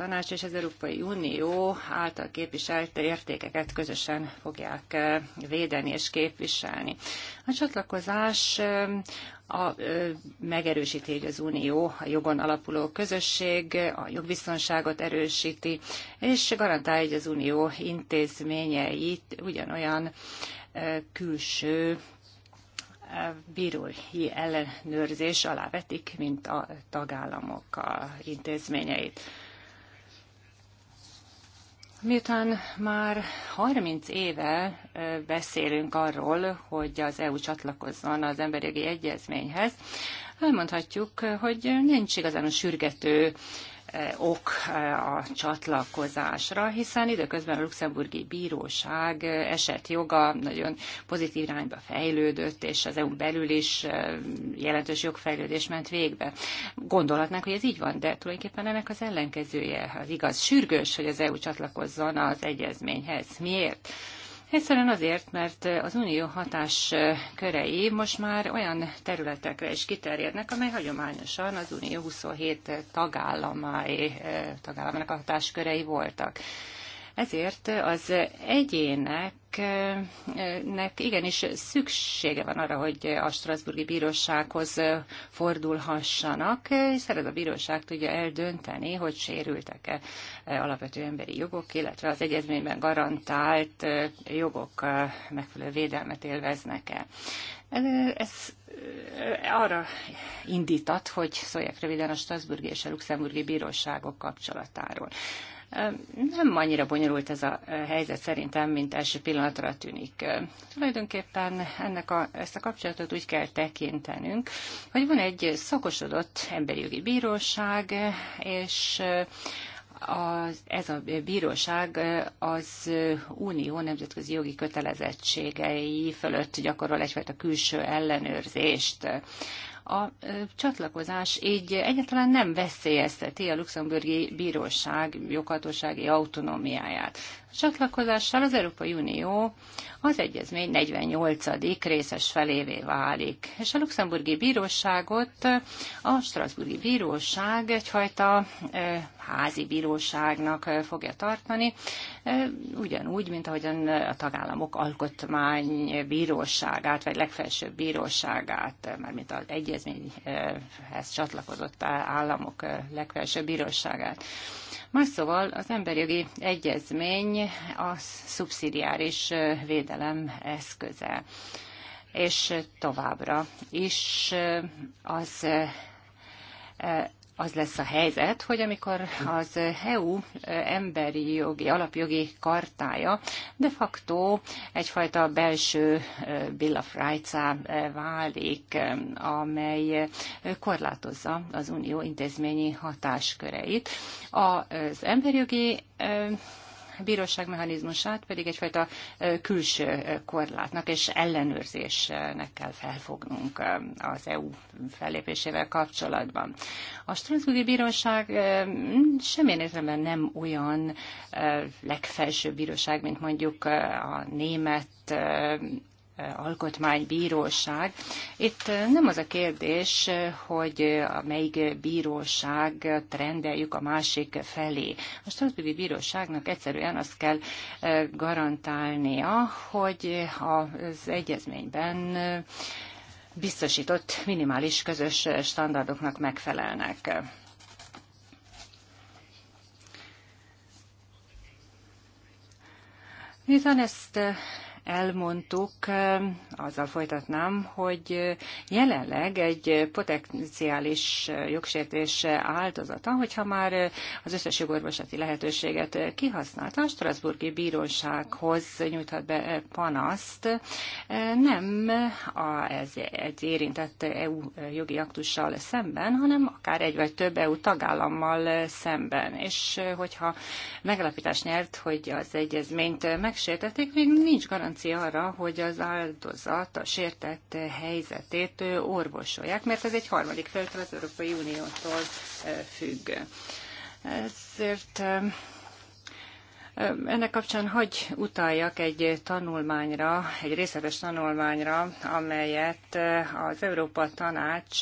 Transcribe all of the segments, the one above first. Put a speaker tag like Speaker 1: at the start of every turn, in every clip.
Speaker 1: Tanács és az Európai Unió által képviselt értékeket közösen fogják eh, védeni és képviselni. A csatlakozás eh, a, eh, megerősíti, hogy az Unió a jogon alapuló közösség, a jogbiztonságot erősíti, és garantálja, hogy az Unió intézményeit ugyanolyan külső bírói ellenőrzés alá vetik, mint a tagállamok a intézményeit. Miután már 30 éve beszélünk arról, hogy az EU csatlakozzon az emberi jogi egyezményhez, elmondhatjuk, hogy nincs igazán a sürgető Eh, ok eh, a csatlakozásra, hiszen időközben a luxemburgi bíróság eh, eset joga nagyon pozitív irányba fejlődött, és az eu belül is jelentős jogfejlődés ment végbe. Gondolhatnánk, hogy ez így van, de tulajdonképpen ennek az ellenkezője az igaz. Sürgős, hogy az EU csatlakozzon az egyezményhez. Miért? Egyszerűen azért, mert az unió hatás körei most már olyan területekre is kiterjednek, amely hagyományosan az unió 27 tagállamai, eh, tagállamának a hatáskörei voltak. Ezért az egyének embereknek igenis szüksége van arra, hogy a Strasburgi Bírósághoz fordulhassanak, hiszen hát ez a bíróság tudja eldönteni, hogy sérültek-e alapvető emberi jogok, illetve az egyezményben garantált jogok megfelelő védelmet élveznek-e. Ez arra indítat, hogy szóljak röviden a Strasburgi és a Luxemburgi bíróságok kapcsolatáról. Nem annyira bonyolult ez a helyzet szerintem, mint első pillanatra tűnik. Tulajdonképpen ennek a, ezt a kapcsolatot úgy kell tekintenünk, hogy van egy szakosodott emberi jogi bíróság, és az, ez a bíróság az unió nemzetközi jogi kötelezettségei fölött gyakorol egyfajta külső ellenőrzést a csatlakozás így egyáltalán nem veszélyezteti a luxemburgi bíróság joghatósági autonómiáját. A csatlakozással az Európai Unió az egyezmény 48. részes felévé válik, és a luxemburgi bíróságot a Strasburgi Bíróság egyfajta házi bíróságnak fogja tartani, ugyanúgy, mint ahogyan a tagállamok Bíróságát vagy legfelsőbb bíróságát, mármint az egyezmény egyezményhez csatlakozott államok legfelsőbb bíróságát. Más szóval az emberjogi egyezmény a szubszidiáris védelem eszköze és továbbra is az az lesz a helyzet, hogy amikor az EU emberi jogi, alapjogi kartája de facto egyfajta belső Bill of rights válik, amely korlátozza az unió intézményi hatásköreit. Az emberi jogi bíróság mechanizmusát pedig egyfajta külső korlátnak és ellenőrzésnek kell felfognunk az EU fellépésével kapcsolatban. A Strasbourgi Bíróság semmilyen értelemben nem olyan legfelsőbb bíróság, mint mondjuk a német alkotmánybíróság. Itt nem az a kérdés, hogy a melyik bíróság rendeljük a másik felé. A Strasbourgi Bíróságnak egyszerűen azt kell eh, garantálnia, hogy az egyezményben eh, biztosított minimális közös standardoknak megfelelnek. Miután ezt eh, elmondtuk, eh, azzal folytatnám, hogy jelenleg egy potenciális jogsértés áldozata, hogyha már az összes jogorvosati lehetőséget kihasználta, a Strasburgi Bírósághoz nyújthat be panaszt. Eh, nem a, ez egy érintett EU jogi aktussal szemben, hanem akár egy vagy több EU tagállammal szemben. És eh, hogyha megalapítás nyert, hogy az egyezményt megsértették, még nincs garantáció garancia arra, hogy az áldozat a sértett helyzetét orvosolják, mert ez egy harmadik feltétel az Európai Uniótól függ. Ezért ennek kapcsán hagy utaljak egy tanulmányra, egy részletes tanulmányra, amelyet az Európa Tanács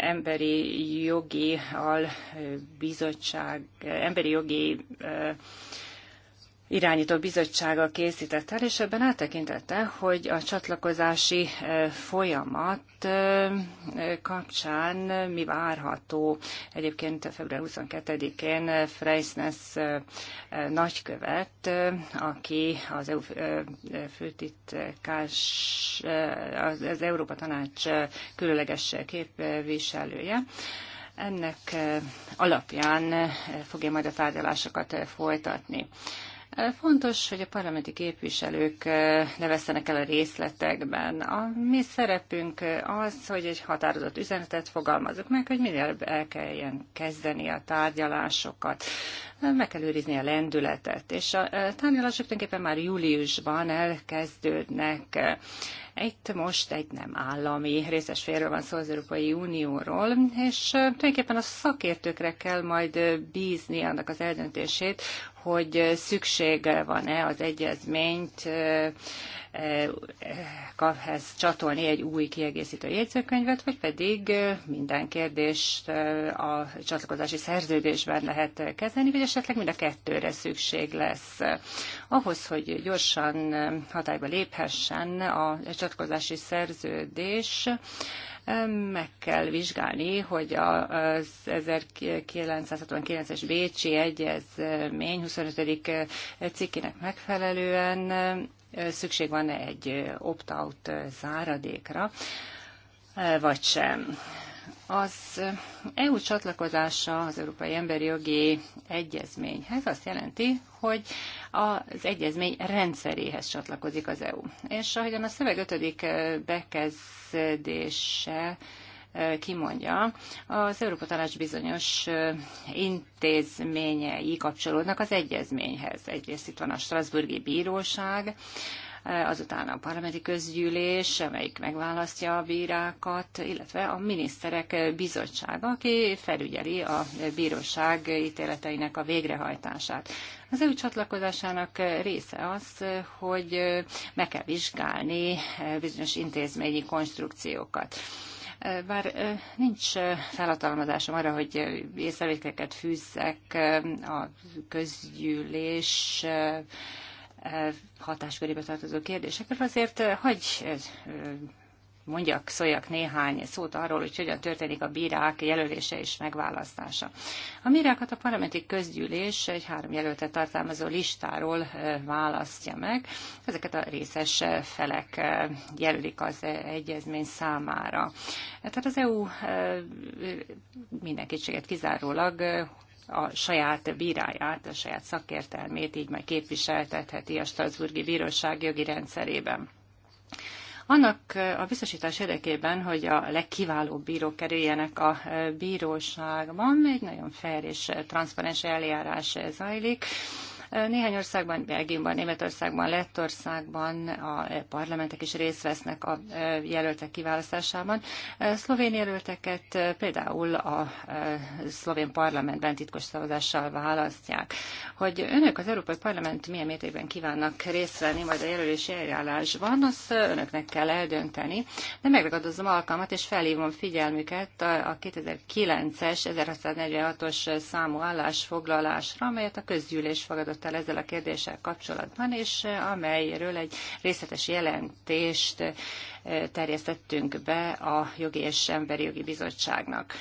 Speaker 1: emberi jogi al bizottság, emberi jogi irányító bizottsága készített el, és ebben eltekintette, hogy a csatlakozási e, folyamat e, e, kapcsán mi várható. Egyébként február 22-én Freisnes nagykövet, aki az EU főtitkás, az Európa Tanács különleges képviselője, ennek alapján fogja majd a tárgyalásokat folytatni. Fontos, hogy a parlamenti képviselők ne vesztenek el a részletekben. A mi szerepünk az, hogy egy határozott üzenetet fogalmazunk meg, hogy minél el kelljen kezdeni a tárgyalásokat, meg kell őrizni a lendületet. És a tárgyalások tulajdonképpen már júliusban elkezdődnek. Itt most egy nem állami részes félről van szó az Európai Unióról, és tulajdonképpen a szakértőkre kell majd bízni annak az eldöntését, hogy szükség van-e az egyezményt kaphez csatolni egy új kiegészítő jegyzőkönyvet, vagy pedig minden kérdést a csatlakozási szerződésben lehet kezelni, vagy esetleg mind a kettőre szükség lesz. Ahhoz, hogy gyorsan hatályba léphessen a csatlakozási szerződés, meg kell vizsgálni, hogy az 1969-es Bécsi Egyezmény 25. cikkének megfelelően szükség van egy opt-out záradékra, vagy sem. Az EU csatlakozása az Európai Emberi Jogi Egyezményhez azt jelenti, hogy az egyezmény rendszeréhez csatlakozik az EU. És ahogyan a szöveg ötödik bekezdése kimondja, az Európa Tanács bizonyos intézményei kapcsolódnak az egyezményhez. Egyrészt itt van a Strasburgi Bíróság, Eh, azután a parlamenti közgyűlés, amelyik megválasztja a bírákat, illetve a miniszterek bizottsága, aki felügyeli a bíróság ítéleteinek a végrehajtását. Az EU csatlakozásának része az, hogy meg kell vizsgálni eh, bizonyos intézményi konstrukciókat. Eh, bár nincs felhatalmazásom arra, hogy észrevételeket fűzzek a közgyűlés hatáskörébe tartozó kérdésekre, azért hagyj mondjak, szóljak néhány szót arról, hogy hogyan történik a bírák jelölése és megválasztása. A bírákat a parlamenti közgyűlés egy három jelöltet tartalmazó listáról választja meg. Ezeket a részes felek jelölik az egyezmény számára. Tehát az EU minden kétséget kizárólag a saját bíráját, a saját szakértelmét így majd képviseltetheti a Strasburgi Bíróság jogi rendszerében. Annak a biztosítás érdekében, hogy a legkiválóbb bírók kerüljenek a bíróságban, egy nagyon fair és transzparens eljárás zajlik. Néhány országban, Belgiumban, Németországban, Lettországban a parlamentek is részt vesznek a jelöltek kiválasztásában. Szlovén jelölteket például a szlovén parlamentben titkos szavazással választják. Hogy önök az Európai Parlament milyen mértékben kívánnak részt venni majd a jelölési eljárásban, azt önöknek kell eldönteni, de megragadozom alkalmat és felhívom figyelmüket a 2009-es 1646-os számú állásfoglalásra, amelyet a közgyűlés fogadott indult ezzel a kérdéssel kapcsolatban, és eh, amelyről egy részletes jelentést eh, terjesztettünk be a Jogi és Emberi Jogi Bizottságnak.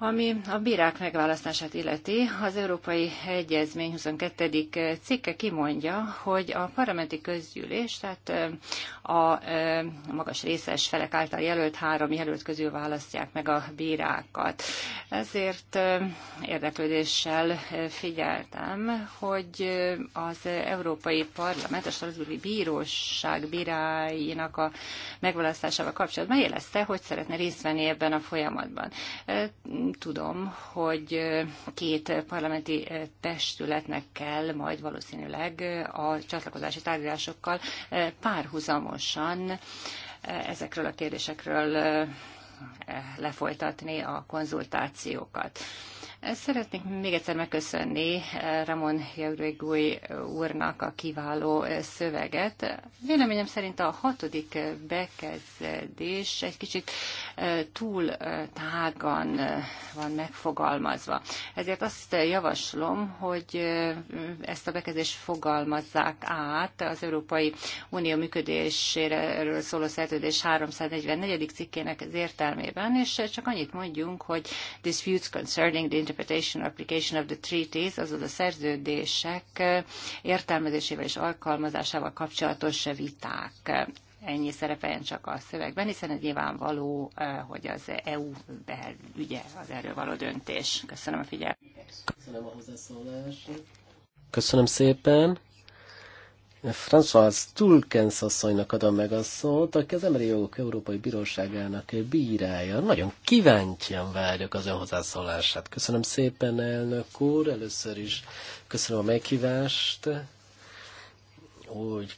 Speaker 1: Ami a bírák megválasztását illeti, az Európai Egyezmény 22. cikke kimondja, hogy a parlamenti közgyűlés, tehát a magas részes felek által jelölt három jelölt közül választják meg a bírákat. Ezért érdeklődéssel figyeltem, hogy az Európai Parlament, a Strasburgi Bíróság bíráinak a megválasztásával kapcsolatban jelezte, hogy szeretne részt venni ebben a folyamatban tudom, hogy két parlamenti testületnek kell majd valószínűleg a csatlakozási tárgyalásokkal párhuzamosan ezekről a kérdésekről lefolytatni a konzultációkat. Szeretnék még egyszer megköszönni eh, Ramon Jauregui úrnak a kiváló eh, szöveget. Véleményem szerint a hatodik eh, bekezdés egy kicsit túl tágan van megfogalmazva. Ezért azt javaslom, hogy ezt a bekezdést fogalmazzák át az Európai Unió működéséről szóló szerződés 344. cikkének az értelmében, és csak annyit mondjunk, hogy disputes concerning the interpretation or application of the treaties, azaz a szerződések értelmezésével és alkalmazásával kapcsolatos viták ennyi szerepeljen csak a szövegben, hiszen ez nyilvánvaló, eh, hogy az EU bel ügye az erről való döntés. Köszönöm a figyelmet.
Speaker 2: Köszönöm a hozzászólást. Köszönöm szépen. François Tulkens asszonynak adom meg a szót, aki az Emberi Jogok Európai Bíróságának bírája. Nagyon kíváncsian várjuk az ön hozzászólását. Köszönöm szépen, elnök úr. Először is köszönöm a meghívást. Úgy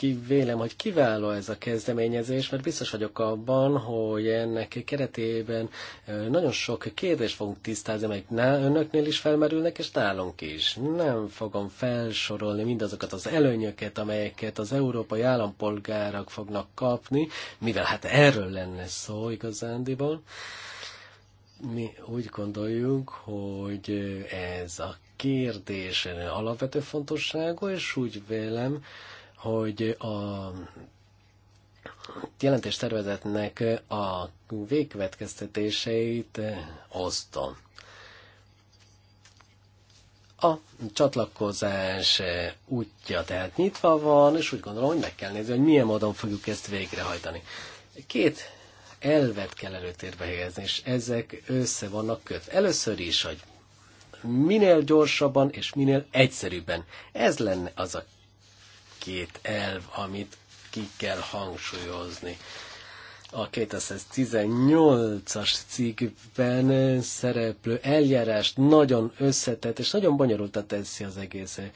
Speaker 2: ki, vélem, hogy kiváló ez a kezdeményezés, mert biztos vagyok abban, hogy ennek keretében nagyon sok kérdést fogunk tisztázni, amelyek önöknél is felmerülnek, és nálunk is. Nem fogom felsorolni mindazokat az előnyöket, amelyeket az európai állampolgárok fognak kapni, mivel hát erről lenne szó igazándiból. Mi úgy gondoljuk, hogy ez a kérdés alapvető fontosságú, és úgy vélem, hogy a jelentés tervezetnek a végkövetkeztetéseit osztom. A csatlakozás útja tehát nyitva van, és úgy gondolom, hogy meg kell nézni, hogy milyen módon fogjuk ezt végrehajtani. Két elvet kell előtérbe helyezni, és ezek össze vannak köt. Először is, hogy minél gyorsabban és minél egyszerűbben. Ez lenne az a két elv, amit ki kell hangsúlyozni. A 2018-as cikkben szereplő eljárást nagyon összetett és nagyon bonyolultat teszi az egész eh,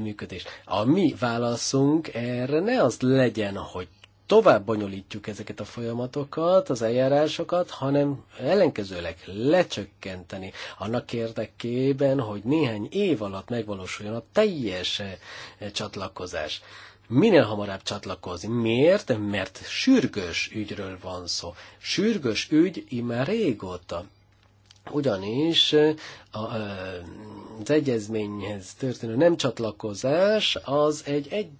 Speaker 2: működést. A mi válaszunk erre ne az legyen, hogy tovább bonyolítjuk ezeket a folyamatokat, az eljárásokat, hanem ellenkezőleg lecsökkenteni annak érdekében, hogy néhány év alatt megvalósuljon a teljes eh, csatlakozás minél hamarabb csatlakozni. Miért? Mert sürgős ügyről van szó. Sürgős ügy már régóta. Ugyanis eh, a, eh, az egyezményhez történő nem csatlakozás az egy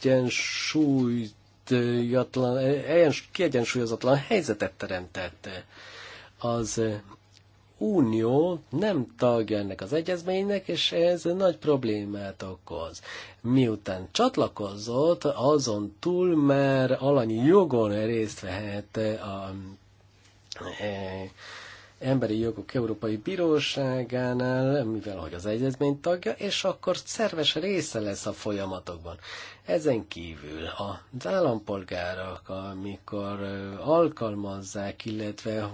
Speaker 2: egyensúlyt egyensúlyatlan, eh, kiegyensúlyozatlan helyzetet teremtett. Az Unió nem tagja ennek az egyezménynek, és ez nagy problémát okoz. Miután csatlakozott, azon túl már alanyi jogon részt vehet a, eh, Emberi Jogok Európai Bíróságánál, mivel hogy az egyezmény tagja, és akkor szerves része lesz a folyamatokban. Ezen kívül az állampolgárok, amikor alkalmazzák, illetve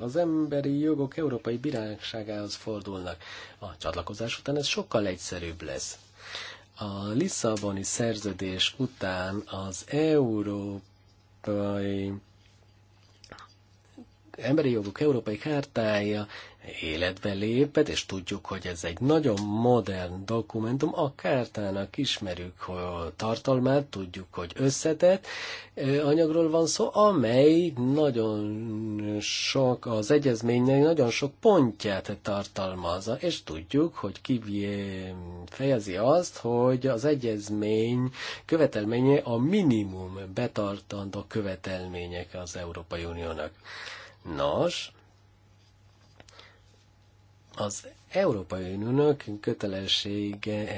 Speaker 2: az Emberi Jogok Európai Bíróságához fordulnak, a csatlakozás után ez sokkal egyszerűbb lesz a Lisszaboni szerződés után az európai emberi jogok európai kártája életbe lépett, és tudjuk, hogy ez egy nagyon modern dokumentum, a kártának ismerjük a tartalmát, tudjuk, hogy összetett anyagról van szó, amely nagyon sok, az egyezménynek nagyon sok pontját tartalmazza, és tudjuk, hogy ki fejezi azt, hogy az egyezmény követelménye a minimum betartandó követelmények az Európai Uniónak. Nos, az Európai Uniónak kötelessége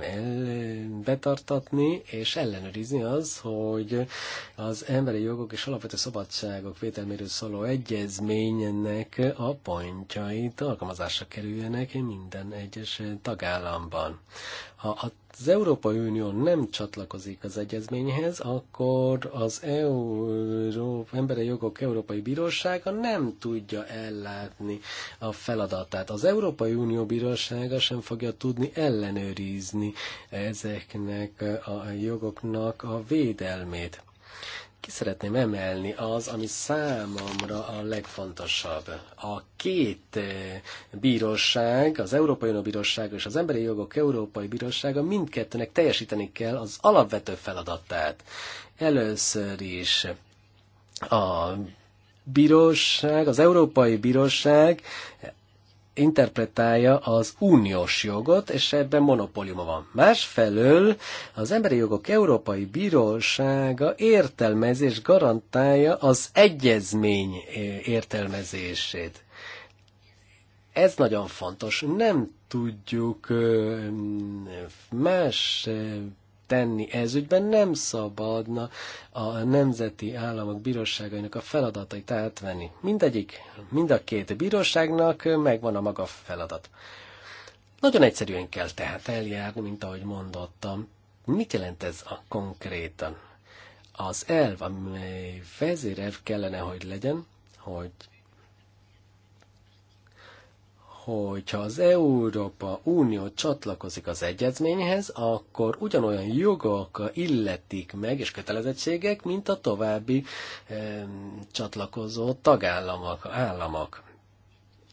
Speaker 2: eh, betartatni és ellenőrizni az, hogy az emberi jogok és alapvető szabadságok védelméről szóló egyezménynek a pontjait alkalmazásra kerüljenek minden egyes tagállamban. Ha az Európai Unió nem csatlakozik az egyezményhez, akkor az Euró, Emberi Jogok Európai Bírósága nem tudja ellátni a feladatát. Az Európai Unió Bírósága sem fogja tudni ellenőrizni ezeknek a jogoknak a védelmét ki szeretném emelni, az, ami számomra a legfontosabb. A két eh, bíróság, az Európai Unió Bírósága és az Emberi Jogok Európai Bírósága mindkettőnek teljesíteni kell az alapvető feladatát. Először is a bíróság, az Európai Bíróság interpretálja az uniós jogot, és ebben monopóliuma van. Másfelől az Emberi Jogok Európai Bírósága értelmezés garantálja az egyezmény eh, értelmezését. Ez nagyon fontos. Nem tudjuk eh, más eh, tenni ezügyben, nem szabadna a Nemzeti Államok Bíróságainak a feladatait átvenni. Mindegyik, mind a két bíróságnak megvan a maga feladat. Nagyon egyszerűen kell tehát eljárni, mint ahogy mondottam. Mit jelent ez a konkrétan? Az elv, amely vezérelv kellene, hogy legyen, hogy hogyha az Európa Unió csatlakozik az egyezményhez, akkor ugyanolyan jogok illetik meg, és kötelezettségek, mint a további e, csatlakozó tagállamok, államok.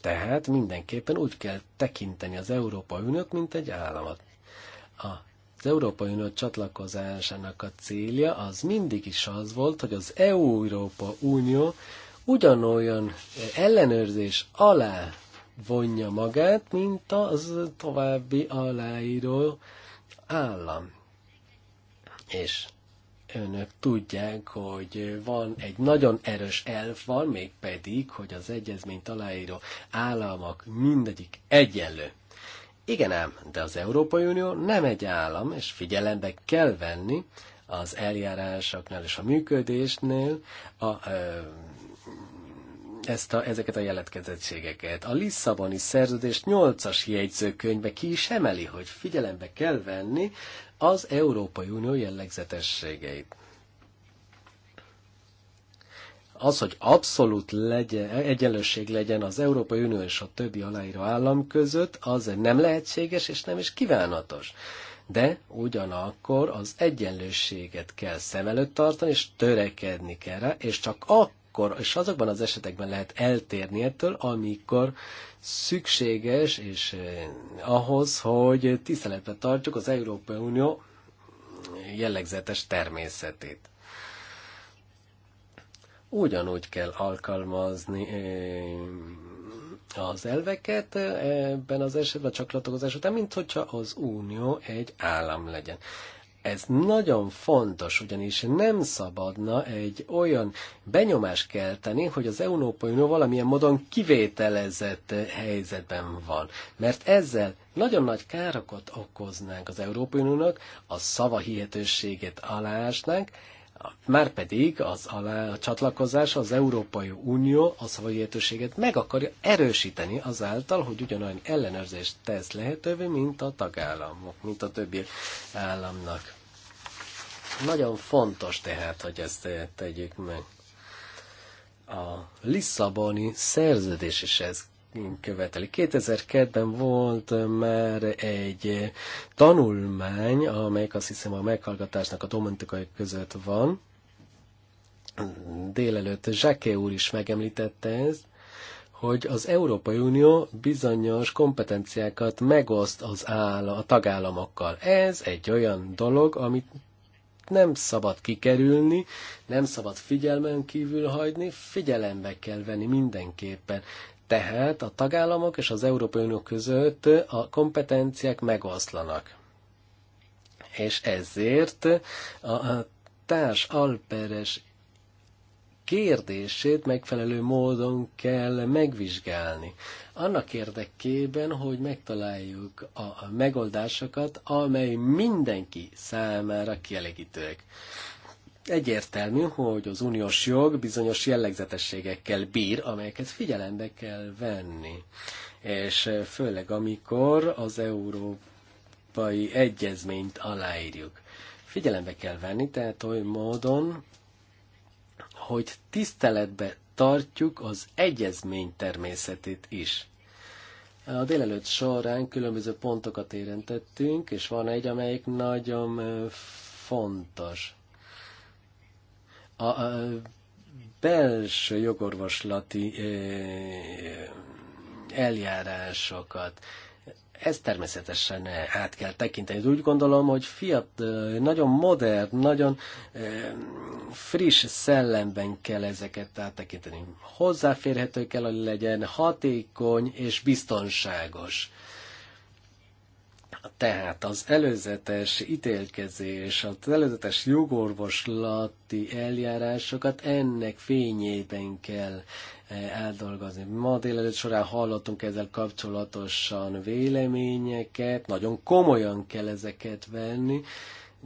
Speaker 2: Tehát mindenképpen úgy kell tekinteni az Európa Uniót, mint egy államot. A az Európai Unió csatlakozásának a célja az mindig is az volt, hogy az Európa Unió ugyanolyan eh, ellenőrzés alá vonja magát, mint az további aláíró állam. És önök tudják, hogy van egy nagyon erős elf van, mégpedig, hogy az egyezményt aláíró államok mindegyik egyenlő. Igen ám, de az Európai Unió nem egy állam, és figyelembe kell venni az eljárásoknál és a működésnél a ö, ezt a, ezeket a jelentkezettségeket. A Lisszaboni szerződés 8-as jegyzőkönyve ki is emeli, hogy figyelembe kell venni az Európai Unió jellegzetességeit. Az, hogy abszolút legyen, egyenlőség legyen az Európai Unió és a többi aláíró állam között, az nem lehetséges és nem is kívánatos de ugyanakkor az egyenlőséget kell szem előtt tartani, és törekedni kell rá, és csak akkor akkor, és azokban az esetekben lehet eltérni ettől, amikor szükséges, és eh, ahhoz, hogy tiszteletbe tartsuk az Európai Unió jellegzetes természetét ugyanúgy kell alkalmazni eh, az elveket eh, ebben az esetben, a csaklatok az után, mint hogyha az Unió egy állam legyen. Ez nagyon fontos, ugyanis nem szabadna egy olyan benyomást kelteni, hogy az Európai Unió valamilyen módon kivételezett helyzetben van. Mert ezzel nagyon nagy károkat okoznánk az Európai Uniónak, a szava hihetőségét alásnánk, Márpedig az alá, a csatlakozás az Európai Unió a szavahihetőséget meg akarja erősíteni azáltal, hogy ugyanolyan ellenőrzést tesz lehetővé, mint a tagállamok, mint a többi államnak. Nagyon fontos tehát, hogy ezt tegyük meg. A Lisszaboni szerződés is ezt követeli. 2002-ben volt már egy tanulmány, amelyik azt hiszem a meghallgatásnak a domantikai között van. Délelőtt Zsáke úr is megemlítette ezt, hogy az Európai Unió bizonyos kompetenciákat megoszt az áll a tagállamokkal. Ez egy olyan dolog, amit nem szabad kikerülni, nem szabad figyelmen kívül hagyni, figyelembe kell venni mindenképpen. Tehát a tagállamok és az Európai Unió között a kompetenciák megoszlanak. És ezért a társ alperes kérdését megfelelő módon kell megvizsgálni. Annak érdekében, hogy megtaláljuk a megoldásokat, amely mindenki számára kielégítőek. Egyértelmű, hogy az uniós jog bizonyos jellegzetességekkel bír, amelyeket figyelembe kell venni. És főleg amikor az európai egyezményt aláírjuk. Figyelembe kell venni, tehát oly módon, hogy tiszteletbe tartjuk az egyezmény természetét is. A délelőtt során különböző pontokat érintettünk, és van egy, amelyik nagyon fontos a belső jogorvoslati eljárásokat. Ez természetesen át kell tekinteni. Úgy gondolom, hogy fiat, nagyon modern, nagyon friss szellemben kell ezeket áttekinteni. Hozzáférhető kell, hogy legyen hatékony és biztonságos. Tehát az előzetes ítélkezés, az előzetes jogorvoslati eljárásokat ennek fényében kell e, eldolgozni. Ma délelőtt során hallottunk ezzel kapcsolatosan véleményeket, nagyon komolyan kell ezeket venni,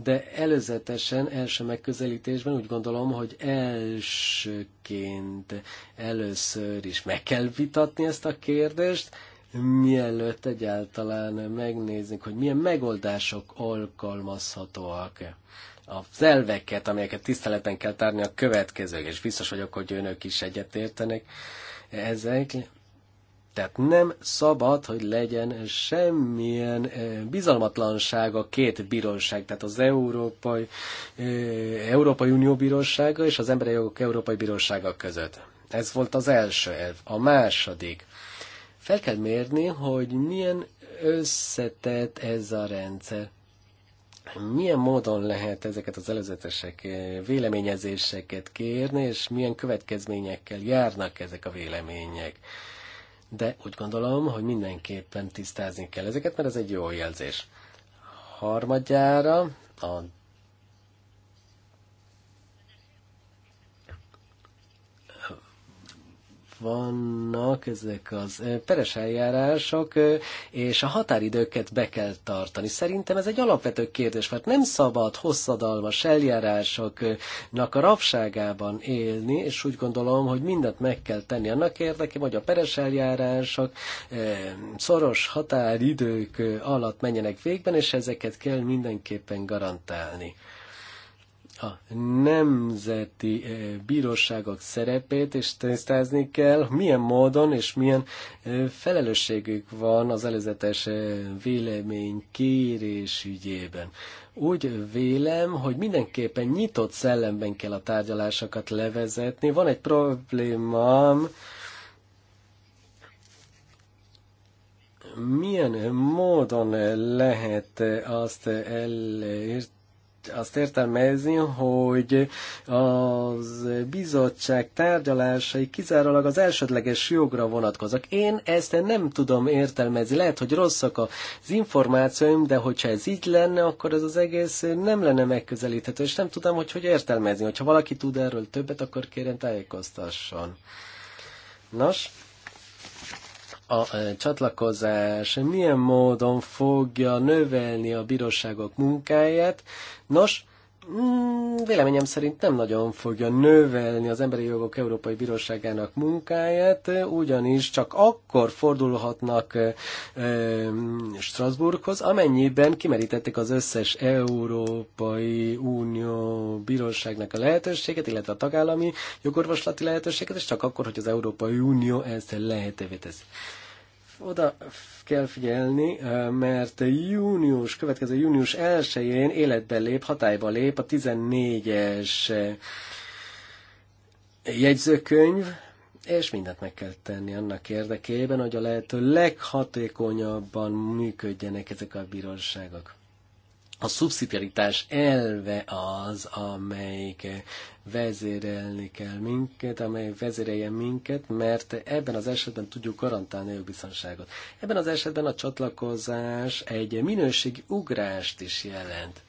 Speaker 2: de előzetesen, első megközelítésben úgy gondolom, hogy elsőként először is meg kell vitatni ezt a kérdést, mielőtt egyáltalán megnézzük, hogy milyen megoldások alkalmazhatóak. -e. A elveket, amelyeket tiszteleten kell tárni a következők, és biztos vagyok, hogy önök is egyetértenek ezek. Tehát nem szabad, hogy legyen semmilyen eh, bizalmatlanság a két bíróság, tehát az Európai, eh, Európai Unió Bírósága és az Emberi Jogok Európai Bírósága között. Ez volt az első elv. A második fel kell mérni, hogy milyen összetett ez a rendszer. Milyen módon lehet ezeket az előzetesek eh, véleményezéseket kérni, és milyen következményekkel járnak ezek a vélemények. De úgy gondolom, hogy mindenképpen tisztázni kell ezeket, mert ez egy jó jelzés. Harmadjára a vannak ezek az peres eljárások, és a határidőket be kell tartani. Szerintem ez egy alapvető kérdés, mert nem szabad hosszadalmas eljárásoknak a rabságában élni, és úgy gondolom, hogy mindent meg kell tenni annak érdekében, hogy a peres eljárások szoros határidők alatt menjenek végben, és ezeket kell mindenképpen garantálni a nemzeti eh, bíróságok szerepét, és tisztázni kell, milyen módon és milyen eh, felelősségük van az előzetes eh, kérés ügyében. Úgy vélem, hogy mindenképpen nyitott szellemben kell a tárgyalásokat levezetni. Van egy problémám, milyen módon lehet azt elérteni, azt értelmezni, hogy az bizottság tárgyalásai kizárólag az elsődleges jogra vonatkoznak. Én ezt nem tudom értelmezni. Lehet, hogy rosszak az információim, de hogyha ez így lenne, akkor ez az egész nem lenne megközelíthető, és nem tudom, hogy hogy értelmezni. Hogyha valaki tud erről többet, akkor kérem tájékoztasson. Nos, a csatlakozás milyen módon fogja növelni a bíróságok munkáját. Nos, Mm, véleményem szerint nem nagyon fogja növelni az Emberi Jogok Európai Bíróságának munkáját, ugyanis csak akkor fordulhatnak Strasbourghoz, amennyiben kimerítették az összes Európai Unió bíróságnak a lehetőséget, illetve a tagállami jogorvoslati lehetőséget, és csak akkor, hogy az Európai Unió ezt lehetővé teszi oda kell figyelni, eh, mert június, következő június 1-én életbe lép, hatályba lép a 14-es eh, jegyzőkönyv, és mindent meg kell tenni annak érdekében, hogy a lehető leghatékonyabban működjenek ezek a bíróságok. A szubszidiaritás elve az, amelyik eh, vezérelni kell minket, amely vezéreljen minket, mert ebben az esetben tudjuk garantálni a jogbiztonságot. Ebben az esetben a csatlakozás egy minőségi ugrást is jelent.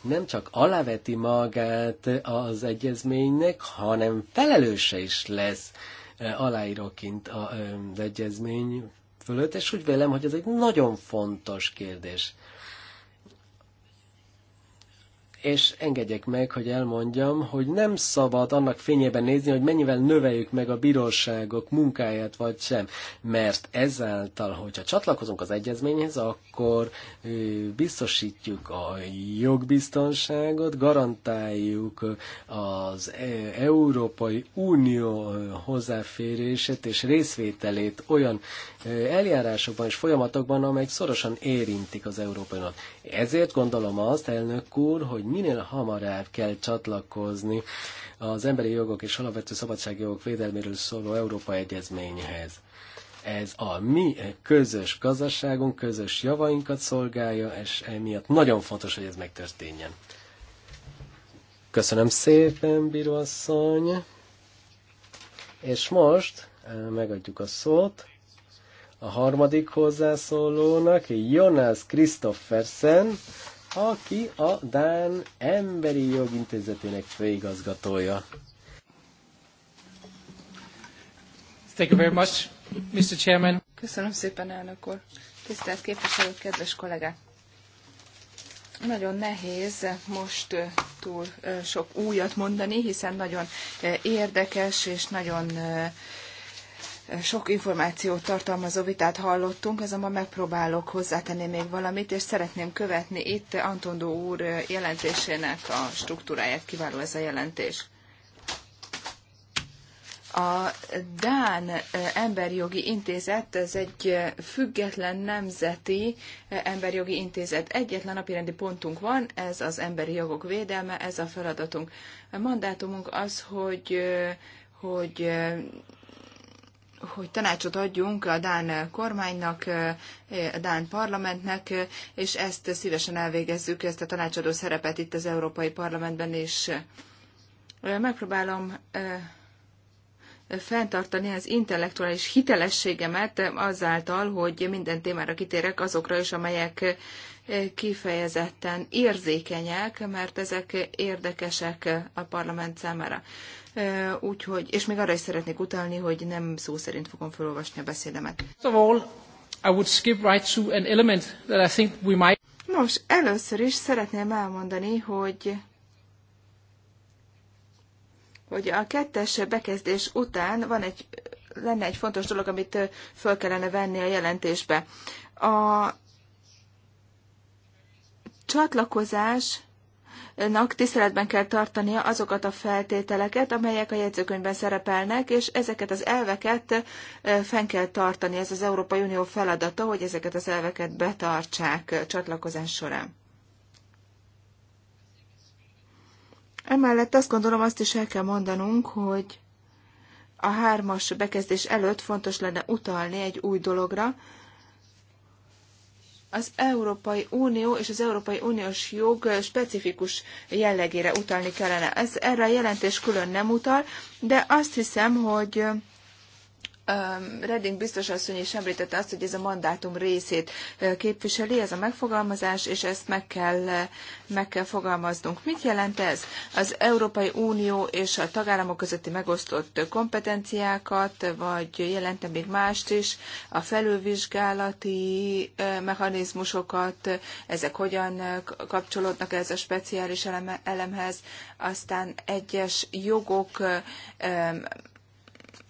Speaker 2: Nem csak aláveti magát az egyezménynek, hanem felelőse is lesz e, aláíróként az egyezmény fölött, és úgy vélem, hogy ez egy nagyon fontos kérdés és engedjék meg, hogy elmondjam, hogy nem szabad annak fényében nézni, hogy mennyivel növeljük meg a bíróságok munkáját, vagy sem. Mert ezáltal, hogyha csatlakozunk az egyezményhez, akkor biztosítjuk a jogbiztonságot, garantáljuk az e-, Európai Unió hozzáférését és részvételét olyan eljárásokban és folyamatokban, amelyek szorosan érintik az Európai Uniót. Ezért gondolom azt, elnök úr, hogy minél hamarabb kell csatlakozni az emberi jogok és alapvető szabadságjogok védelméről szóló Európa Egyezményhez. Ez a mi közös gazdaságunk, közös javainkat szolgálja, és emiatt nagyon fontos, hogy ez megtörténjen. Köszönöm szépen, bíróasszony! És most eh, megadjuk a szót a harmadik hozzászólónak, Jonas Christoffersen, aki a Dán Emberi Jogintézetének főigazgatója. Thank you very much, Mr. Chairman.
Speaker 3: Köszönöm szépen, elnök úr. Tisztelt képviselők, kedves kollégák! Nagyon nehéz most túl sok újat mondani, hiszen nagyon érdekes és nagyon sok információt tartalmazó vitát hallottunk, azonban megpróbálok hozzátenni még valamit, és szeretném követni itt Antondó úr jelentésének a struktúráját. Kiváló ez a jelentés. A Dán Emberjogi Intézet, ez egy független nemzeti emberjogi intézet. Egyetlen napirendi pontunk van, ez az emberi jogok védelme, ez a feladatunk. A mandátumunk az, hogy, hogy hogy tanácsot adjunk a Dán kormánynak, eh, a Dán parlamentnek, eh, és ezt szívesen elvégezzük, ezt a tanácsadó szerepet itt az Európai Parlamentben is. Eh, megpróbálom fenntartani az intellektuális hitelességemet azáltal, hogy minden témára kitérek azokra is, amelyek kifejezetten érzékenyek, mert ezek érdekesek a parlament számára. Úgyhogy, és még arra is szeretnék utalni, hogy nem szó szerint fogom felolvasni a beszédemet. Nos, először is szeretném elmondani, hogy hogy a kettes bekezdés után van egy, lenne egy fontos dolog, amit föl kellene venni a jelentésbe. A csatlakozás tiszteletben kell tartania azokat a feltételeket, amelyek a jegyzőkönyvben szerepelnek, és ezeket az elveket eh, fenn kell tartani. Ez az Európai Unió feladata, hogy ezeket az elveket betartsák eh, csatlakozás során. Emellett azt gondolom, azt is el kell mondanunk, hogy a hármas bekezdés előtt fontos lenne utalni egy új dologra, az Európai Unió és az Európai Uniós jog specifikus jellegére utalni kellene. Ez erre a jelentés külön nem utal, de azt hiszem, hogy Redding biztos asszony is említette azt, hogy ez a mandátum részét képviseli, ez a megfogalmazás, és ezt meg kell, meg kell fogalmaznunk. Mit jelent ez? Az Európai Unió és a tagállamok közötti megosztott kompetenciákat, vagy jelente még mást is, a felülvizsgálati mechanizmusokat, ezek hogyan kapcsolódnak ez a speciális elemhez, aztán egyes jogok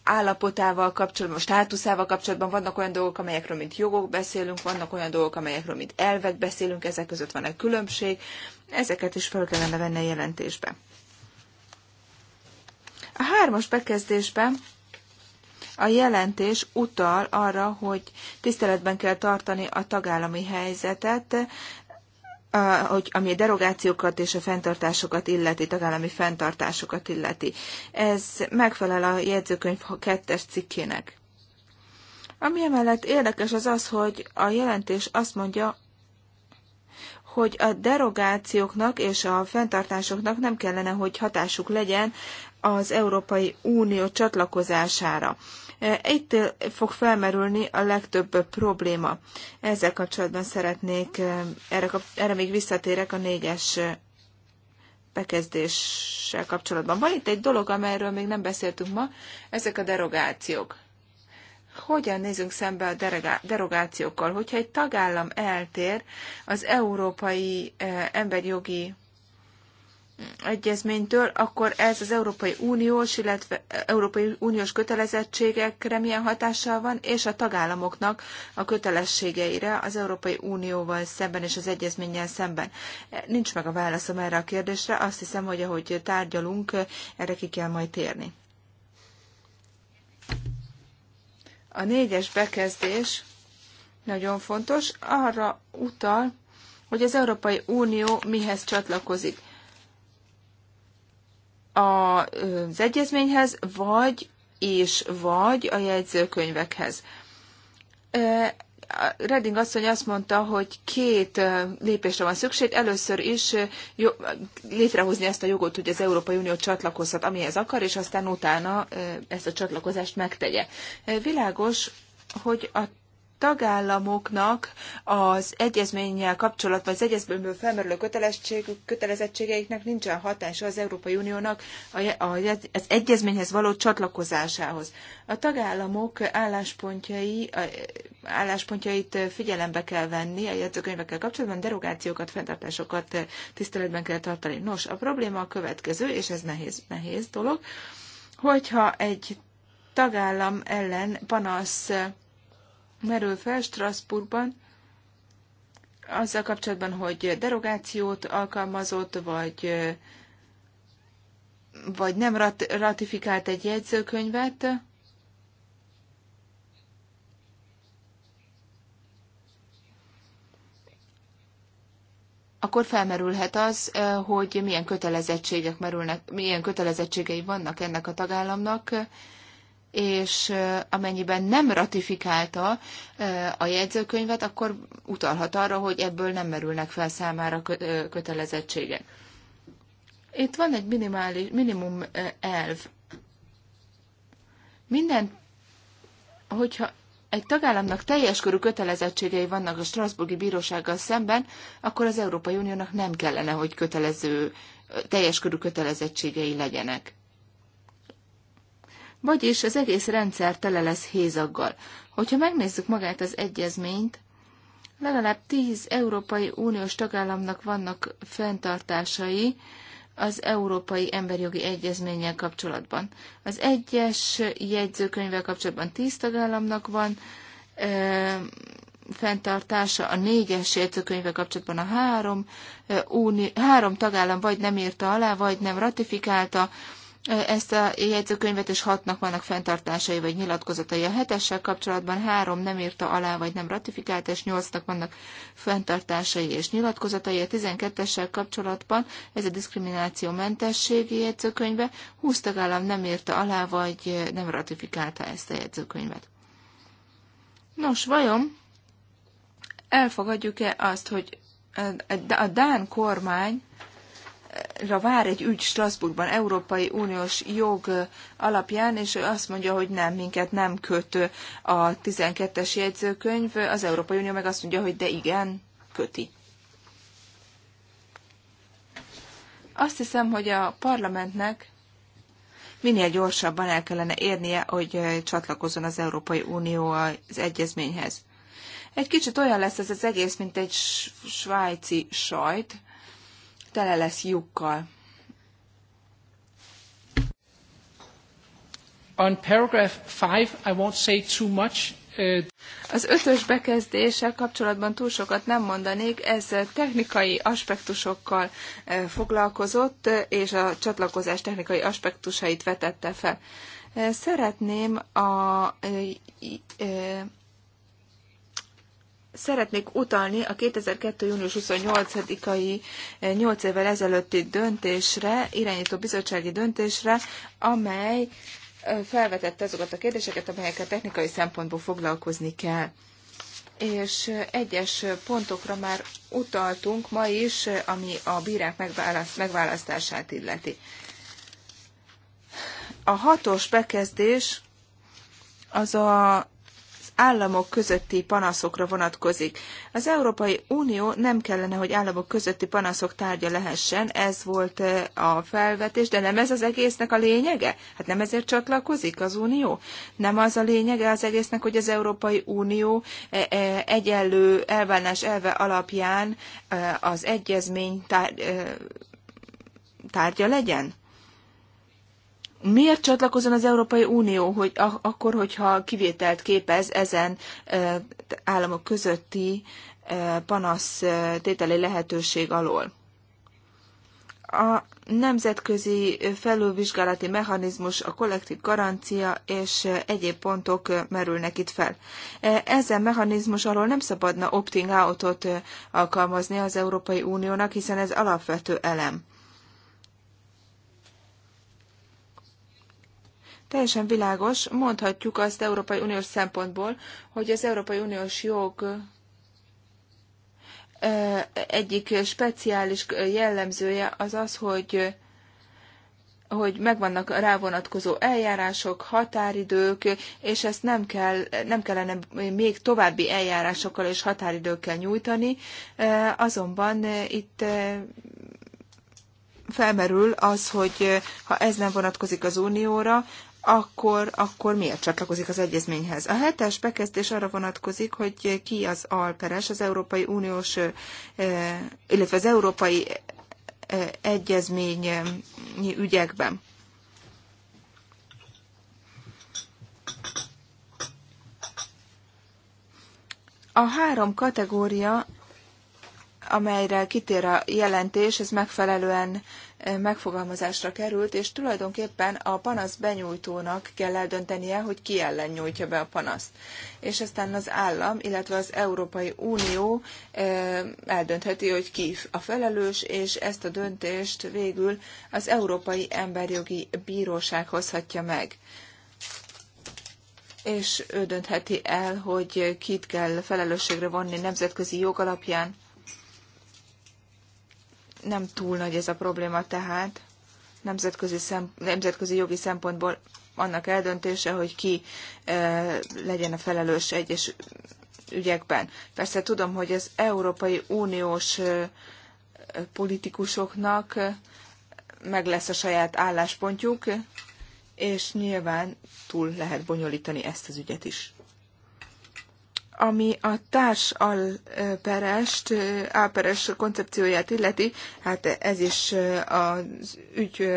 Speaker 3: állapotával kapcsolatban, státuszával kapcsolatban vannak olyan dolgok, amelyekről mint jogok beszélünk, vannak olyan dolgok, amelyekről mint elvek beszélünk, ezek között van egy különbség, ezeket is fel kellene venni a jelentésbe. A hármas bekezdésben a jelentés utal arra, hogy tiszteletben kell tartani a tagállami helyzetet, hogy, ami a derogációkat és a fenntartásokat illeti, tagállami fenntartásokat illeti. Ez megfelel a jegyzőkönyv kettes cikkének. Ami emellett érdekes az az, hogy a jelentés azt mondja, hogy a derogációknak és a fenntartásoknak nem kellene, hogy hatásuk legyen az Európai Unió csatlakozására. E, itt fog felmerülni a legtöbb probléma. Ezzel kapcsolatban szeretnék, e, erre, erre még visszatérek a négyes e, bekezdéssel kapcsolatban. Van itt egy dolog, amelyről még nem beszéltünk ma, ezek a derogációk. Hogyan nézünk szembe a derogációkkal? Hogyha egy tagállam eltér az európai emberi jogi egyezménytől, akkor ez az Európai Uniós, illetve eh, Európai Uniós kötelezettségekre milyen hatással van, és a tagállamoknak a kötelességeire az Európai Unióval szemben és az egyezménnyel szemben. Eh, nincs meg a válaszom erre a kérdésre, azt hiszem, hogy ahogy tárgyalunk, eh, erre ki kell majd térni. A négyes bekezdés nagyon fontos, arra utal, hogy az Európai Unió mihez csatlakozik az egyezményhez, vagy és vagy a jegyzőkönyvekhez. Redding asszony azt mondta, hogy két lépésre van szükség. Először is létrehozni ezt a jogot, hogy az Európai Unió csatlakozhat, amihez akar, és aztán utána ezt a csatlakozást megtegye. Világos, hogy a tagállamoknak az egyezménnyel kapcsolatban, az egyezményből felmerülő kötelezettségeiknek nincsen hatása az Európai Uniónak az egyezményhez való csatlakozásához. A tagállamok álláspontjai, álláspontjait figyelembe kell venni a jegyzőkönyvekkel kapcsolatban, derogációkat, fenntartásokat tiszteletben kell tartani. Nos, a probléma a következő, és ez nehéz, nehéz dolog, hogyha egy tagállam ellen panasz merül fel Strasbourgban, azzal kapcsolatban, hogy derogációt alkalmazott, vagy, vagy nem rat, ratifikált egy jegyzőkönyvet. akkor felmerülhet az, hogy milyen kötelezettségek merülnek, milyen kötelezettségei vannak ennek a tagállamnak, és amennyiben nem ratifikálta a jegyzőkönyvet, akkor utalhat arra, hogy ebből nem merülnek fel számára kötelezettségek. Itt van egy minimális, minimum elv. Minden, hogyha egy tagállamnak teljes körű kötelezettségei vannak a Strasburgi Bírósággal szemben, akkor az Európai Uniónak nem kellene, hogy kötelező, teljes körű kötelezettségei legyenek. Vagyis az egész rendszer tele lesz hézaggal. Hogyha megnézzük magát az egyezményt, legalább tíz Európai Uniós tagállamnak vannak fenntartásai az Európai Emberjogi Egyezménnyel kapcsolatban. Az egyes jegyzőkönyvvel kapcsolatban tíz tagállamnak van ö, fenntartása, a négyes jegyzőkönyvvel kapcsolatban a három, uni, három tagállam vagy nem írta alá, vagy nem ratifikálta, ezt a jegyzőkönyvet és hatnak vannak fenntartásai vagy nyilatkozatai. A hetessel kapcsolatban három nem írta alá vagy nem ratifikált és nyolcnak vannak fenntartásai és nyilatkozatai. A tizenkettessel kapcsolatban ez a diszkrimináció mentességi jegyzőkönyve, húsz tagállam nem írta alá vagy nem ratifikálta ezt a jegyzőkönyvet. Nos, vajon elfogadjuk-e azt, hogy a Dán kormány vár egy ügy Strasbourgban, Európai Uniós jog alapján, és ő azt mondja, hogy nem, minket nem köt a 12-es jegyzőkönyv, az Európai Unió meg azt mondja, hogy de igen, köti. Azt hiszem, hogy a parlamentnek minél gyorsabban el kellene érnie, hogy csatlakozzon az Európai Unió az egyezményhez. Egy kicsit olyan lesz ez az egész, mint egy svájci sajt, tele lesz lyukkal. On paragraph five, I
Speaker 2: won't say too much. Uh,
Speaker 3: Az ötös bekezdéssel kapcsolatban túl sokat nem mondanék, ez uh, technikai aspektusokkal uh, foglalkozott, és a csatlakozás technikai aspektusait vetette fel. Szeretném a szeretnék utalni a 2002. június 28-ai 8 eh, évvel ezelőtti döntésre, irányító bizottsági döntésre, amely eh, felvetette azokat a kérdéseket, amelyekkel technikai szempontból foglalkozni kell. És eh, egyes pontokra már utaltunk ma is, ami a bírák megválasztását illeti. A hatos bekezdés az a államok közötti panaszokra vonatkozik. Az Európai Unió nem kellene, hogy államok közötti panaszok tárgya lehessen, ez volt eh, a felvetés, de nem ez az egésznek a lényege? Hát nem ezért csatlakozik az Unió? Nem az a lényege az egésznek, hogy az Európai Unió eh, eh, egyenlő elvárás elve alapján az egyezmény tárgya legyen? miért csatlakozon az Európai Unió, hogy a, akkor, hogyha kivételt képez ezen e, államok közötti e, panasz e, tételi lehetőség alól? A nemzetközi felülvizsgálati mechanizmus, a kollektív garancia és egyéb pontok merülnek itt fel. Ezen mechanizmus alól nem szabadna opting-outot alkalmazni az Európai Uniónak, hiszen ez alapvető elem Teljesen világos, mondhatjuk azt Európai Uniós szempontból, hogy az Európai Uniós jog egyik speciális jellemzője az az, hogy hogy megvannak rá vonatkozó eljárások, határidők, és ezt nem, kell, nem kellene még további eljárásokkal és határidőkkel nyújtani, azonban itt felmerül az, hogy ha ez nem vonatkozik az unióra, akkor, akkor miért csatlakozik az egyezményhez? A hetes bekezdés arra vonatkozik, hogy ki az alperes, az Európai Uniós, illetve az Európai Egyezmény ügyekben. A három kategória, amelyre kitér a jelentés, ez megfelelően megfogalmazásra került, és tulajdonképpen a panasz benyújtónak kell eldöntenie, hogy ki ellen nyújtja be a panaszt. És aztán az állam, illetve az Európai Unió eldöntheti, hogy ki a felelős, és ezt a döntést végül az Európai Emberjogi Bíróság hozhatja meg és ő döntheti el, hogy kit kell felelősségre vonni nemzetközi jog alapján nem túl nagy ez a probléma tehát. Nemzetközi, szemp- nemzetközi jogi szempontból annak eldöntése, hogy ki e, legyen a felelős egyes ügyekben. Persze tudom, hogy az Európai Uniós e, politikusoknak meg lesz a saját álláspontjuk, és nyilván túl lehet bonyolítani ezt az ügyet is ami a társ alperest, áperes koncepcióját illeti, hát ez is az ügy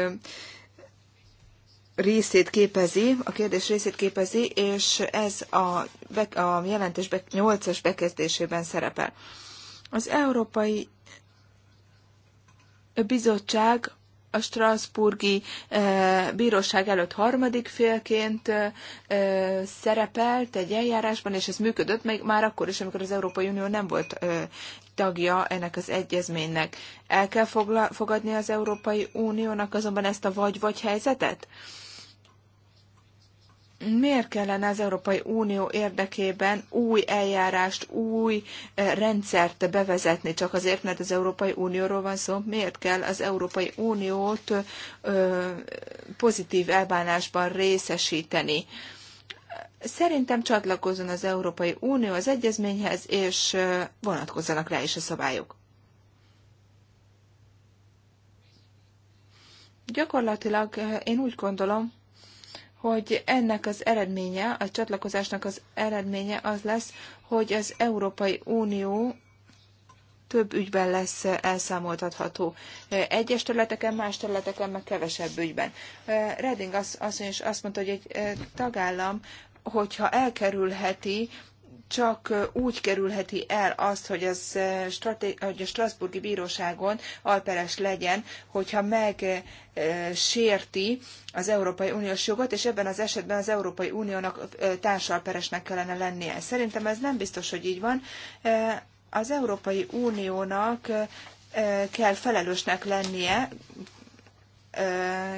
Speaker 3: részét képezi, a kérdés részét képezi, és ez a, a jelentés 8-as bekezdésében szerepel. Az Európai Bizottság a Strasburgi eh, bíróság előtt harmadik félként eh, eh, szerepelt egy eljárásban, és ez működött még már akkor is, amikor az Európai Unió nem volt tagja ennek az egyezménynek. El kell fogadni az Európai Uniónak azonban ezt a vagy-vagy helyzetet? miért kellene az Európai Unió érdekében új eljárást, új eh, rendszert bevezetni, csak azért, mert az Európai Unióról van szó, miért kell az Európai Uniót eh, pozitív elbánásban részesíteni. Szerintem csatlakozzon az Európai Unió az egyezményhez, és eh, vonatkozzanak rá is a szabályok. Gyakorlatilag én úgy gondolom, hogy ennek az eredménye, a csatlakozásnak az eredménye az lesz, hogy az Európai Unió több ügyben lesz elszámoltatható. Egyes területeken, más területeken, meg kevesebb ügyben. Reding azt, azt mondta, hogy egy tagállam, hogyha elkerülheti csak úgy kerülheti el azt, hogy, az hogy a Strasburgi Bíróságon alperes legyen, hogyha megsérti az Európai Uniós jogot, és ebben az esetben az Európai Uniónak társalperesnek kellene lennie. Szerintem ez nem biztos, hogy így van. Az Európai Uniónak kell felelősnek lennie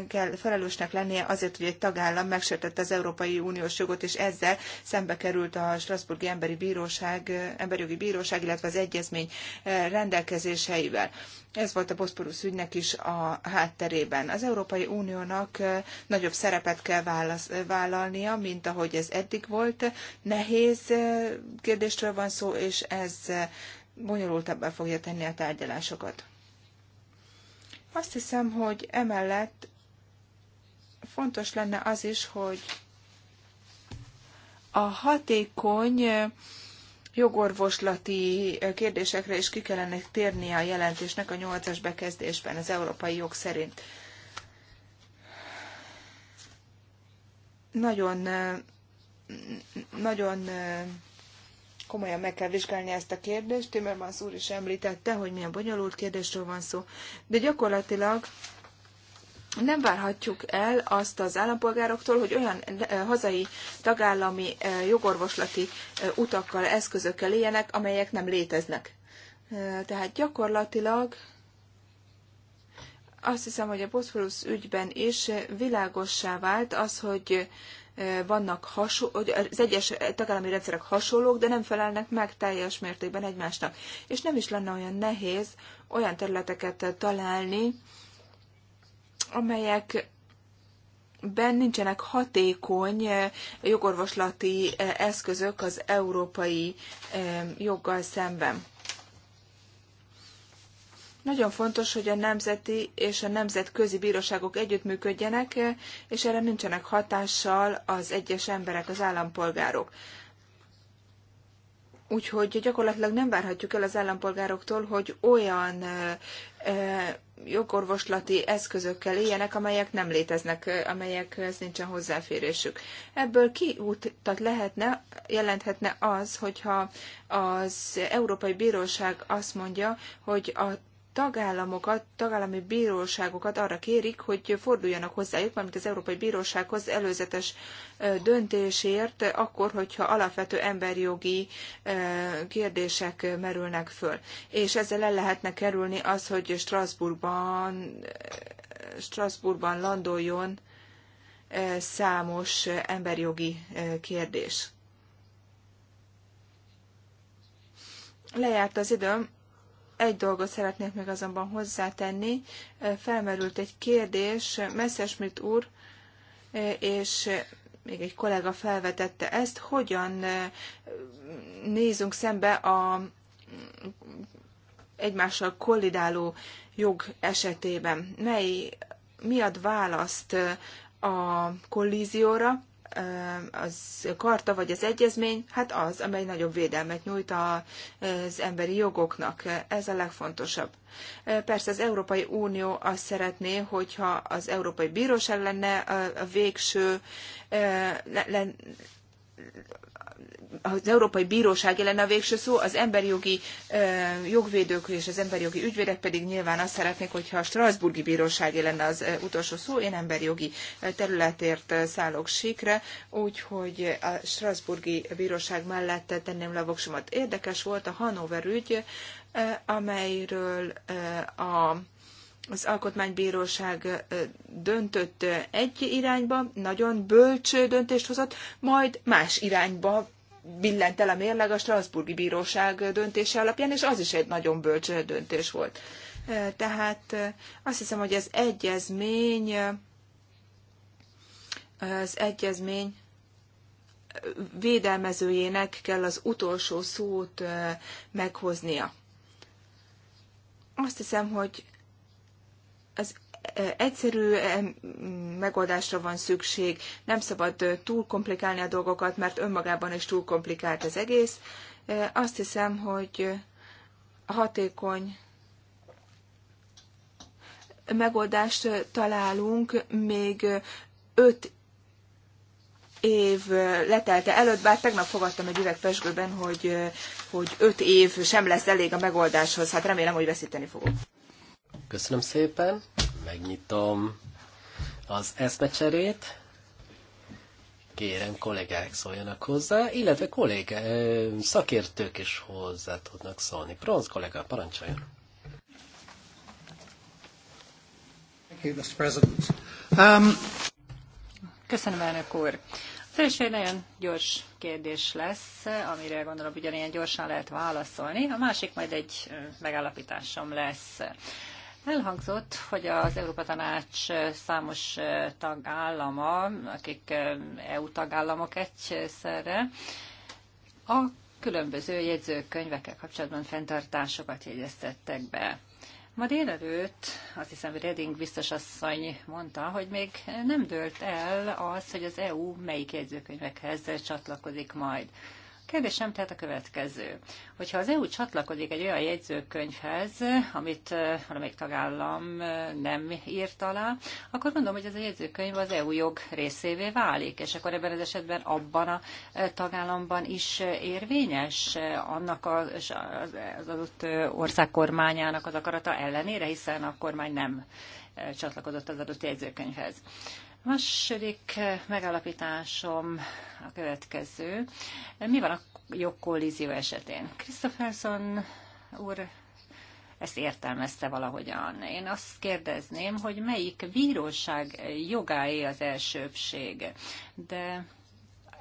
Speaker 3: kell felelősnek lennie azért, hogy egy tagállam megsértette az Európai Uniós jogot, és ezzel szembe került a Strasburgi Emberi Bíróság, Emberjogi Bíróság, illetve az egyezmény eh, rendelkezéseivel. Ez volt a Boszporusz ügynek is a hátterében. Az Európai Uniónak eh, nagyobb szerepet kell válasz, eh, vállalnia, mint ahogy ez eddig volt. Nehéz kérdésről van szó, és ez bonyolultabbá fogja tenni a tárgyalásokat. Azt hiszem, hogy emellett fontos lenne az is, hogy a hatékony jogorvoslati kérdésekre is ki kellene térnie a jelentésnek a nyolcas bekezdésben az európai jog szerint. Nagyon, nagyon komolyan meg kell vizsgálni ezt a kérdést. Timmermans úr is említette, hogy milyen bonyolult kérdésről van szó, de gyakorlatilag nem várhatjuk el azt az állampolgároktól, hogy olyan eh, hazai tagállami eh, jogorvoslati eh, utakkal, eszközökkel éljenek, amelyek nem léteznek. Tehát gyakorlatilag azt hiszem, hogy a Boszforusz ügyben is világossá vált az, hogy vannak hasonló, az egyes tagállami rendszerek hasonlók, de nem felelnek meg teljes mértékben egymásnak. És nem is lenne olyan nehéz olyan területeket találni, amelyek ben nincsenek hatékony eh, jogorvoslati eh, eszközök az európai eh, joggal szemben. Nagyon fontos, hogy a nemzeti és a nemzetközi bíróságok együttműködjenek, és erre nincsenek hatással az egyes emberek, az állampolgárok. Úgyhogy gyakorlatilag nem várhatjuk el az állampolgároktól, hogy olyan jogorvoslati eszközökkel éljenek, amelyek nem léteznek, amelyekhez nincsen hozzáférésük. Ebből kiútat lehetne, jelenthetne az, hogyha az Európai Bíróság azt mondja, hogy a tagállamokat, tagállami bíróságokat arra kérik, hogy forduljanak hozzájuk, valamint az Európai Bírósághoz előzetes döntésért, akkor, hogyha alapvető emberjogi kérdések merülnek föl. És ezzel el lehetne kerülni az, hogy Strasbourgban, Strasbourgban landoljon számos emberjogi kérdés. Lejárt az időm, egy dolgot szeretnék még azonban hozzátenni. Felmerült egy kérdés, Messerschmidt úr, és még egy kollega felvetette ezt, hogyan nézünk szembe a mm, egymással kollidáló jog esetében. Mely, mi ad választ a kollízióra, az karta vagy az egyezmény, hát az, amely nagyobb védelmet nyújt az emberi jogoknak. Ez a legfontosabb. Persze az Európai Unió azt szeretné, hogyha az Európai Bíróság lenne a végső az Európai Bíróság lenne a végső szó, az emberi jogi jogvédők és az emberi jogi ügyvédek pedig nyilván azt szeretnék, hogyha a Strasburgi Bíróság lenne az utolsó szó. Én emberi jogi területért szállok síkre, úgyhogy a Strasburgi Bíróság mellett tenném le a voksomat. Érdekes volt a Hanover ügy, amelyről a az alkotmánybíróság döntött egy irányba, nagyon bölcs döntést hozott, majd más irányba billent el a mérleg a Strasburgi Bíróság döntése alapján, és az is egy nagyon bölcs döntés volt. Tehát azt hiszem, hogy az egyezmény az egyezmény védelmezőjének kell az utolsó szót meghoznia. Azt hiszem, hogy az egyszerű megoldásra van szükség, nem szabad túl komplikálni a dolgokat, mert önmagában is túl komplikált az egész. Azt hiszem, hogy hatékony megoldást találunk még öt év letelte előtt, bár tegnap fogadtam egy üveg hogy, hogy öt év sem lesz elég a megoldáshoz. Hát remélem, hogy veszíteni fogok.
Speaker 2: Köszönöm szépen. Megnyitom az eszmecserét. Kérem, kollégák szóljanak hozzá, illetve kollégá, szakértők is hozzá tudnak szólni. Pronsz kollega, parancsoljon! Um,
Speaker 1: Köszönöm, elnök úr! Az első egy nagyon gyors kérdés lesz, amire gondolom ugyanilyen gyorsan lehet válaszolni. A másik majd egy megállapításom lesz. Elhangzott, hogy az Európa Tanács számos tagállama, akik eh, EU tagállamok egyszerre, a különböző jegyzőkönyvekkel kapcsolatban fenntartásokat jegyeztettek be. Ma délelőtt azt hiszem Reding biztos asszony mondta, hogy még nem dőlt el az, hogy az EU melyik jegyzőkönyvekhez csatlakozik majd. Kérdésem tehát a következő. Hogyha az EU csatlakozik egy olyan jegyzőkönyvhez, amit valamelyik tagállam nem írt alá, akkor mondom, hogy ez a jegyzőkönyv az EU jog részévé válik, és akkor ebben az esetben abban a tagállamban is érvényes annak az, az adott ország kormányának az akarata ellenére, hiszen a kormány nem csatlakozott az adott jegyzőkönyvhez. Második eh, megállapításom a következő. Mi van a jogkollízió esetén? Christopherson úr ezt értelmezte valahogyan. Én azt kérdezném, hogy melyik bíróság jogáé az elsőbség. De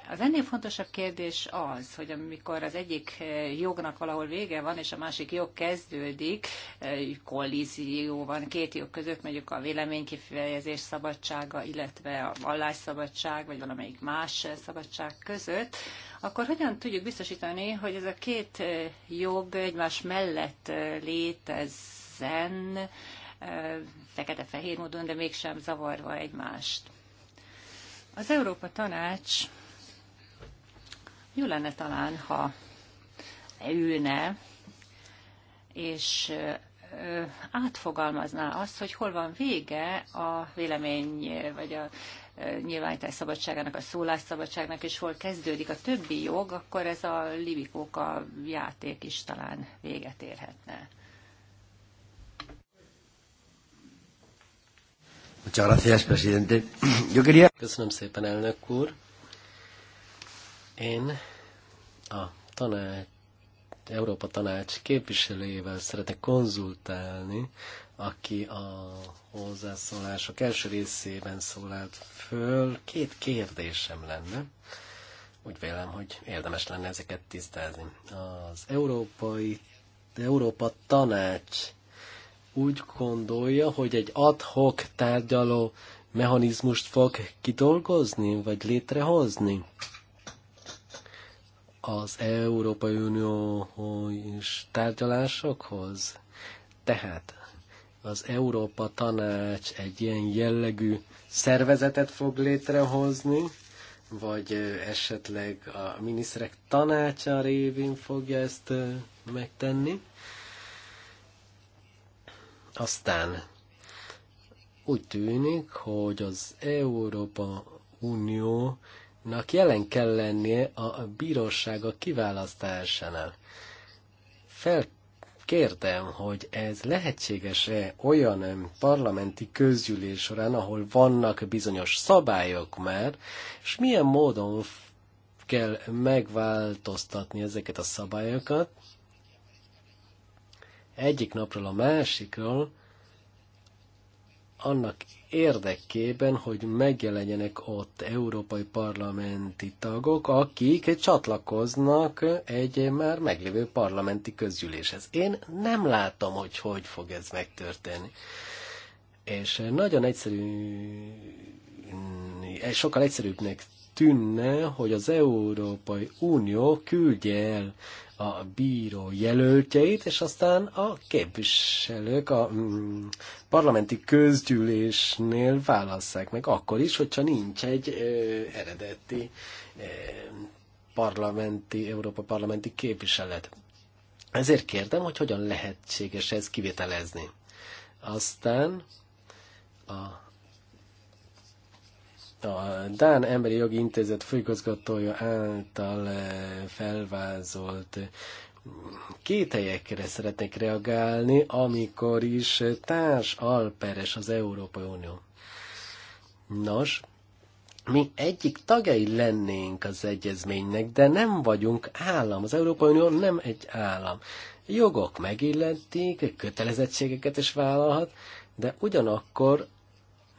Speaker 1: az ennél fontosabb kérdés az, hogy amikor az egyik jognak valahol vége van, és a másik jog kezdődik, kollízió van két jog között, mondjuk a véleménykifejezés szabadsága, illetve a vallásszabadság, vagy valamelyik más szabadság között, akkor hogyan tudjuk biztosítani, hogy ez a két jog egymás mellett létezzen, fekete-fehér módon, de mégsem zavarva egymást. Az Európa Tanács jó lenne talán, ha ülne, és átfogalmazná azt, hogy hol van vége a vélemény, vagy a nyilvánítás szabadságának, a szólásszabadságnak, és hol kezdődik a többi jog, akkor ez a libikóka játék is talán véget érhetne.
Speaker 2: Köszönöm szépen, elnök úr. Én a tanács, Európa Tanács képviselőjével szeretek konzultálni, aki a hozzászólások első részében szólalt föl. Két kérdésem lenne. Úgy vélem, hogy érdemes lenne ezeket tisztázni. Az Európai Európa Tanács úgy gondolja, hogy egy adhok tárgyaló mechanizmust fog kidolgozni, vagy létrehozni az Európai Unióhoz tárgyalásokhoz. Tehát az Európa Tanács egy ilyen jellegű szervezetet fog létrehozni, vagy esetleg a miniszterek tanácsa révén fogja ezt megtenni. Aztán úgy tűnik, hogy az Európa Unió Nak jelen kell lennie a bírósága kiválasztásánál. Felkértem, hogy ez lehetséges-e olyan parlamenti közgyűlés során, ahol vannak bizonyos szabályok már, és milyen módon kell megváltoztatni ezeket a szabályokat, egyik napról a másikról, annak érdekében, hogy megjelenjenek ott európai parlamenti tagok, akik csatlakoznak egy már meglévő parlamenti közgyűléshez. Én nem látom, hogy hogy fog ez megtörténni. És nagyon egyszerű sokkal egyszerűbbnek tűnne, hogy az Európai Unió küldje el a bíró jelöltjeit, és aztán a képviselők a mm, parlamenti közgyűlésnél válasszák meg akkor is, hogyha nincs egy ö, eredeti ö, parlamenti, Európa parlamenti képviselet. Ezért kérdem, hogy hogyan lehetséges ez kivételezni. Aztán a a Dán Emberi Jogi Intézet főigazgatója által eh, felvázolt mm, két helyekre szeretnék reagálni, amikor is eh, társ alperes az Európai Unió. Nos, mi egyik tagjai lennénk az egyezménynek, de nem vagyunk állam. Az Európai Unió nem egy állam. Jogok megilletik, kötelezettségeket is vállalhat, de ugyanakkor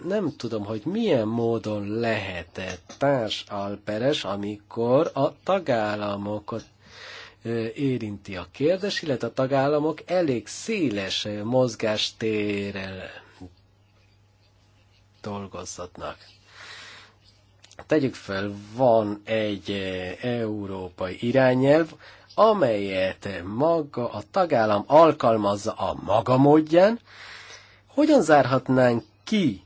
Speaker 2: nem tudom, hogy milyen módon lehetett alperes, amikor a tagállamokat érinti a kérdés, illetve a tagállamok elég széles mozgástérrel dolgozhatnak. Tegyük fel, van egy európai irányelv, amelyet maga a tagállam alkalmazza a maga módján. Hogyan zárhatnánk ki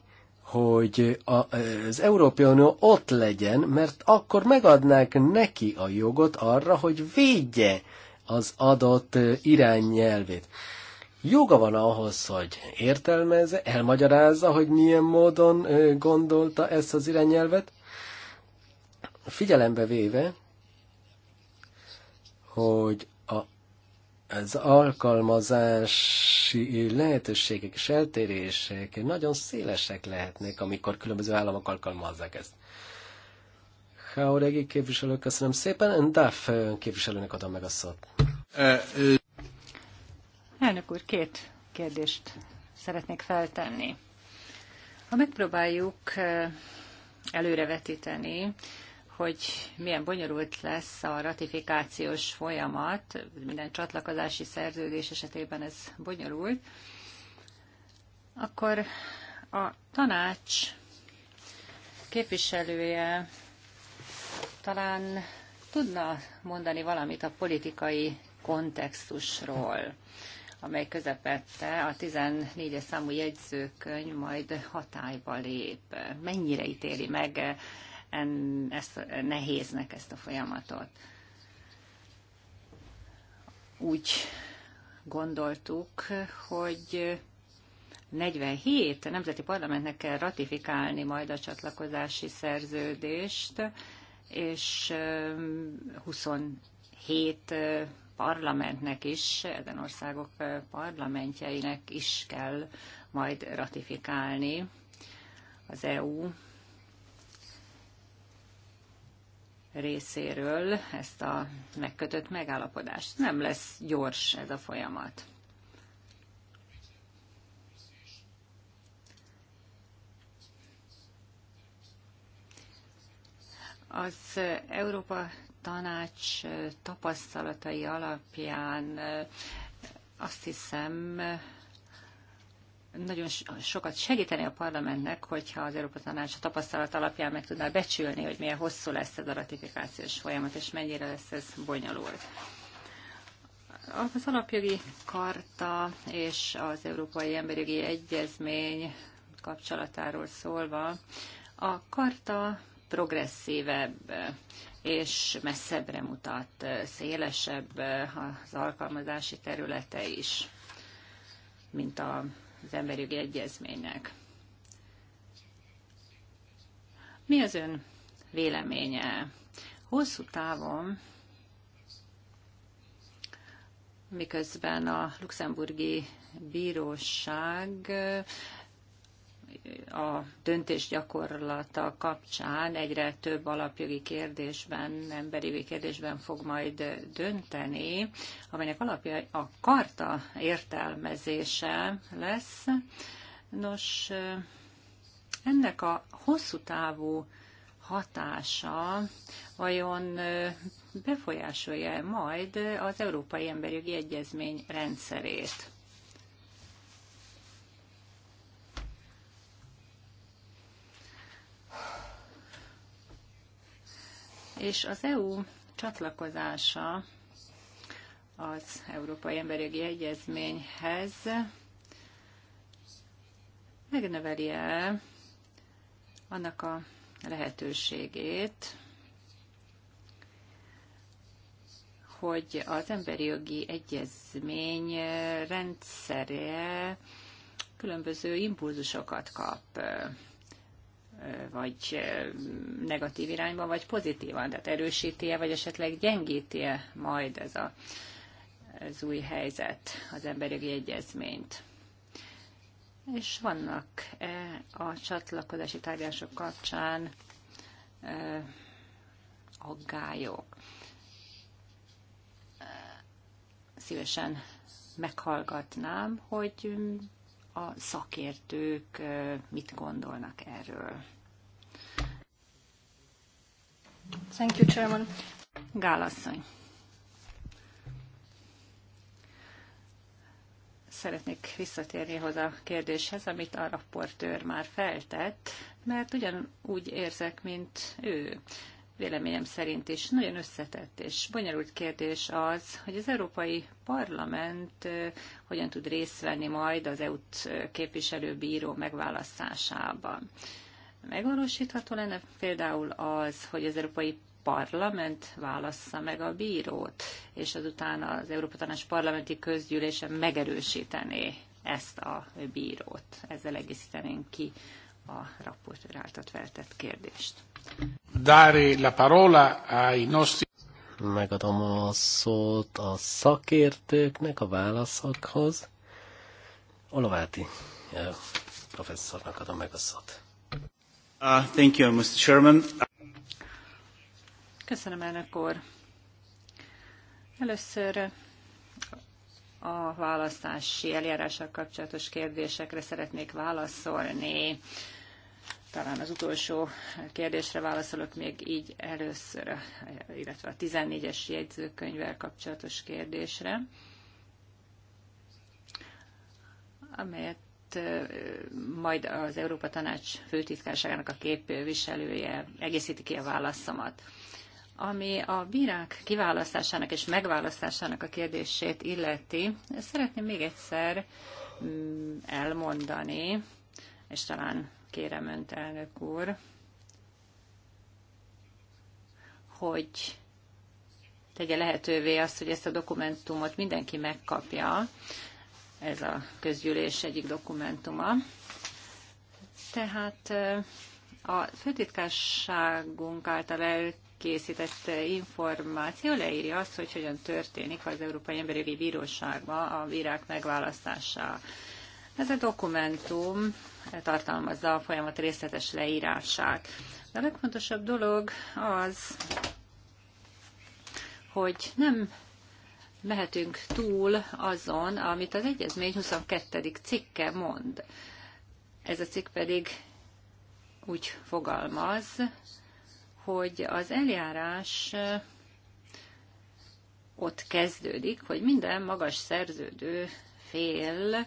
Speaker 2: hogy az Európai Unió ott legyen, mert akkor megadnák neki a jogot arra, hogy védje az adott irányelvét. Joga van ahhoz, hogy értelmezze, elmagyarázza, hogy milyen módon gondolta ezt az irányelvet, figyelembe véve, hogy az alkalmazási lehetőségek és eltérések nagyon szélesek lehetnek, amikor különböző államok alkalmazzák ezt. Hauregi képviselő, köszönöm szépen. Daf képviselőnek adom meg a szót.
Speaker 1: Elnök úr, két kérdést szeretnék feltenni. Ha megpróbáljuk előrevetíteni hogy milyen bonyolult lesz a ratifikációs folyamat, minden csatlakozási szerződés esetében ez bonyolult, akkor a tanács képviselője talán tudna mondani valamit a politikai kontextusról, amely közepette a 14 számú jegyzőkönyv majd hatályba lép. Mennyire ítéli meg en, ezt, nehéznek ezt a folyamatot. Úgy gondoltuk, hogy 47 a nemzeti parlamentnek kell ratifikálni majd a csatlakozási szerződést, és 27 um, uh, parlamentnek is, ezen országok uh, parlamentjeinek is kell majd ratifikálni az EU részéről ezt a megkötött megállapodást. Nem lesz gyors ez a folyamat. Az Európa Tanács tapasztalatai alapján eh, azt hiszem, nagyon sokat segíteni a parlamentnek, hogyha az Európa Tanács a tapasztalat alapján meg tudná becsülni, hogy milyen hosszú lesz ez a ratifikációs folyamat, és mennyire lesz ez bonyolult. Az alapjogi karta és az Európai Jogi Egyezmény kapcsolatáról szólva, a karta progresszívebb és messzebbre mutat, szélesebb az alkalmazási területe is, mint a az jogi egyezménynek. Mi az ön véleménye? Hosszú távon, miközben a luxemburgi bíróság a döntésgyakorlata kapcsán egyre több alapjogi kérdésben, emberi kérdésben fog majd dönteni, amelynek alapja a karta értelmezése lesz. Nos, ennek a hosszú távú hatása vajon befolyásolja majd az Európai Emberjogi Egyezmény rendszerét? és az EU csatlakozása az Európai Emberjogi Egyezményhez megnöveli -e annak a lehetőségét, hogy az emberi jogi egyezmény rendszere különböző impulzusokat kap vagy negatív irányban, vagy pozitívan, tehát erősíti-e, vagy esetleg gyengíti-e majd ez a, az új helyzet az emberi egyezményt. És vannak -e a csatlakozási tárgyások kapcsán e, aggályok? Szívesen meghallgatnám, hogy a szakértők mit gondolnak erről. Thank you, Chairman. Gálasszony. Szeretnék visszatérni hozzá a kérdéshez, amit a raportőr már feltett, mert ugyanúgy érzek, mint ő véleményem szerint is nagyon összetett és bonyolult kérdés az, hogy az Európai Parlament hogyan tud részt venni majd az EU-t képviselő bíró megválasztásában. Megvalósítható lenne például az, hogy az Európai parlament válassza meg a bírót, és azután az Európa Tanács parlamenti közgyűlése megerősítené ezt a bírót. Ezzel egészítenénk ki a raportőr által feltett kérdést.
Speaker 2: Dare la parola ai nostri... Megadom a szót a szakértőknek a válaszokhoz. Olováti eh, professzornak adom meg a szót. Uh, thank you, Mr. Chairman.
Speaker 1: Köszönöm, elnök úr. Először a választási eljárással kapcsolatos kérdésekre szeretnék válaszolni. Talán az utolsó kérdésre válaszolok még így először, illetve a 14-es jegyzőkönyvvel kapcsolatos kérdésre, amelyet majd az Európa Tanács főtitkárságának a képviselője egészíti ki a válaszomat. Ami a bírák kiválasztásának és megválasztásának a kérdését illeti, szeretném még egyszer mm, elmondani, és talán kérem önt, elnök úr, hogy tegye lehetővé azt, hogy ezt a dokumentumot mindenki megkapja. Ez a közgyűlés egyik dokumentuma. Tehát a főtitkárságunk által elkészített információ leírja azt, hogy hogyan történik az Európai Emberi Bíróságban a virág megválasztása. Ez a dokumentum tartalmazza a folyamat részletes leírását. De a legfontosabb dolog az, hogy nem mehetünk túl azon, amit az egyezmény 22. cikke mond. Ez a cikk pedig úgy fogalmaz, hogy az eljárás ott kezdődik, hogy minden magas szerződő fél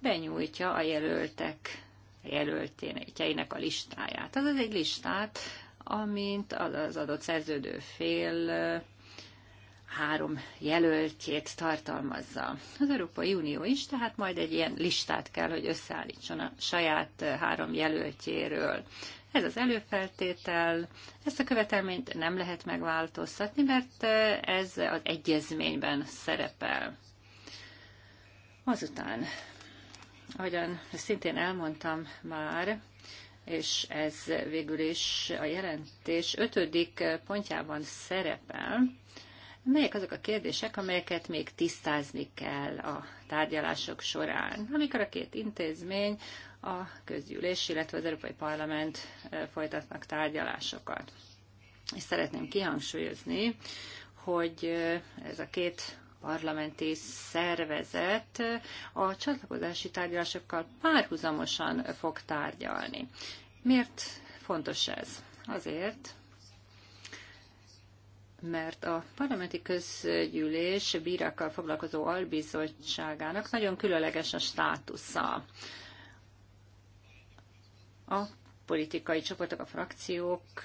Speaker 1: benyújtja a jelöltek jelöltjeinek a listáját. Az az egy listát, amint az adott szerződő fél három jelöltjét tartalmazza. Az Európai Unió is, tehát majd egy ilyen listát kell, hogy összeállítson a saját három jelöltjéről. Ez az előfeltétel, ezt a követelményt nem lehet megváltoztatni, mert ez az egyezményben szerepel. Azután Ahogyan szintén elmondtam már, és ez végül is a jelentés ötödik pontjában szerepel, melyek azok a kérdések, amelyeket még tisztázni kell a tárgyalások során, amikor a két intézmény, a közgyűlés, illetve az Európai Parlament folytatnak tárgyalásokat. És szeretném kihangsúlyozni, hogy ez a két parlamenti szervezet a csatlakozási tárgyalásokkal párhuzamosan fog tárgyalni. Miért fontos ez? Azért, mert a parlamenti közgyűlés bírákkal foglalkozó albizottságának nagyon különleges a státusza. A politikai csoportok, a frakciók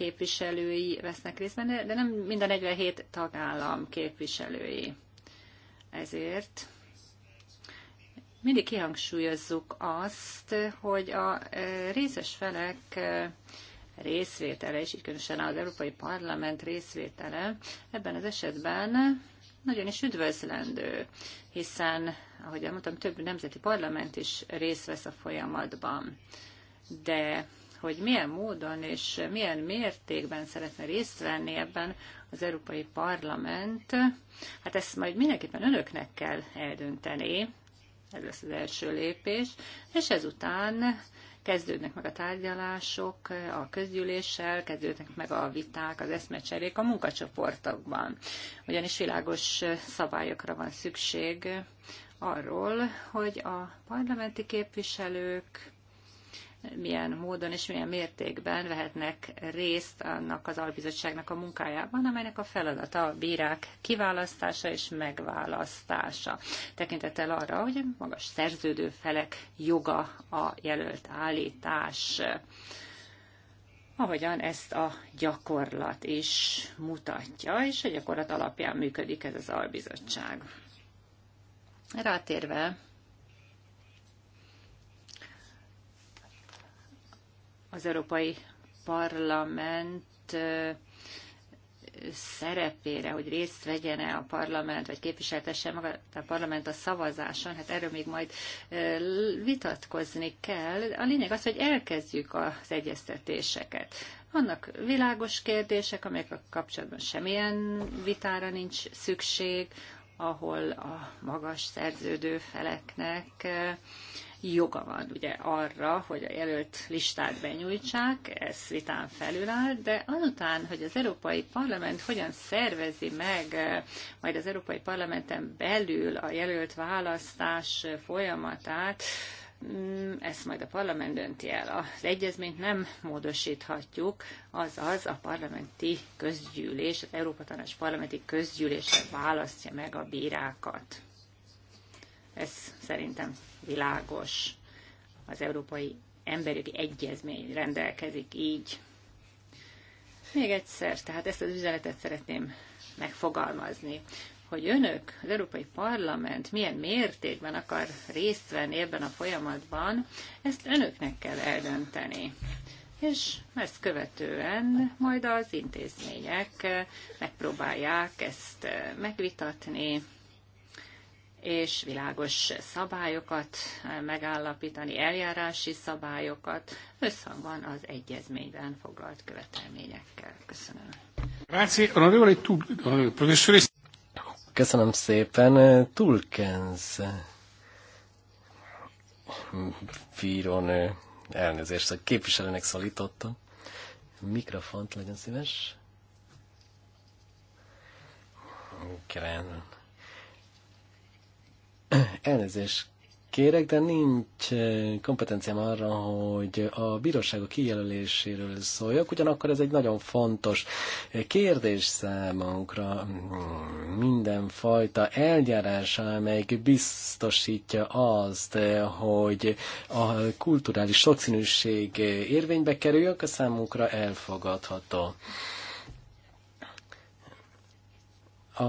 Speaker 1: képviselői vesznek részt benne, de nem mind a 47 tagállam képviselői. Ezért mindig kihangsúlyozzuk azt, hogy a e, részes felek e, részvétele, és így különösen az Európai Parlament részvétele ebben az esetben nagyon is üdvözlendő, hiszen, ahogy mondtam, több nemzeti parlament is részt vesz a folyamatban. De hogy milyen módon és milyen mértékben szeretne részt venni ebben az Európai Parlament. Hát ezt majd mindenképpen önöknek kell eldönteni, ez lesz az első lépés, és ezután kezdődnek meg a tárgyalások a közgyűléssel, kezdődnek meg a viták, az eszmecserék a munkacsoportokban. Ugyanis világos szabályokra van szükség arról, hogy a parlamenti képviselők milyen módon és milyen mértékben vehetnek részt annak az albizottságnak a munkájában, amelynek a feladata a bírák kiválasztása és megválasztása. Tekintettel arra, hogy magas szerződő felek joga a jelölt állítás ahogyan ezt a gyakorlat is mutatja, és a gyakorlat alapján működik ez az albizottság. Rátérve az Európai Parlament szerepére, hogy részt vegyene a parlament, vagy képviseltesse magát a parlament a szavazáson, hát erről még majd vitatkozni kell. A lényeg az, hogy elkezdjük az egyeztetéseket. Vannak világos kérdések, amelyek a kapcsolatban semmilyen vitára nincs szükség, ahol a magas szerződő feleknek joga van ugye arra, hogy a jelölt listát benyújtsák, ez vitán felül áll, de azután, hogy az Európai Parlament hogyan szervezi meg majd az Európai Parlamenten belül a jelölt választás folyamatát, mm, ezt majd a parlament dönti el. Az egyezményt nem módosíthatjuk, azaz a parlamenti közgyűlés, az Európa Tanács parlamenti közgyűlése választja meg a bírákat. Ez szerintem világos. Az Európai Emberjogi Egyezmény rendelkezik így. Még egyszer, tehát ezt az üzenetet szeretném megfogalmazni, hogy önök, az Európai Parlament milyen mértékben akar részt venni ebben a folyamatban, ezt önöknek kell eldönteni. És ezt követően majd az intézmények megpróbálják ezt megvitatni, és világos szabályokat eh, megállapítani, eljárási szabályokat összhangban az egyezményben foglalt követelményekkel. Köszönöm.
Speaker 2: Eh, Köszönöm szépen. Eh, Tulkenz Fíron elnézést, hogy képviselőnek szólítottam. Mikrofont legyen szíves. Kérem. Elnézést kérek, de nincs eh, kompetenciám arra, hogy a bíróságok kijelöléséről szóljak, ugyanakkor ez egy nagyon fontos eh, kérdés számunkra mindenfajta eljárás, amely biztosítja azt, eh, hogy a kulturális sokszínűség érvénybe kerüljön, a számunkra elfogadható. A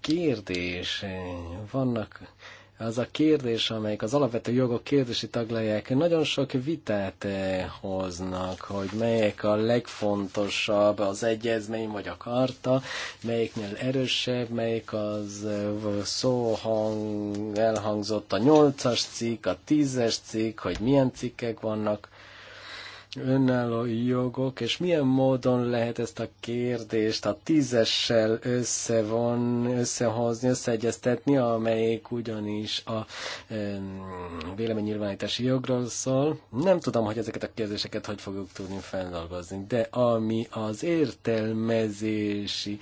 Speaker 2: kérdés, vannak az a kérdés, amelyik az alapvető jogok kérdési taglalják, nagyon sok vitát eh, hoznak, hogy melyek a legfontosabb, az egyezmény vagy a karta, melyiknél erősebb, melyik az eh, szóhang elhangzott a nyolcas cikk, a tízes cikk, hogy milyen cikkek vannak önálló jogok, és milyen módon lehet ezt a kérdést a tízessel összevon, összehozni, összeegyeztetni, amelyik ugyanis a véleménynyilvánítási jogról szól. Nem tudom, hogy ezeket a kérdéseket hogy fogjuk tudni feldolgozni, de ami az értelmezési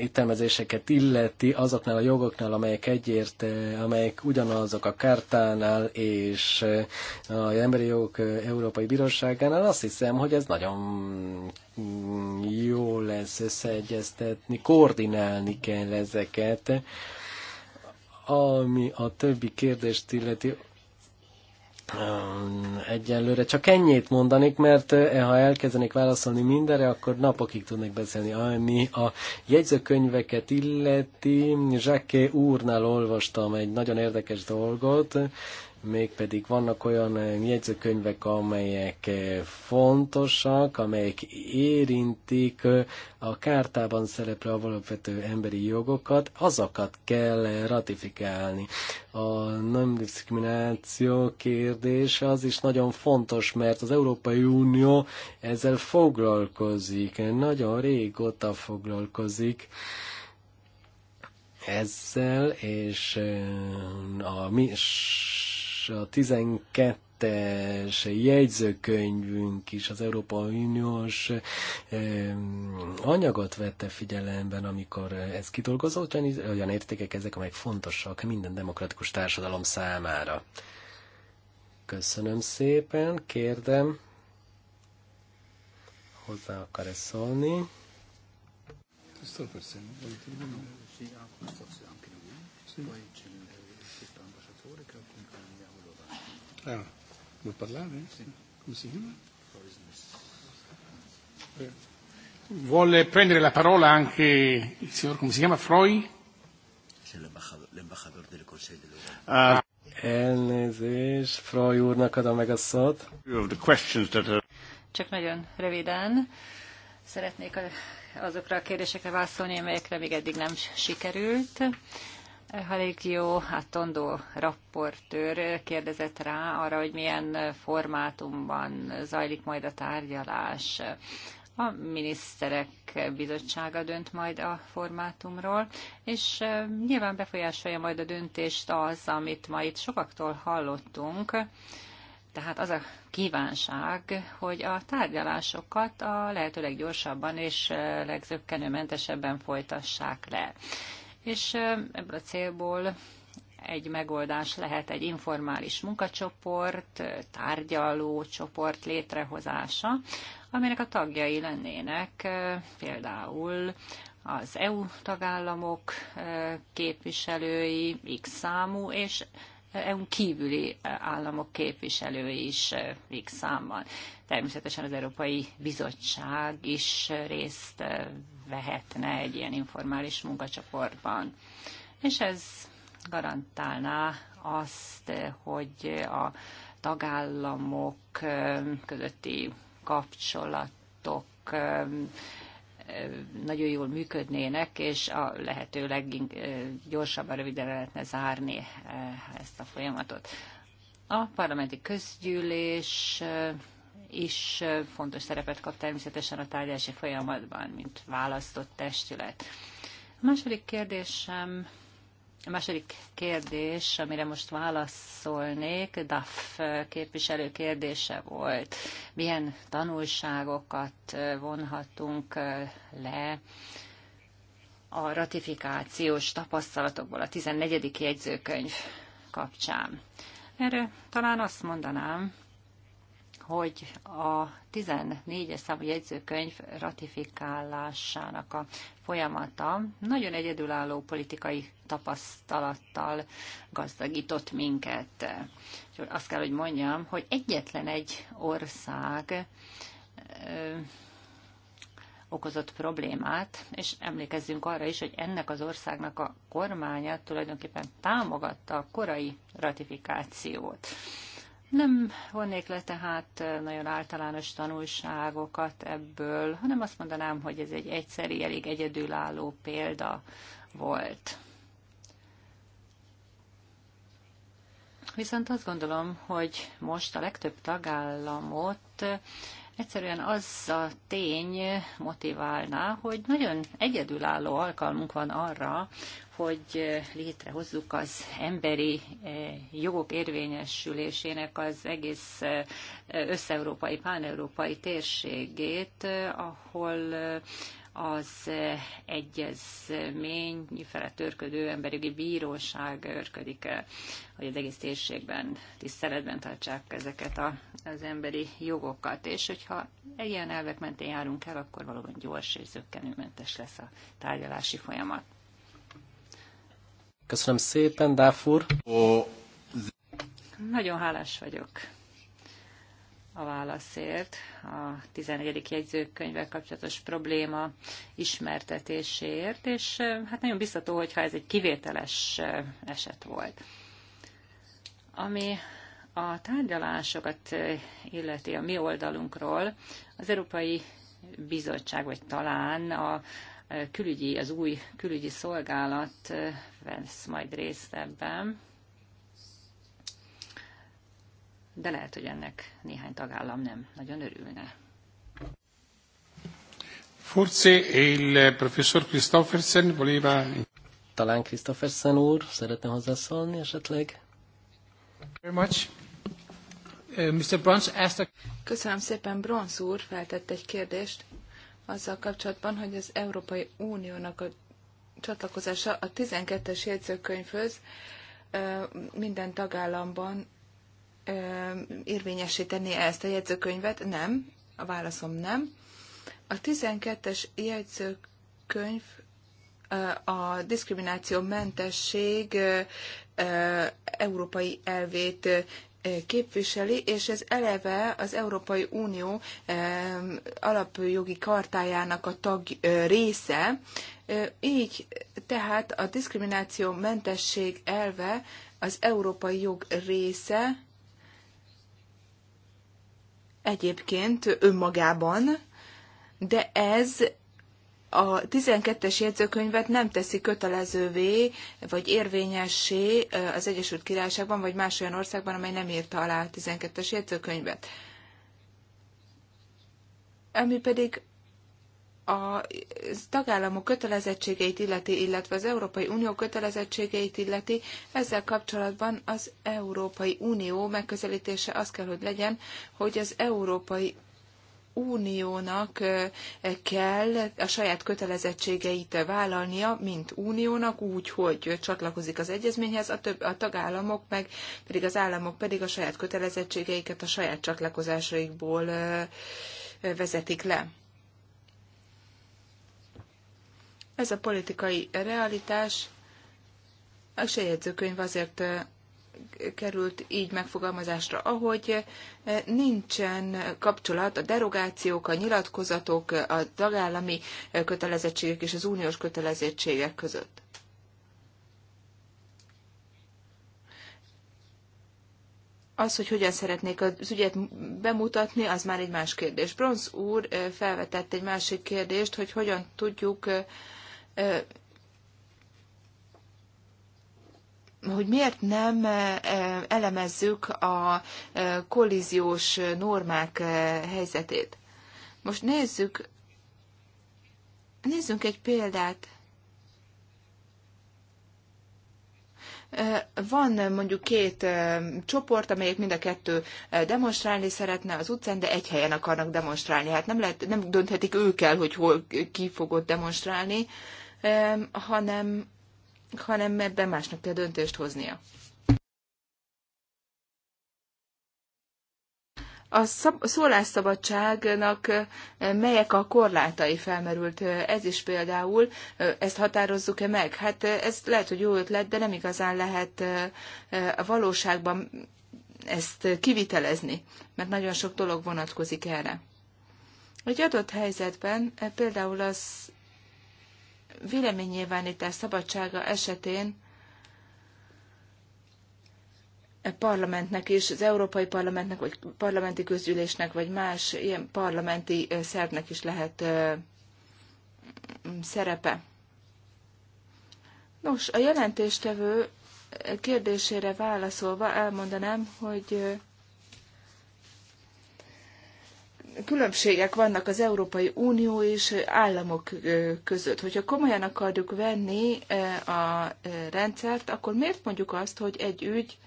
Speaker 2: értelmezéseket illeti azoknál a jogoknál, amelyek egyért, amelyek ugyanazok a kártánál és eh, a Emberi Jogok eh, Európai Bíróságánál, azt hiszem, hogy ez nagyon mm, jó lesz összeegyeztetni, koordinálni kell ezeket. Ami a többi kérdést illeti, Egyelőre csak ennyit mondanék, mert e, ha elkezdenék válaszolni mindenre, akkor napokig tudnék beszélni. Ami a jegyzőkönyveket illeti, Zsaké úrnál olvastam egy nagyon érdekes dolgot, mégpedig vannak olyan eh, jegyzőkönyvek, amelyek eh, fontosak, amelyek érintik eh, a kártában szereplő alapvető emberi jogokat, azokat kell ratifikálni. A nem diszkrimináció kérdése az is nagyon fontos, mert az Európai Unió ezzel foglalkozik, nagyon régóta foglalkozik ezzel, és a mi és a 12 es jegyzőkönyvünk is az Európai Uniós anyagot vette figyelemben, amikor ez kidolgozott, olyan, olyan értékek ezek, amelyek fontosak minden demokratikus társadalom számára. Köszönöm szépen, kérdem, hozzá akar-e szólni? Köszönöm. Clara, vuoi parlare? ¿eh? Sì. Come si chiama? Vuole prendere la parola anche il signor, come si chiama, Freud? L'ambassador del Consiglio dell'Europa. Ah. Elnézést, Freud úrnak adom meg a szót.
Speaker 1: Csak nagyon röviden szeretnék azokra a kérdésekre válaszolni, amelyekre még eddig nem sikerült jó, hát Tondó rapportőr kérdezett rá arra, hogy milyen formátumban zajlik majd a tárgyalás. A miniszterek bizottsága dönt majd a formátumról, és nyilván befolyásolja majd a döntést az, amit ma itt sokaktól hallottunk, tehát az a kívánság, hogy a tárgyalásokat a lehető leggyorsabban és legzökkenőmentesebben folytassák le és ebből a célból egy megoldás lehet egy informális munkacsoport, tárgyaló csoport létrehozása, aminek a tagjai lennének például az EU tagállamok képviselői, X számú, és EU kívüli államok képviselői is X számban. Természetesen az Európai Bizottság is részt vehetne egy ilyen informális munkacsoportban. És ez garantálná azt, hogy a tagállamok közötti kapcsolatok nagyon jól működnének, és a lehető leggyorsabban, röviden lehetne zárni ezt a folyamatot. A parlamenti közgyűlés is fontos szerepet kap természetesen a tárgyási folyamatban, mint választott testület. A második kérdésem, a második kérdés, amire most válaszolnék, DAF képviselő kérdése volt. Milyen tanulságokat vonhatunk le a ratifikációs tapasztalatokból a 14. jegyzőkönyv kapcsán? Erre talán azt mondanám, hogy a 14-es számú jegyzőkönyv ratifikálásának a folyamata nagyon egyedülálló politikai tapasztalattal gazdagított minket. azt kell, hogy mondjam, hogy egyetlen egy ország ö, okozott problémát, és emlékezzünk arra is, hogy ennek az országnak a kormánya tulajdonképpen támogatta a korai ratifikációt. Nem vonnék le tehát nagyon általános tanulságokat ebből, hanem azt mondanám, hogy ez egy egyszeri, elég egyedülálló példa volt. Viszont azt gondolom, hogy most a legtöbb tagállamot Egyszerűen az a tény motiválná, hogy nagyon egyedülálló alkalmunk van arra, hogy létrehozzuk az emberi eh, jogok érvényesülésének az egész eh, összeurópai, páneurópai térségét, eh, ahol az egyezmény felett törködő emberi bíróság örködik, hogy az egész térségben tiszteletben tartsák ezeket a, az emberi jogokat. És hogyha ilyen elvek mentén járunk el, akkor valóban gyors és zöggenőmentes lesz a tárgyalási folyamat.
Speaker 2: Köszönöm szépen, Dáfur!
Speaker 1: Nagyon hálás vagyok a válaszért a 11. jegyzőkönyvvel kapcsolatos probléma ismertetéséért, és hát nagyon biztató, hogyha ez egy kivételes eset volt. Ami a tárgyalásokat illeti a mi oldalunkról, az Európai Bizottság, vagy talán a külügyi, az új külügyi szolgálat vesz majd részt ebben, de lehet, hogy ennek néhány tagállam nem nagyon örülne.
Speaker 2: Forse il professor Christoffersen voleva... Talán Christoffersen úr szeretne hozzászólni esetleg? Very much. Uh, Mr. Bruns asked a...
Speaker 3: Köszönöm szépen, Brons úr feltett egy kérdést azzal kapcsolatban, hogy az Európai Uniónak a csatlakozása a 12-es jegyzőkönyvhöz uh, minden tagállamban érvényesíteni ezt a jegyzőkönyvet? Nem. A válaszom nem. A 12-es jegyzőkönyv a diszkrimináció mentesség európai elvét képviseli, és ez eleve az Európai Unió alapjogi kartájának a tag része. Így tehát a diszkrimináció mentesség elve az európai jog része, egyébként önmagában, de ez a 12-es jegyzőkönyvet nem teszi kötelezővé vagy érvényessé az Egyesült Királyságban vagy más olyan országban, amely nem írta alá a 12-es jegyzőkönyvet. Ami pedig a tagállamok kötelezettségeit illeti, illetve az Európai Unió kötelezettségeit illeti, ezzel kapcsolatban az Európai Unió megközelítése az kell, hogy legyen, hogy az Európai Uniónak kell a saját kötelezettségeit vállalnia, mint uniónak, úgy, hogy csatlakozik az egyezményhez, a, több, a tagállamok meg, pedig az államok pedig a saját kötelezettségeiket a saját csatlakozásaikból vezetik le. Ez a politikai realitás, a sejegyzőkönyv azért került így megfogalmazásra, ahogy nincsen kapcsolat a derogációk, a nyilatkozatok, a tagállami kötelezettségek és az uniós kötelezettségek között. Az, hogy hogyan szeretnék az ügyet bemutatni, az már egy más kérdés. Bronz úr felvetett egy másik kérdést, hogy hogyan tudjuk hogy miért nem elemezzük a kollíziós normák helyzetét. Most nézzük, nézzünk egy példát. Van mondjuk két csoport, amelyek mind a kettő demonstrálni szeretne az utcán, de egy helyen akarnak demonstrálni. Hát nem, lehet, nem dönthetik ők el, hogy hol ki fogod demonstrálni hanem, hanem ebben másnak kell döntést hoznia. A szólásszabadságnak melyek a korlátai felmerült? Ez is például, ezt határozzuk-e meg? Hát ez lehet, hogy jó ötlet, de nem igazán lehet a valóságban ezt kivitelezni, mert nagyon sok dolog vonatkozik erre. Egy adott helyzetben e, például az véleménynyilvánítás szabadsága esetén a e parlamentnek is, az Európai Parlamentnek, vagy parlamenti közgyűlésnek, vagy más ilyen parlamenti szervnek is lehet szerepe. Nos, a jelentéstevő kérdésére válaszolva elmondanám, hogy különbségek vannak az Európai Unió és államok között. Hogyha komolyan akarjuk venni a rendszert, akkor miért mondjuk azt, hogy egy ügy,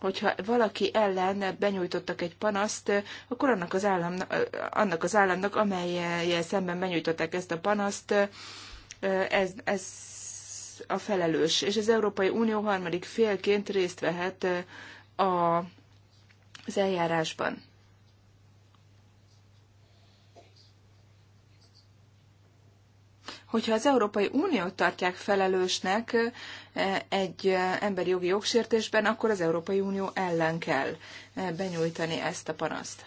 Speaker 3: hogyha valaki ellen benyújtottak egy panaszt, akkor annak az, állam, annak az államnak, amelyel szemben benyújtották ezt a panaszt, ez, ez a felelős. És az Európai Unió harmadik félként részt vehet a, az eljárásban. hogyha az Európai Uniót tartják felelősnek egy emberi jogi jogsértésben, akkor az Európai Unió ellen kell benyújtani ezt a panaszt.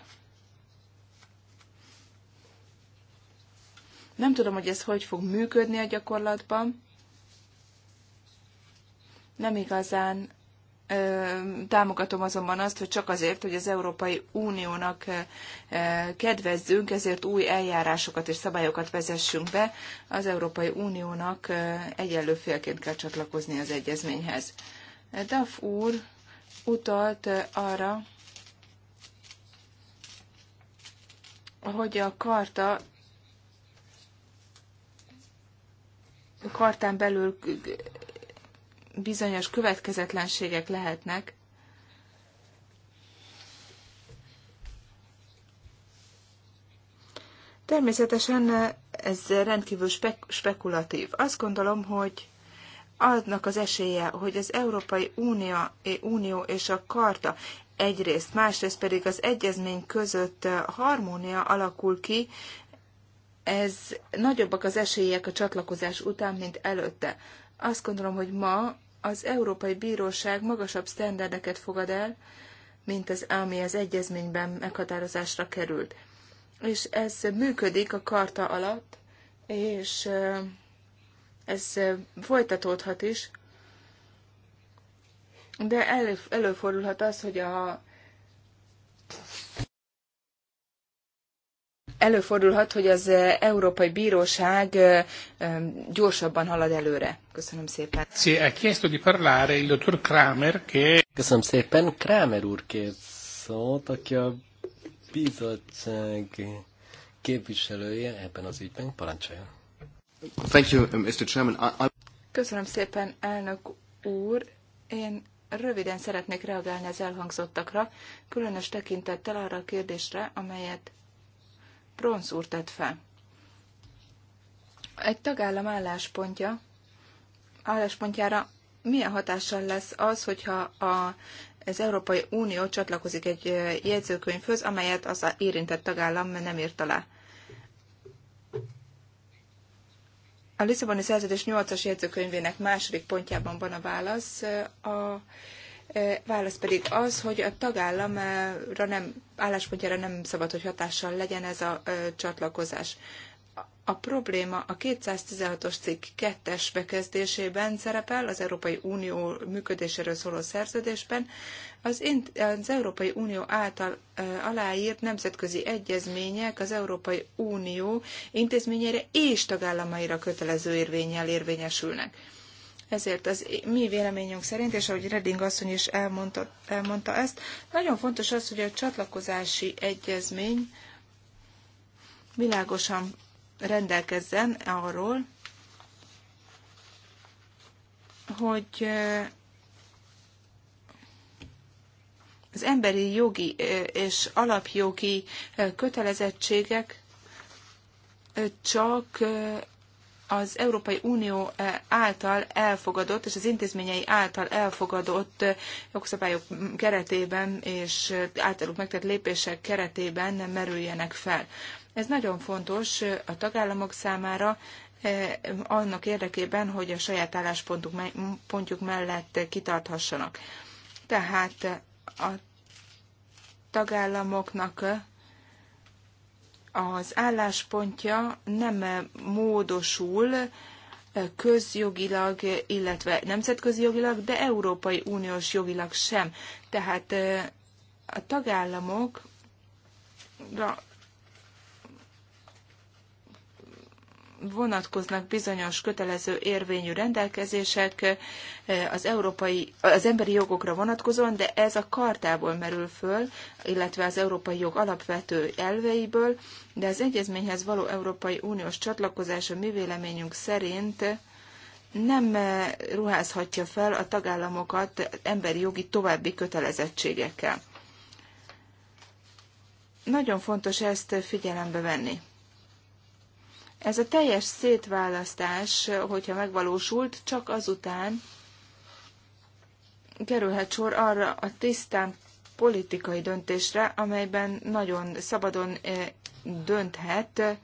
Speaker 3: Nem tudom, hogy ez hogy fog működni a gyakorlatban. Nem igazán Támogatom azonban azt, hogy csak azért, hogy az Európai Uniónak kedvezzünk, ezért új eljárásokat és szabályokat vezessünk be. Az Európai Uniónak egyenlő félként kell csatlakozni az egyezményhez. Duff úr utalt arra, hogy a karta kartán belül bizonyos következetlenségek lehetnek, Természetesen ez rendkívül spek- spekulatív. Azt gondolom, hogy annak az esélye, hogy az Európai Unió, Unió és a Karta egyrészt, másrészt pedig az egyezmény között harmónia alakul ki, ez nagyobbak az esélyek a csatlakozás után, mint előtte. Azt gondolom, hogy ma az Európai Bíróság magasabb sztenderdeket fogad el, mint az, ami az egyezményben meghatározásra került. És ez működik a karta alatt, és ez folytatódhat is, de elő, előfordulhat az, hogy a előfordulhat, hogy az eh, Európai Bíróság eh, gyorsabban halad előre. Köszönöm szépen.
Speaker 2: Köszönöm szépen. Kramer úr kért szót, aki a bizottság képviselője ebben az ügyben. Parancsolja. Thank you, Mr. Chairman. I, I...
Speaker 3: Köszönöm szépen, elnök úr. Én röviden szeretnék reagálni az elhangzottakra, különös tekintettel arra a kérdésre, amelyet Bronz úr tett fel. Egy tagállam álláspontja, álláspontjára milyen hatással lesz az, hogyha a, az Európai Unió csatlakozik egy jegyzőkönyvhöz, amelyet az érintett tagállam nem írt alá. A Lisszaboni Szerződés 8-as jegyzőkönyvének második pontjában van a válasz. A válasz pedig az, hogy a tagállamra nem, álláspontjára nem szabad, hogy hatással legyen ez a csatlakozás. A probléma a 216-os cikk 2 bekezdésében szerepel az Európai Unió működéséről szóló szerződésben. Az, az Európai Unió által e, aláírt nemzetközi egyezmények az Európai Unió intézményeire és tagállamaira kötelező érvényel érvényesülnek. Ezért az mi véleményünk szerint, és ahogy Redding asszony is elmondta, elmondta ezt, nagyon fontos az, hogy a csatlakozási egyezmény világosan rendelkezzen arról, hogy az emberi jogi és alapjogi kötelezettségek csak az Európai Unió eh, által elfogadott és az intézményei által elfogadott eh, jogszabályok keretében és eh, általuk megtett lépések keretében merüljenek fel. Ez nagyon fontos a tagállamok számára, annak érdekében, hogy a saját álláspontjuk mellett kitarthassanak. Tehát a tagállamoknak az álláspontja nem módosul közjogilag, illetve nemzetközi jogilag, de Európai Uniós jogilag sem. Tehát a tagállamokra vonatkoznak bizonyos kötelező érvényű rendelkezések eh, az, európai, az emberi jogokra vonatkozóan, de ez a kartából merül föl, illetve az európai jog alapvető elveiből, de az egyezményhez való Európai Uniós csatlakozása mi véleményünk szerint nem eh, ruházhatja fel a tagállamokat emberi jogi további kötelezettségekkel. Nagyon fontos ezt figyelembe venni. Ez a teljes szétválasztás, hogyha megvalósult, csak azután kerülhet sor arra a tisztán politikai döntésre, amelyben nagyon szabadon eh, dönthet eh,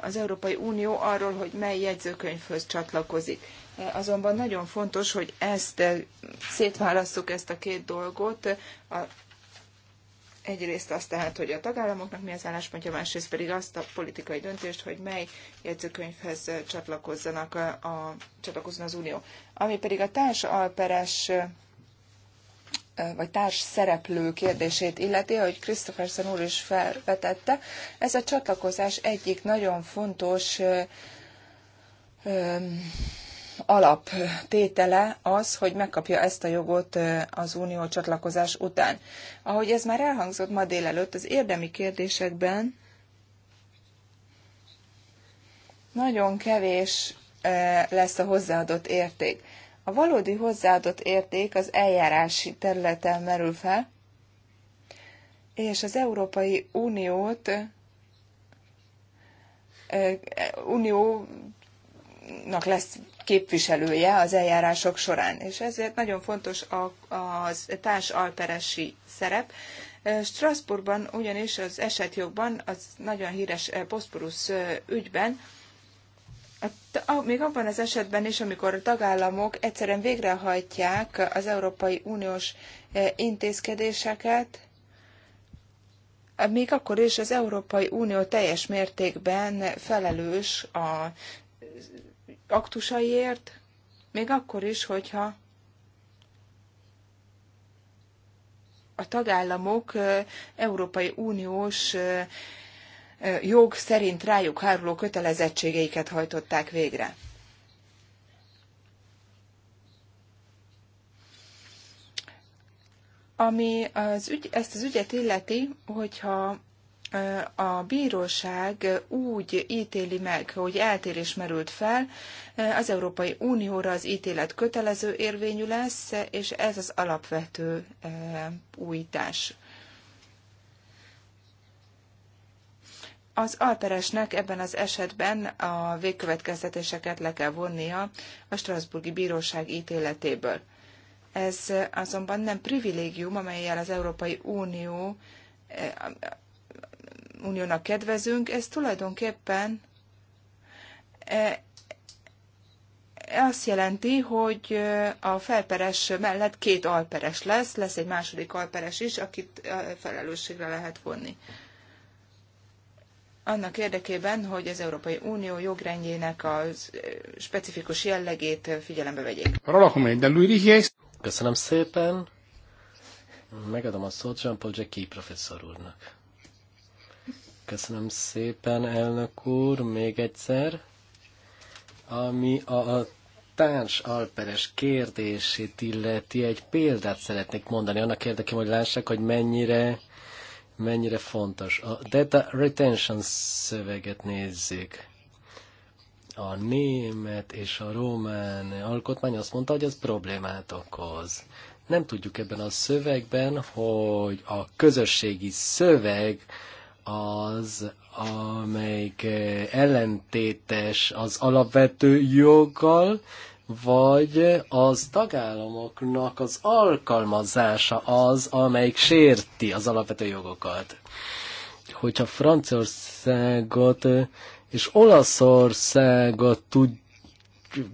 Speaker 3: az Európai Unió arról, hogy mely jegyzőkönyvhöz csatlakozik. Eh, azonban nagyon fontos, hogy ezt szétválasztjuk ezt a két dolgot, a egyrészt azt tehát, hogy a tagállamoknak mi az álláspontja, másrészt pedig azt a politikai döntést, hogy mely jegyzőkönyvhez csatlakozzanak a, a, csatlakozzon az Unió. Ami pedig a társ alperes vagy társ szereplő kérdését illeti, ahogy Christopherson úr is felvetette, ez a csatlakozás egyik nagyon fontos alaptétele az, hogy megkapja ezt a jogot az unió csatlakozás után. Ahogy ez már elhangzott ma délelőtt, az érdemi kérdésekben nagyon kevés lesz a hozzáadott érték. A valódi hozzáadott érték az eljárási területen merül fel, és az Európai Uniót Uniónak lesz képviselője az eljárások során. És ezért nagyon fontos a, az alperesi szerep. Strasbourgban ugyanis az esetjogban, az nagyon híres Bosporus ügyben, még abban az esetben is, amikor a tagállamok egyszerűen végrehajtják az Európai Uniós intézkedéseket, még akkor is az Európai Unió teljes mértékben felelős a aktusaiért, még akkor is, hogyha a tagállamok Európai Uniós jog szerint rájuk háruló kötelezettségeiket hajtották végre. Ami az ügy, ezt az ügyet illeti, hogyha a bíróság úgy ítéli meg, hogy eltérés merült fel, az Európai Unióra az ítélet kötelező érvényű lesz, és ez az alapvető újítás. Az alperesnek ebben az esetben a végkövetkeztetéseket le kell vonnia a Strasburgi Bíróság ítéletéből. Ez azonban nem privilégium, amelyel az Európai Unió Uniónak kedvezünk, ez tulajdonképpen e, azt jelenti, hogy e, a felperes mellett két alperes lesz, lesz egy második alperes is, akit e, felelősségre lehet vonni. Annak érdekében, hogy az Európai Unió jogrendjének a specifikus jellegét figyelembe vegyék.
Speaker 2: Köszönöm szépen. Megadom a szót Jean-Paul professzor úrnak. Köszönöm szépen, elnök úr, még egyszer. Ami a, társ alperes kérdését illeti, egy példát szeretnék mondani, annak érdekében, hogy lássák, hogy mennyire, mennyire fontos. A data retention szöveget nézzük. A német és a román alkotmány azt mondta, hogy ez problémát okoz. Nem tudjuk ebben a szövegben, hogy a közösségi szöveg, az, amelyik eh, ellentétes az alapvető joggal, vagy az tagállamoknak az alkalmazása az, amelyik sérti az alapvető jogokat. Hogyha Franciaországot eh, és Olaszországot tud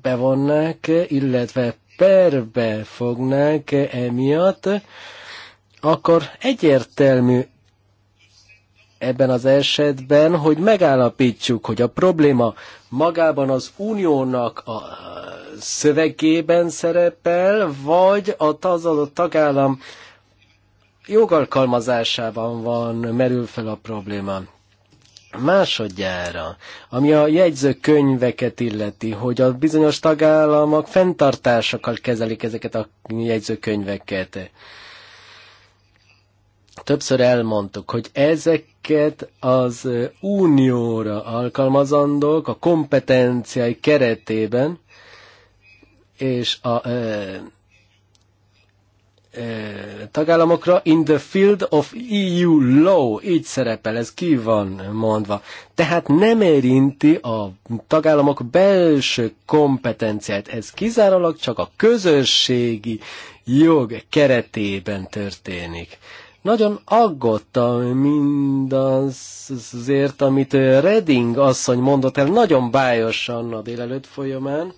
Speaker 2: bevonnák, illetve perbe fognák eh, emiatt, akkor egyértelmű ebben az esetben, hogy megállapítsuk, hogy a probléma magában az uniónak a szövegében szerepel, vagy a tagállam jogalkalmazásában van, merül fel a probléma. Másodjára, ami a jegyzőkönyveket illeti, hogy a bizonyos tagállamok fenntartásokkal kezelik ezeket a jegyzőkönyveket. Többször elmondtuk, hogy ezeket az unióra alkalmazandók a kompetenciái keretében és a e, e, tagállamokra in the field of EU law, így szerepel, ez ki van mondva. Tehát nem érinti a tagállamok belső kompetenciát, ez kizárólag csak a közösségi jog keretében történik. Nagyon aggódtam mindazért, amit Reding asszony mondott el, nagyon bájosan a délelőtt folyamán.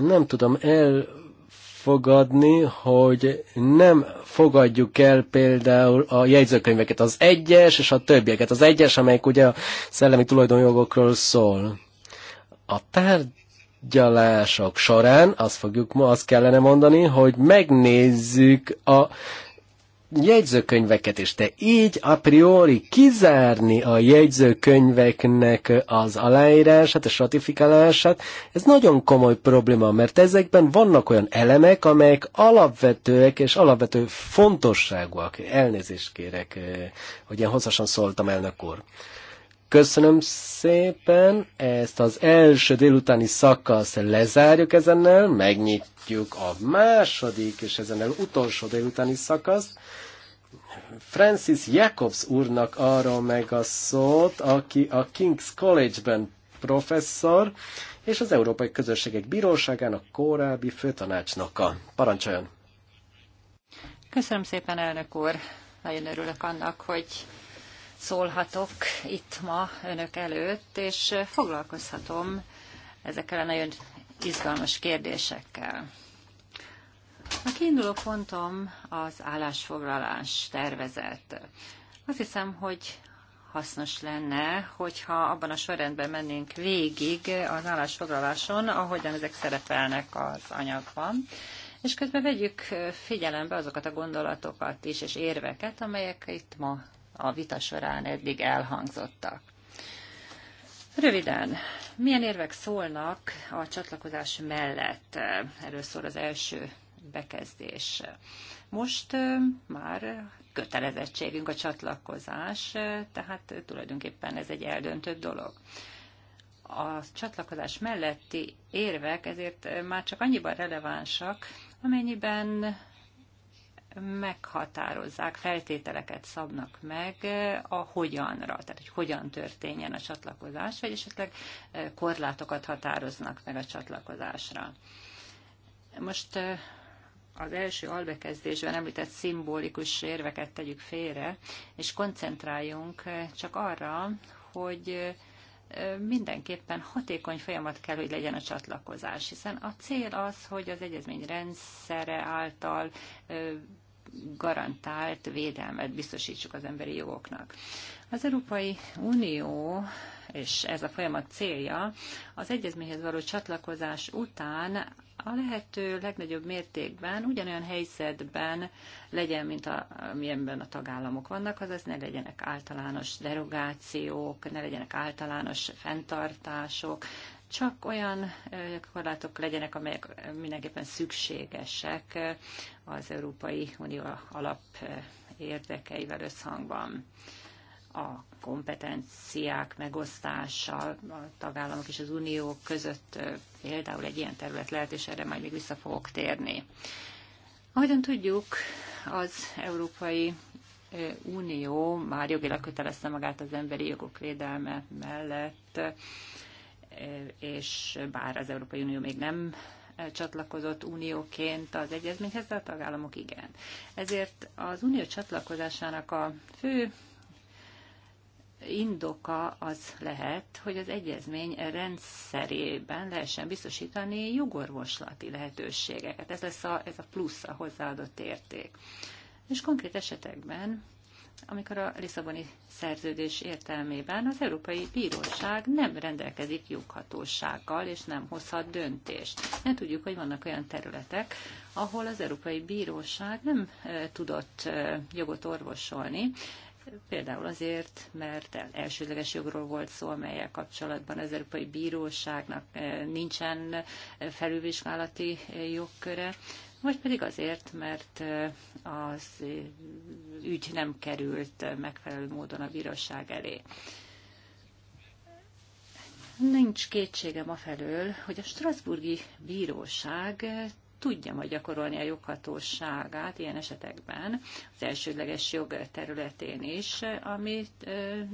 Speaker 2: Nem tudom elfogadni, hogy nem fogadjuk el például a jegyzőkönyveket, az egyes és a többieket. Az egyes, amelyik ugye a szellemi tulajdonjogokról szól. A tárgy tárgyalások során azt fogjuk ma, azt kellene mondani, hogy megnézzük a jegyzőkönyveket, és te így a priori kizárni a jegyzőkönyveknek az aláírását a ratifikálását, ez nagyon komoly probléma, mert ezekben vannak olyan elemek, amelyek alapvetőek és alapvető fontosságúak. Elnézést kérek, eh, hogy ilyen hosszasan szóltam, elnök úr. Köszönöm szépen, ezt az első délutáni szakaszt lezárjuk ezennel, megnyitjuk a második és ezennel utolsó délutáni szakaszt. Francis Jacobs úrnak arról meg a szót, aki a King's College-ben professzor, és az Európai Közösségek Bíróságának korábbi főtanácsnoka. Parancsoljon!
Speaker 1: Köszönöm szépen, elnök úr! Nagyon örülök annak, hogy szólhatok itt ma önök előtt, és foglalkozhatom ezekkel a nagyon izgalmas kérdésekkel. A kiinduló pontom az állásfoglalás tervezet. Azt hiszem, hogy hasznos lenne, hogyha abban a sorrendben mennénk végig az állásfoglaláson, ahogyan ezek szerepelnek az anyagban, és közben vegyük figyelembe azokat a gondolatokat is és érveket, amelyek itt ma a vita során eddig elhangzottak. Röviden, milyen érvek szólnak a csatlakozás mellett? Erről szól az első bekezdés. Most már kötelezettségünk a csatlakozás, tehát tulajdonképpen ez egy eldöntött dolog. A csatlakozás melletti érvek ezért már csak annyiban relevánsak, amennyiben meghatározzák, feltételeket szabnak meg eh, a hogyanra, tehát hogy hogyan történjen a csatlakozás, vagy esetleg eh, korlátokat határoznak meg a csatlakozásra. Most eh, az első albekezdésben említett szimbolikus érveket tegyük félre, és koncentráljunk csak arra, hogy mindenképpen hatékony folyamat kell, hogy legyen a csatlakozás, hiszen a cél az, hogy az egyezmény rendszere által garantált védelmet biztosítsuk az emberi jogoknak. Az Európai Unió, és ez a folyamat célja, az egyezményhez való csatlakozás után a lehető legnagyobb mértékben ugyanolyan helyzetben legyen, mint a, milyenben a tagállamok vannak, azaz ne legyenek általános derogációk, ne legyenek általános fenntartások, csak olyan korlátok legyenek, amelyek mindenképpen szükségesek az Európai Unió alap érdekeivel összhangban a kompetenciák megosztása a tagállamok és az unió között például egy ilyen terület lehet, és erre majd még vissza fogok térni. Ahogyan tudjuk, az Európai Unió már jogilag kötelezte magát az emberi jogok védelme mellett és bár az Európai Unió még nem csatlakozott unióként az egyezményhez, de a tagállamok igen. Ezért az unió csatlakozásának a fő indoka az lehet, hogy az egyezmény rendszerében lehessen biztosítani jogorvoslati lehetőségeket. Ez lesz a, ez a plusz, a hozzáadott érték. És konkrét esetekben amikor a Lisszaboni szerződés értelmében az Európai Bíróság nem rendelkezik joghatósággal, és nem hozhat döntést. Mert tudjuk, hogy vannak olyan területek, ahol az Európai Bíróság nem tudott jogot orvosolni, Például azért, mert elsődleges jogról volt szó, amelyel kapcsolatban az Európai Bíróságnak nincsen felülvizsgálati jogköre, vagy pedig azért, mert az ügy nem került megfelelő módon a bíróság elé. Nincs kétségem felől, hogy a Strasburgi Bíróság tudja majd gyakorolni a joghatóságát ilyen esetekben, az elsődleges jog területén is, amit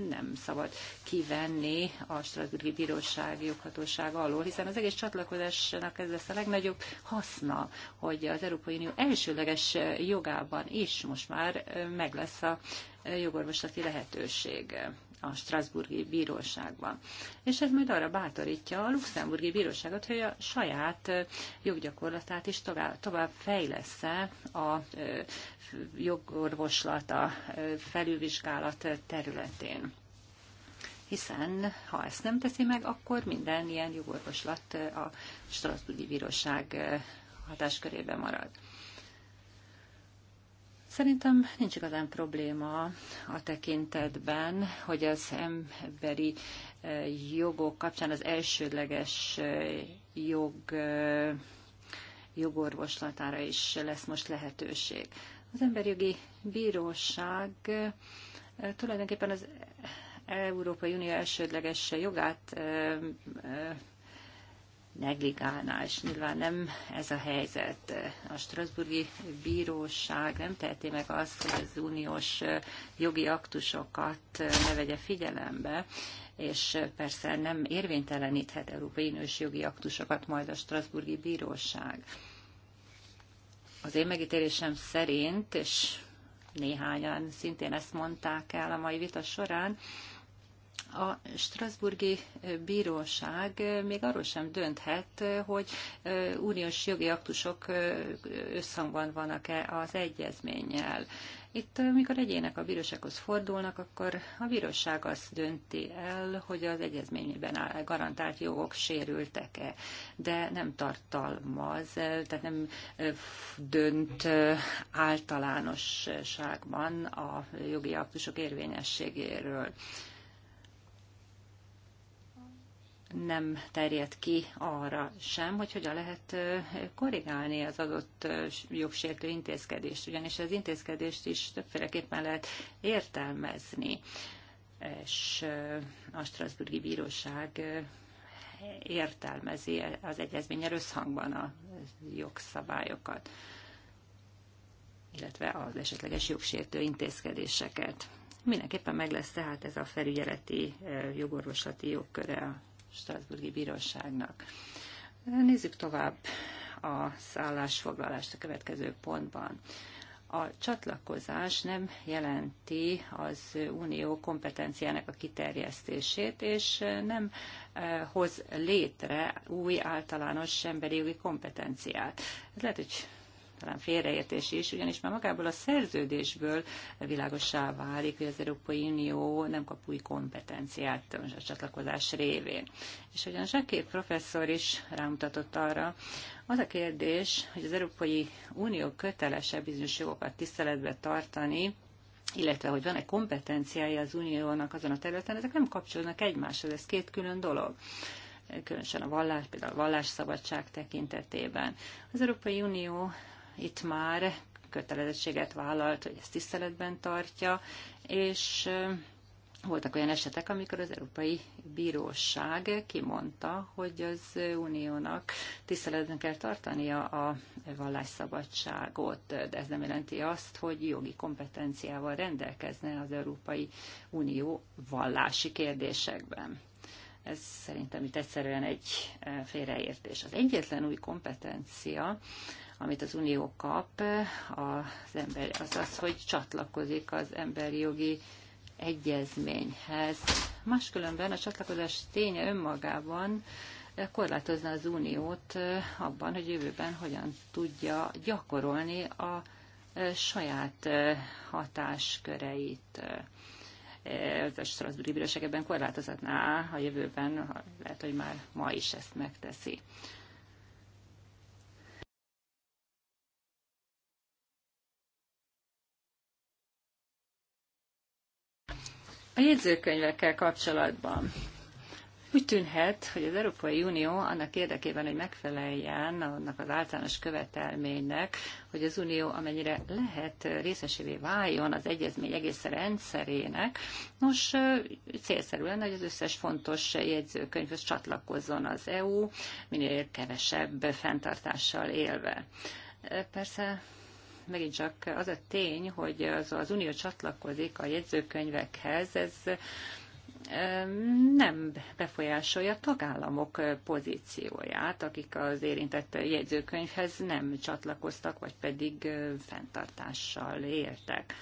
Speaker 1: nem szabad kivenni a Strasburgi Bíróság joghatóság alól, hiszen az egész csatlakozásnak ez lesz a legnagyobb haszna, hogy az Európai Unió elsődleges jogában is most már meg lesz a jogorvoslati lehetőség a Strasburgi Bíróságban. És ez majd arra bátorítja a Luxemburgi Bíróságot, hogy a saját joggyakorlatát is tovább, tovább fejlesz-e a jogorvoslat, a felülvizsgálat területén hiszen ha ezt nem teszi meg, akkor minden ilyen jogorvoslat a Strasburgi Bíróság hatáskörében marad. Szerintem nincs igazán probléma a tekintetben, hogy az emberi eh, jogok kapcsán az elsődleges eh, jog eh, jogorvoslatára is lesz most lehetőség. Az emberjogi bíróság tulajdonképpen az Európai Unió elsődleges jogát negligálná, és nyilván nem ez a helyzet. A Strasburgi Bíróság nem teheti meg azt, hogy az uniós jogi aktusokat ne vegye figyelembe, és persze nem érvényteleníthet Európai Uniós jogi aktusokat majd a Strasburgi Bíróság. Az én megítélésem szerint, és néhányan szintén ezt mondták el a mai vita során, a Strasburgi Bíróság még arról sem dönthet, hogy uniós jogi aktusok összhangban vannak-e az egyezménnyel. Itt, amikor egyének a bírósághoz fordulnak, akkor a bíróság azt dönti el, hogy az egyezményben garantált jogok sérültek-e, de nem tartalmaz, tehát nem dönt általánosságban a jogi aktusok érvényességéről nem terjed ki arra sem, hogy hogyan lehet korrigálni az adott jogsértő intézkedést, ugyanis az intézkedést is többféleképpen lehet értelmezni, és a Strasburgi Bíróság értelmezi az egyezménnyel összhangban a jogszabályokat, illetve az esetleges jogsértő intézkedéseket. Mindenképpen meg lesz tehát ez a felügyeleti jogorvoslati jogköre a Strasburgi Bíróságnak. Nézzük tovább a szállásfoglalást a következő pontban. A csatlakozás nem jelenti az unió kompetenciának a kiterjesztését, és nem eh, hoz létre új általános emberi jogi kompetenciát. Ez lehet, hogy talán félreértés is, ugyanis már magából a szerződésből világossá válik, hogy az Európai Unió nem kap új kompetenciát a csatlakozás révén. És a Zsakér professzor is rámutatott arra, az a kérdés, hogy az Európai Unió kötelese bizonyos jogokat tiszteletbe tartani, illetve hogy van-e kompetenciája az uniónak azon a területen, ezek nem kapcsolódnak egymáshoz, ez két külön dolog különösen a vallás, például a vallásszabadság tekintetében. Az Európai Unió itt már kötelezettséget vállalt, hogy ezt tiszteletben tartja, és voltak olyan esetek, amikor az Európai Bíróság kimondta, hogy az uniónak tiszteletben kell tartania a vallásszabadságot, de ez nem jelenti azt, hogy jogi kompetenciával rendelkezne az Európai Unió vallási kérdésekben. Ez szerintem itt egyszerűen egy félreértés. Az egyetlen új kompetencia, amit az Unió kap, az, ember, az az, hogy csatlakozik az emberi jogi egyezményhez. Máskülönben a csatlakozás ténye önmagában korlátozna az Uniót abban, hogy jövőben hogyan tudja gyakorolni a saját hatásköreit. A Strasbourg Bíróság ebben korlátozatná a jövőben, lehet, hogy már ma is ezt megteszi. A jegyzőkönyvekkel kapcsolatban úgy tűnhet, hogy az Európai Unió annak érdekében, hogy megfeleljen annak az általános követelménynek, hogy az Unió amennyire lehet részesévé váljon az egyezmény egész rendszerének, nos, célszerű lenne, hogy az összes fontos jegyzőkönyvhöz csatlakozzon az EU, minél kevesebb fenntartással élve. Persze megint csak az a tény, hogy az, az Unió csatlakozik a jegyzőkönyvekhez, ez nem befolyásolja a tagállamok pozícióját, akik az érintett jegyzőkönyvhez nem csatlakoztak, vagy pedig fenntartással éltek.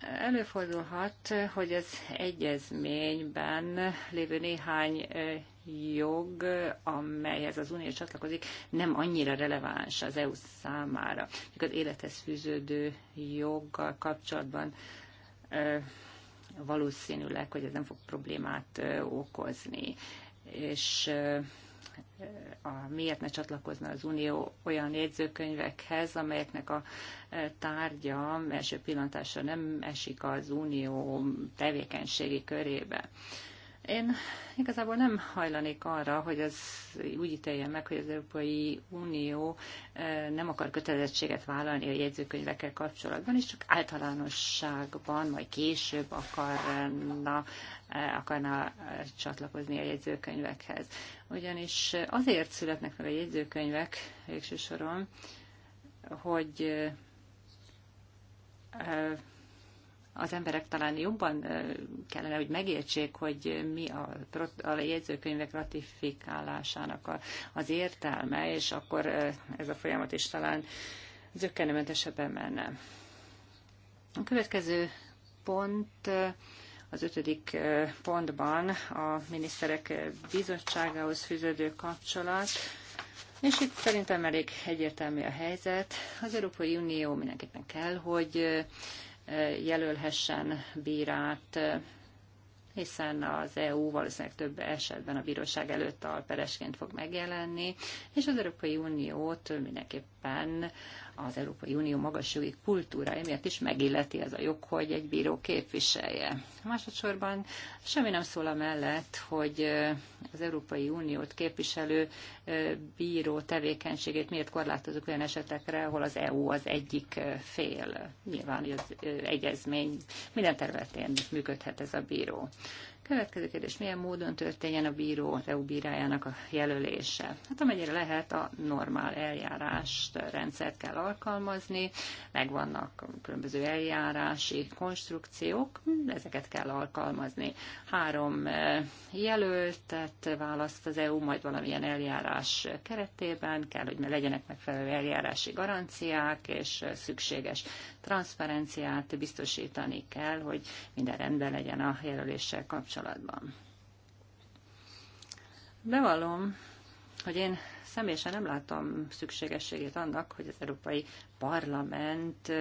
Speaker 1: Előfordulhat, hogy az egyezményben lévő néhány jog, amelyhez az Unió csatlakozik, nem annyira releváns az EU számára. Csak az élethez fűződő joggal kapcsolatban valószínűleg, hogy ez nem fog problémát okozni. És a, miért ne csatlakozna az Unió olyan jegyzőkönyvekhez, amelyeknek a e, tárgya első pillantásra nem esik az Unió tevékenységi körébe. Én igazából nem hajlanék arra, hogy az úgy ítéljen meg, hogy az Európai Unió eh, nem akar kötelezettséget vállalni a jegyzőkönyvekkel kapcsolatban, és csak általánosságban, majd később akarna, eh, akarna eh, csatlakozni a jegyzőkönyvekhez. Ugyanis azért születnek meg a jegyzőkönyvek végső soron, hogy az emberek talán jobban kellene, hogy megértsék, hogy mi a, a jegyzőkönyvek ratifikálásának a, az értelme, és akkor ez a folyamat is talán zöggenőmentesebben menne. A következő pont az ötödik pontban a miniszterek bizottságához fűződő kapcsolat. És itt szerintem elég egyértelmű a helyzet. Az Európai Unió mindenképpen kell, hogy jelölhessen bírát, hiszen az EU valószínűleg több esetben a bíróság előtt alperesként fog megjelenni, és az Európai Uniót mindenképp éppen az Európai Unió jogi kultúra, emiatt is megilleti ez a jog, hogy egy bíró képviselje. Másodszorban semmi nem szól a mellett, hogy az Európai Uniót képviselő bíró tevékenységét miért korlátozunk olyan esetekre, ahol az EU az egyik fél. Nyilván az egyezmény minden területén működhet ez a bíró. Következő kérdés, milyen módon történjen a bíró EU bírájának a jelölése? Hát amennyire lehet, a normál eljárást, eh, rendszert kell alkalmazni, megvannak különböző eljárási konstrukciók, hm, ezeket kell alkalmazni. Három eh, jelöltet választ az EU, majd valamilyen eljárás keretében, kell, hogy legyenek megfelelő eljárási garanciák, és eh, szükséges transzparenciát biztosítani kell, hogy minden rendben legyen a jelöléssel kapcsolatban kapcsolatban. Bevallom, hogy én személyesen nem látom szükségességét annak, hogy az Európai Parlament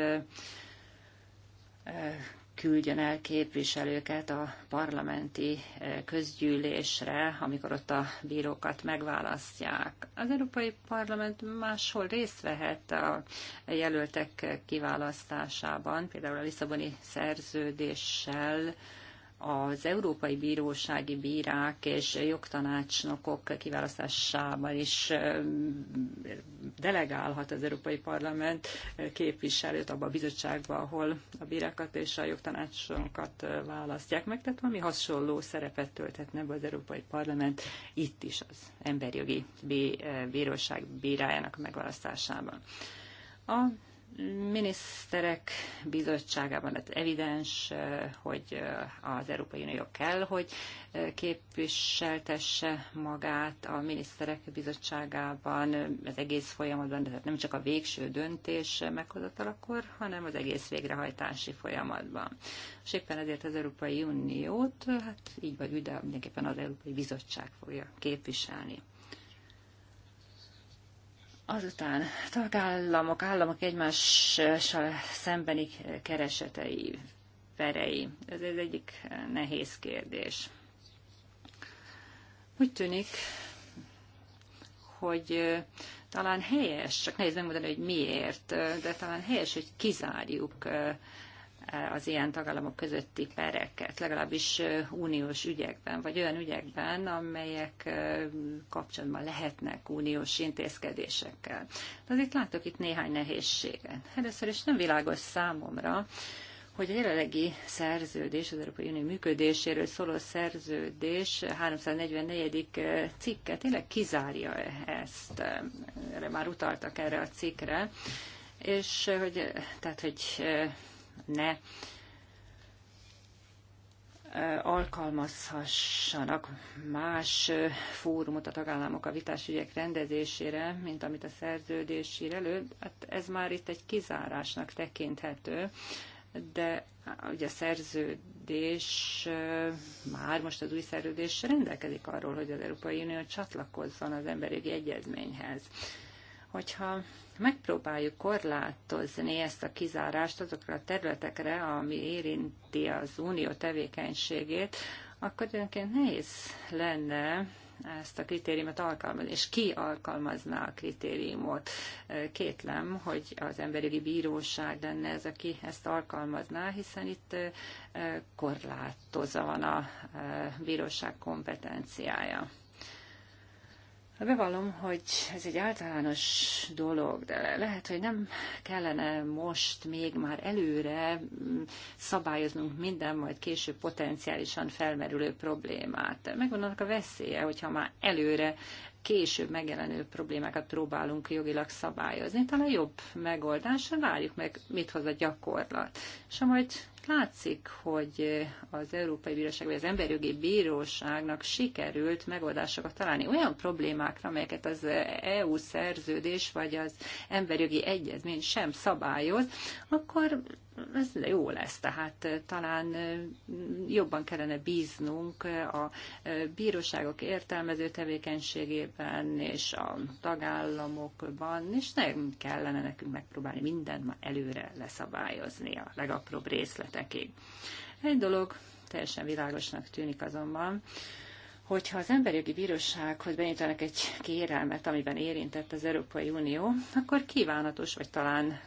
Speaker 1: küldjön el képviselőket a parlamenti közgyűlésre, amikor ott a bírókat megválasztják. Az Európai Parlament máshol részt vehet a jelöltek kiválasztásában, például a Lisszaboni szerződéssel az Európai Bírósági Bírák és jogtanácsnokok kiválasztásában is delegálhat az Európai Parlament képviselőt abba a bizottságba, ahol a bírákat és a jogtanácsokat választják meg, tehát valami hasonló szerepet tölthetne be az Európai Parlament itt is az emberjogi bíróság bírájának megválasztásában. A miniszterek bizottságában hát evidens, eh, hogy eh, az Európai Unió kell, hogy eh, képviseltesse magát a miniszterek bizottságában az egész folyamatban, tehát nem csak a végső döntés meghozatalakor, hanem az egész végrehajtási folyamatban. És éppen ezért az Európai Uniót, hát így vagy úgy, de mindenképpen az Európai Bizottság fogja képviselni. Azután tagállamok, államok egymással szembeni keresetei, perei. Ez az egyik nehéz kérdés. Úgy tűnik, hogy talán helyes, csak nehéz megmondani, hogy miért, de talán helyes, hogy kizárjuk az ilyen tagállamok közötti pereket, legalábbis uniós ügyekben, vagy olyan ügyekben, amelyek kapcsolatban lehetnek uniós intézkedésekkel. De azért látok itt néhány nehézséget. Először is nem világos számomra, hogy a jelenlegi szerződés, az Európai Unió működéséről szóló szerződés 344. cikke tényleg kizárja ezt. Erre már utaltak erre a cikkre. És hogy, tehát, hogy ne alkalmazhassanak más fórumot a tagállamok a vitásügyek rendezésére, mint amit a szerződés ír elő. Hát ez már itt egy kizárásnak tekinthető, de ugye a szerződés, már most az új szerződés rendelkezik arról, hogy az Európai Unió csatlakozzon az emberi egyezményhez. Hogyha megpróbáljuk korlátozni ezt a kizárást azokra a területekre, ami érinti az unió tevékenységét, akkor önként nehéz lenne ezt a kritériumot alkalmazni, és ki alkalmazná a kritériumot. Kétlem, hogy az emberi bíróság lenne ez, aki ezt alkalmazná, hiszen itt eh, korlátozva van a eh, bíróság kompetenciája. Bevallom, hogy ez egy általános dolog, de lehet, hogy nem kellene most még már előre szabályoznunk minden, majd később potenciálisan felmerülő problémát. Megvan annak a veszélye, hogyha már előre később megjelenő problémákat próbálunk jogilag szabályozni. Talán jobb megoldás, várjuk meg, mit hoz a gyakorlat. És ha majd látszik, hogy az Európai Bíróság vagy az Emberjogi Bíróságnak sikerült megoldásokat találni olyan problémákra, amelyeket az EU szerződés vagy az emberjogi egyezmény sem szabályoz, akkor ez jó lesz, tehát talán jobban kellene bíznunk a bíróságok értelmező tevékenységében és a tagállamokban, és nem kellene nekünk megpróbálni mindent ma előre leszabályozni a legapróbb részletekig. Egy dolog teljesen világosnak tűnik azonban, hogyha az emberjogi bírósághoz benyújtanak egy kérelmet, amiben érintett az Európai Unió, akkor kívánatos, vagy talán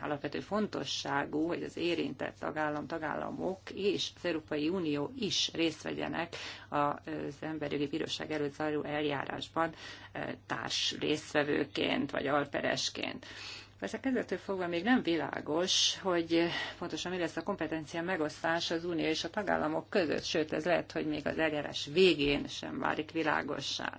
Speaker 1: alapvető fontosságú, hogy az érintett tagállam, tagállamok és az Európai Unió is részt vegyenek az Emberjogi Bíróság előtt zajló eljárásban eh, társ résztvevőként vagy alperesként. Persze kezdetől fogva még nem világos, hogy pontosan mi lesz a kompetencia megosztás az Unió és a tagállamok között, sőt ez lehet, hogy még az eljárás végén sem válik világossá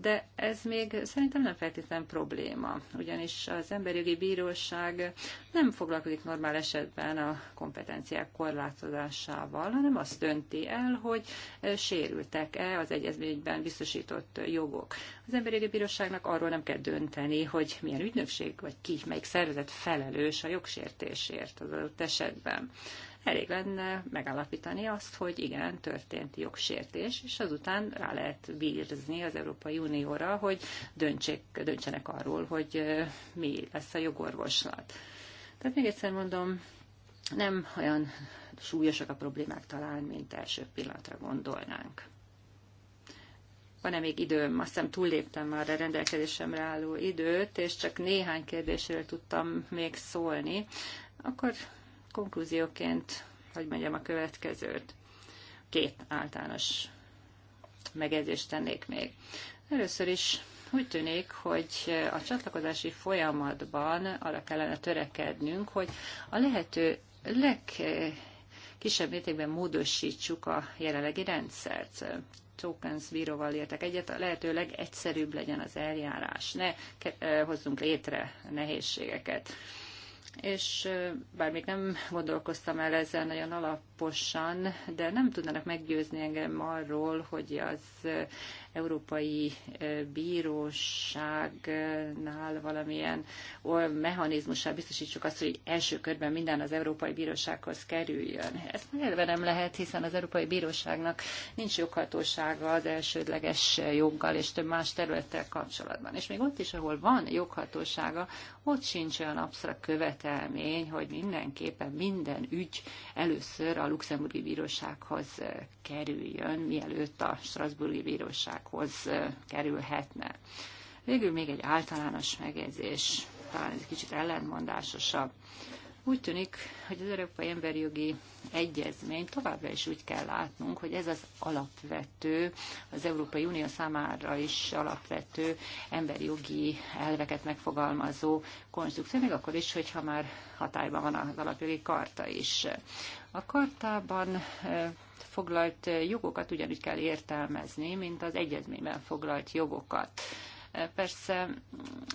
Speaker 1: de ez még szerintem nem feltétlen probléma, ugyanis az Emberjogi Bíróság nem foglalkozik normál esetben a kompetenciák korlátozásával, hanem azt dönti el, hogy eh, sérültek-e az egyezményben biztosított jogok. Az Emberjogi Bíróságnak arról nem kell dönteni, hogy milyen ügynökség vagy ki, melyik szervezet felelős a jogsértésért az adott esetben. Elég lenne megállapítani azt, hogy igen, történt jogsértés, és azután rá lehet bírzni az Európai Unióra, hogy döntsék, döntsenek arról, hogy mi lesz a jogorvoslat. Tehát még egyszer mondom, nem olyan súlyosak a problémák talán, mint első pillanatra gondolnánk. Van-e még időm? Azt hiszem túlléptem már a rendelkezésemre álló időt, és csak néhány kérdésről tudtam még szólni. Akkor Konklúzióként, hogy mondjam a következőt, két általános megjegyzést tennék még. Először is úgy tűnik, hogy a csatlakozási folyamatban arra kellene törekednünk, hogy a lehető legkisebb mértékben módosítsuk a jelenlegi rendszert. Tokens bíróval értek egyet, a lehető legegyszerűbb legyen az eljárás. Ne eh, hozzunk létre nehézségeket és bár még nem gondolkoztam el ezzel nagyon alaposan, de nem tudnának meggyőzni engem arról, hogy az Európai Bíróságnál valamilyen mechanizmussal biztosítsuk azt, hogy első körben minden az Európai Bírósághoz kerüljön. Ezt nyilván nem lehet, hiszen az Európai Bíróságnak nincs joghatósága az elsődleges joggal és több más területtel kapcsolatban. És még ott is, ahol van joghatósága, ott sincs olyan absztrakt követelmény, hogy mindenképpen minden ügy először a luxemburgi bírósághoz kerüljön, mielőtt a Strasburgi bíróság vitákhoz kerülhetne. Végül még egy általános megjegyzés, talán ez kicsit ellentmondásosabb. Úgy tűnik, hogy az Európai Emberi Jogi Egyezmény továbbra is úgy kell látnunk, hogy ez az alapvető, az Európai Unió számára is alapvető emberi jogi elveket megfogalmazó konstrukció, még akkor is, hogyha már hatályban van az alapjogi karta is. A kartában foglalt jogokat ugyanúgy kell értelmezni, mint az egyezményben foglalt jogokat. Persze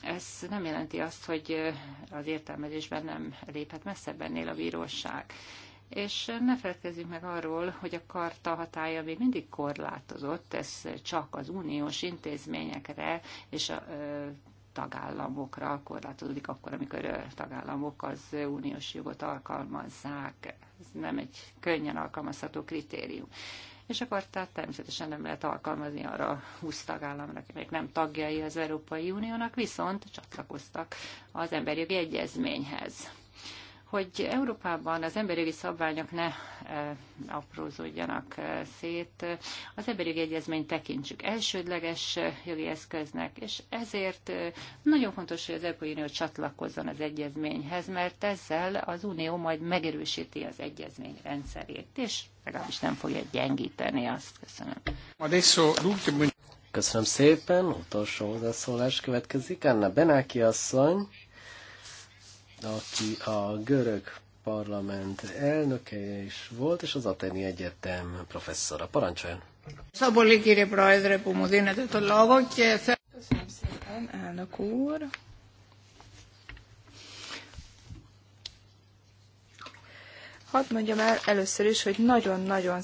Speaker 1: ez nem jelenti azt, hogy az értelmezésben nem léphet messzebb ennél a bíróság. És ne feledkezzünk meg arról, hogy a karta hatája még mindig korlátozott, ez csak az uniós intézményekre és a tagállamokra korlátozódik akkor, amikor a tagállamok az uniós jogot alkalmazzák. Ez nem egy könnyen alkalmazható kritérium. És akkor tehát természetesen nem lehet alkalmazni arra 20 tagállamra, akik nem tagjai az Európai Uniónak, viszont csatlakoztak az emberjogi egyezményhez hogy Európában az emberi jogi szabványok ne e, aprózódjanak e, szét. Az emberi jogi egyezményt tekintsük elsődleges e, jogi eszköznek, és ezért nagyon fontos, hogy az Európai Unió csatlakozzon az egyezményhez, mert ezzel az Unió majd megerősíti az egyezmény rendszerét, és legalábbis nem fogja gyengíteni azt. Köszönöm.
Speaker 2: Köszönöm szépen, utolsó hozzászólás következik. Anna Benáki asszony aki a görög parlament elnöke is volt, és az Ateni Egyetem professzora. Parancsoljon!
Speaker 3: Eh, Köszönöm szépen, elnök úr! Hadd mondjam el először is, hogy nagyon-nagyon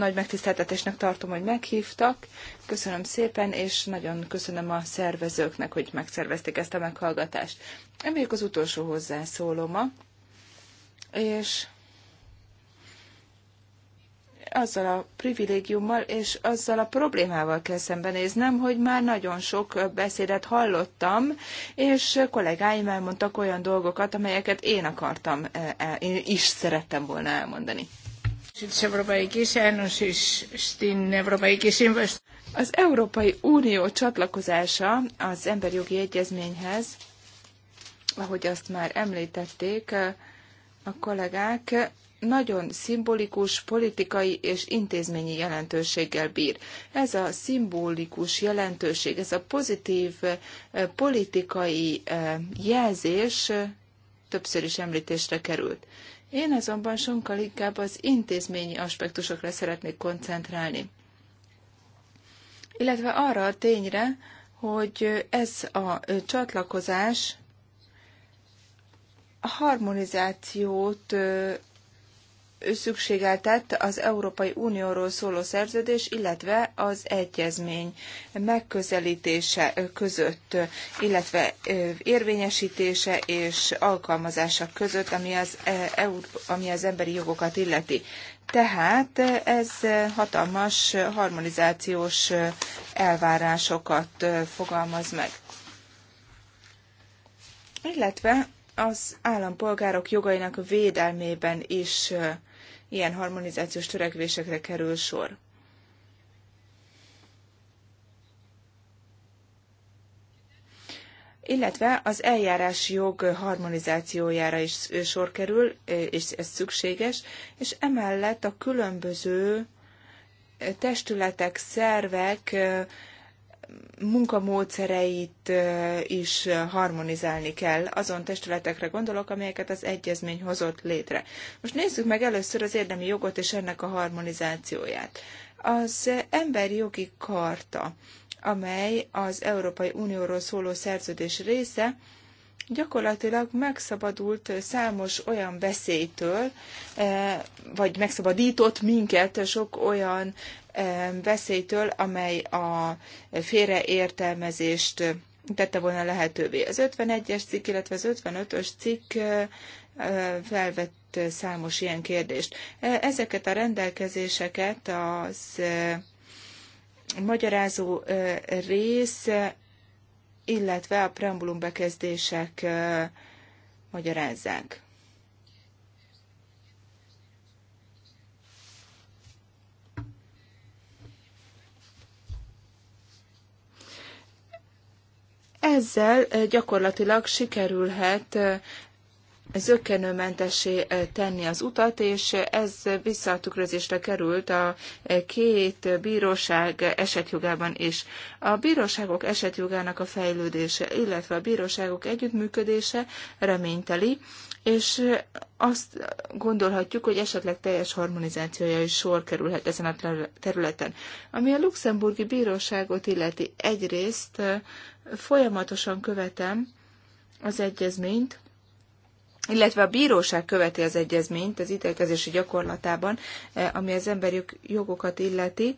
Speaker 3: nagy megtiszteltetésnek tartom, hogy meghívtak. Köszönöm szépen, és nagyon köszönöm a szervezőknek, hogy megszervezték ezt a meghallgatást. Én vagyok az utolsó hozzászólóma, és azzal a privilégiummal és azzal a problémával kell szembenéznem, hogy már nagyon sok beszédet hallottam, és kollégáim elmondtak olyan dolgokat, amelyeket én akartam, eh, eh, én is szerettem volna elmondani. Az Európai Unió csatlakozása az emberjogi egyezményhez, ahogy azt már említették a kollégák, nagyon szimbolikus, politikai és intézményi jelentőséggel bír. Ez a szimbolikus jelentőség, ez a pozitív politikai jelzés többször is említésre került. Én azonban sokkal inkább az intézményi aspektusokra szeretnék koncentrálni, illetve arra a tényre, hogy ez a csatlakozás harmonizációt szükségeltett az Európai Unióról szóló szerződés, illetve az egyezmény megközelítése között, illetve érvényesítése és alkalmazása között, ami az, ami az emberi jogokat illeti. Tehát ez hatalmas harmonizációs elvárásokat fogalmaz meg. Illetve az állampolgárok jogainak védelmében is ilyen harmonizációs törekvésekre kerül sor. illetve az eljárás jog harmonizációjára is sor kerül, és ez szükséges, és emellett a különböző testületek, szervek munkamódszereit is harmonizálni kell. Azon testületekre gondolok, amelyeket az egyezmény hozott létre. Most nézzük meg először az érdemi jogot és ennek a harmonizációját. Az emberi jogi karta, amely az Európai Unióról szóló szerződés része, gyakorlatilag megszabadult számos olyan veszélytől, vagy megszabadított minket sok olyan veszélytől, amely a félreértelmezést tette volna lehetővé. Az 51-es cikk, illetve az 55-ös cikk felvett számos ilyen kérdést. E, ezeket a rendelkezéseket az magyarázó rész, illetve a preambulum bekezdések magyarázzák. Ezzel gyakorlatilag sikerülhet zökkenőmentessé tenni az utat, és ez visszatükrözésre került a két bíróság esetjogában is. A bíróságok esetjogának a fejlődése, illetve a bíróságok együttműködése reményteli, és azt gondolhatjuk, hogy esetleg teljes harmonizációja is sor kerülhet ezen a területen. Ami a luxemburgi bíróságot illeti egyrészt Folyamatosan követem az egyezményt, illetve a bíróság követi az egyezményt az ítélkezési gyakorlatában, eh, ami az emberi jogokat illeti,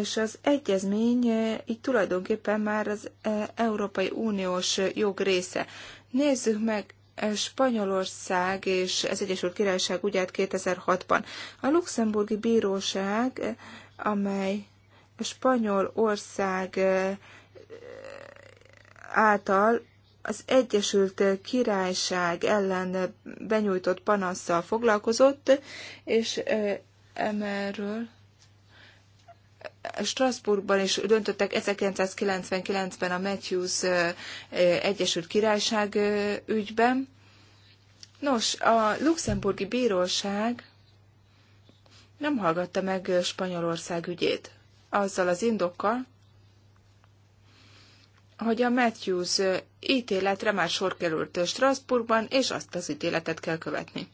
Speaker 3: és az egyezmény eh, így tulajdonképpen már az eh, Európai Uniós jog része. Nézzük meg Spanyolország és az Egyesült Királyság ugye 2006-ban. A luxemburgi bíróság, amely a Spanyolország által az Egyesült Királyság ellen benyújtott panasszal foglalkozott, és emerről Strasbourgban is döntöttek 1999-ben a Matthews Egyesült Királyság ügyben. Nos, a luxemburgi bíróság nem hallgatta meg Spanyolország ügyét. Azzal az indokkal, hogy a Matthews ítéletre már sor került Strasbourgban, és azt az ítéletet kell követni.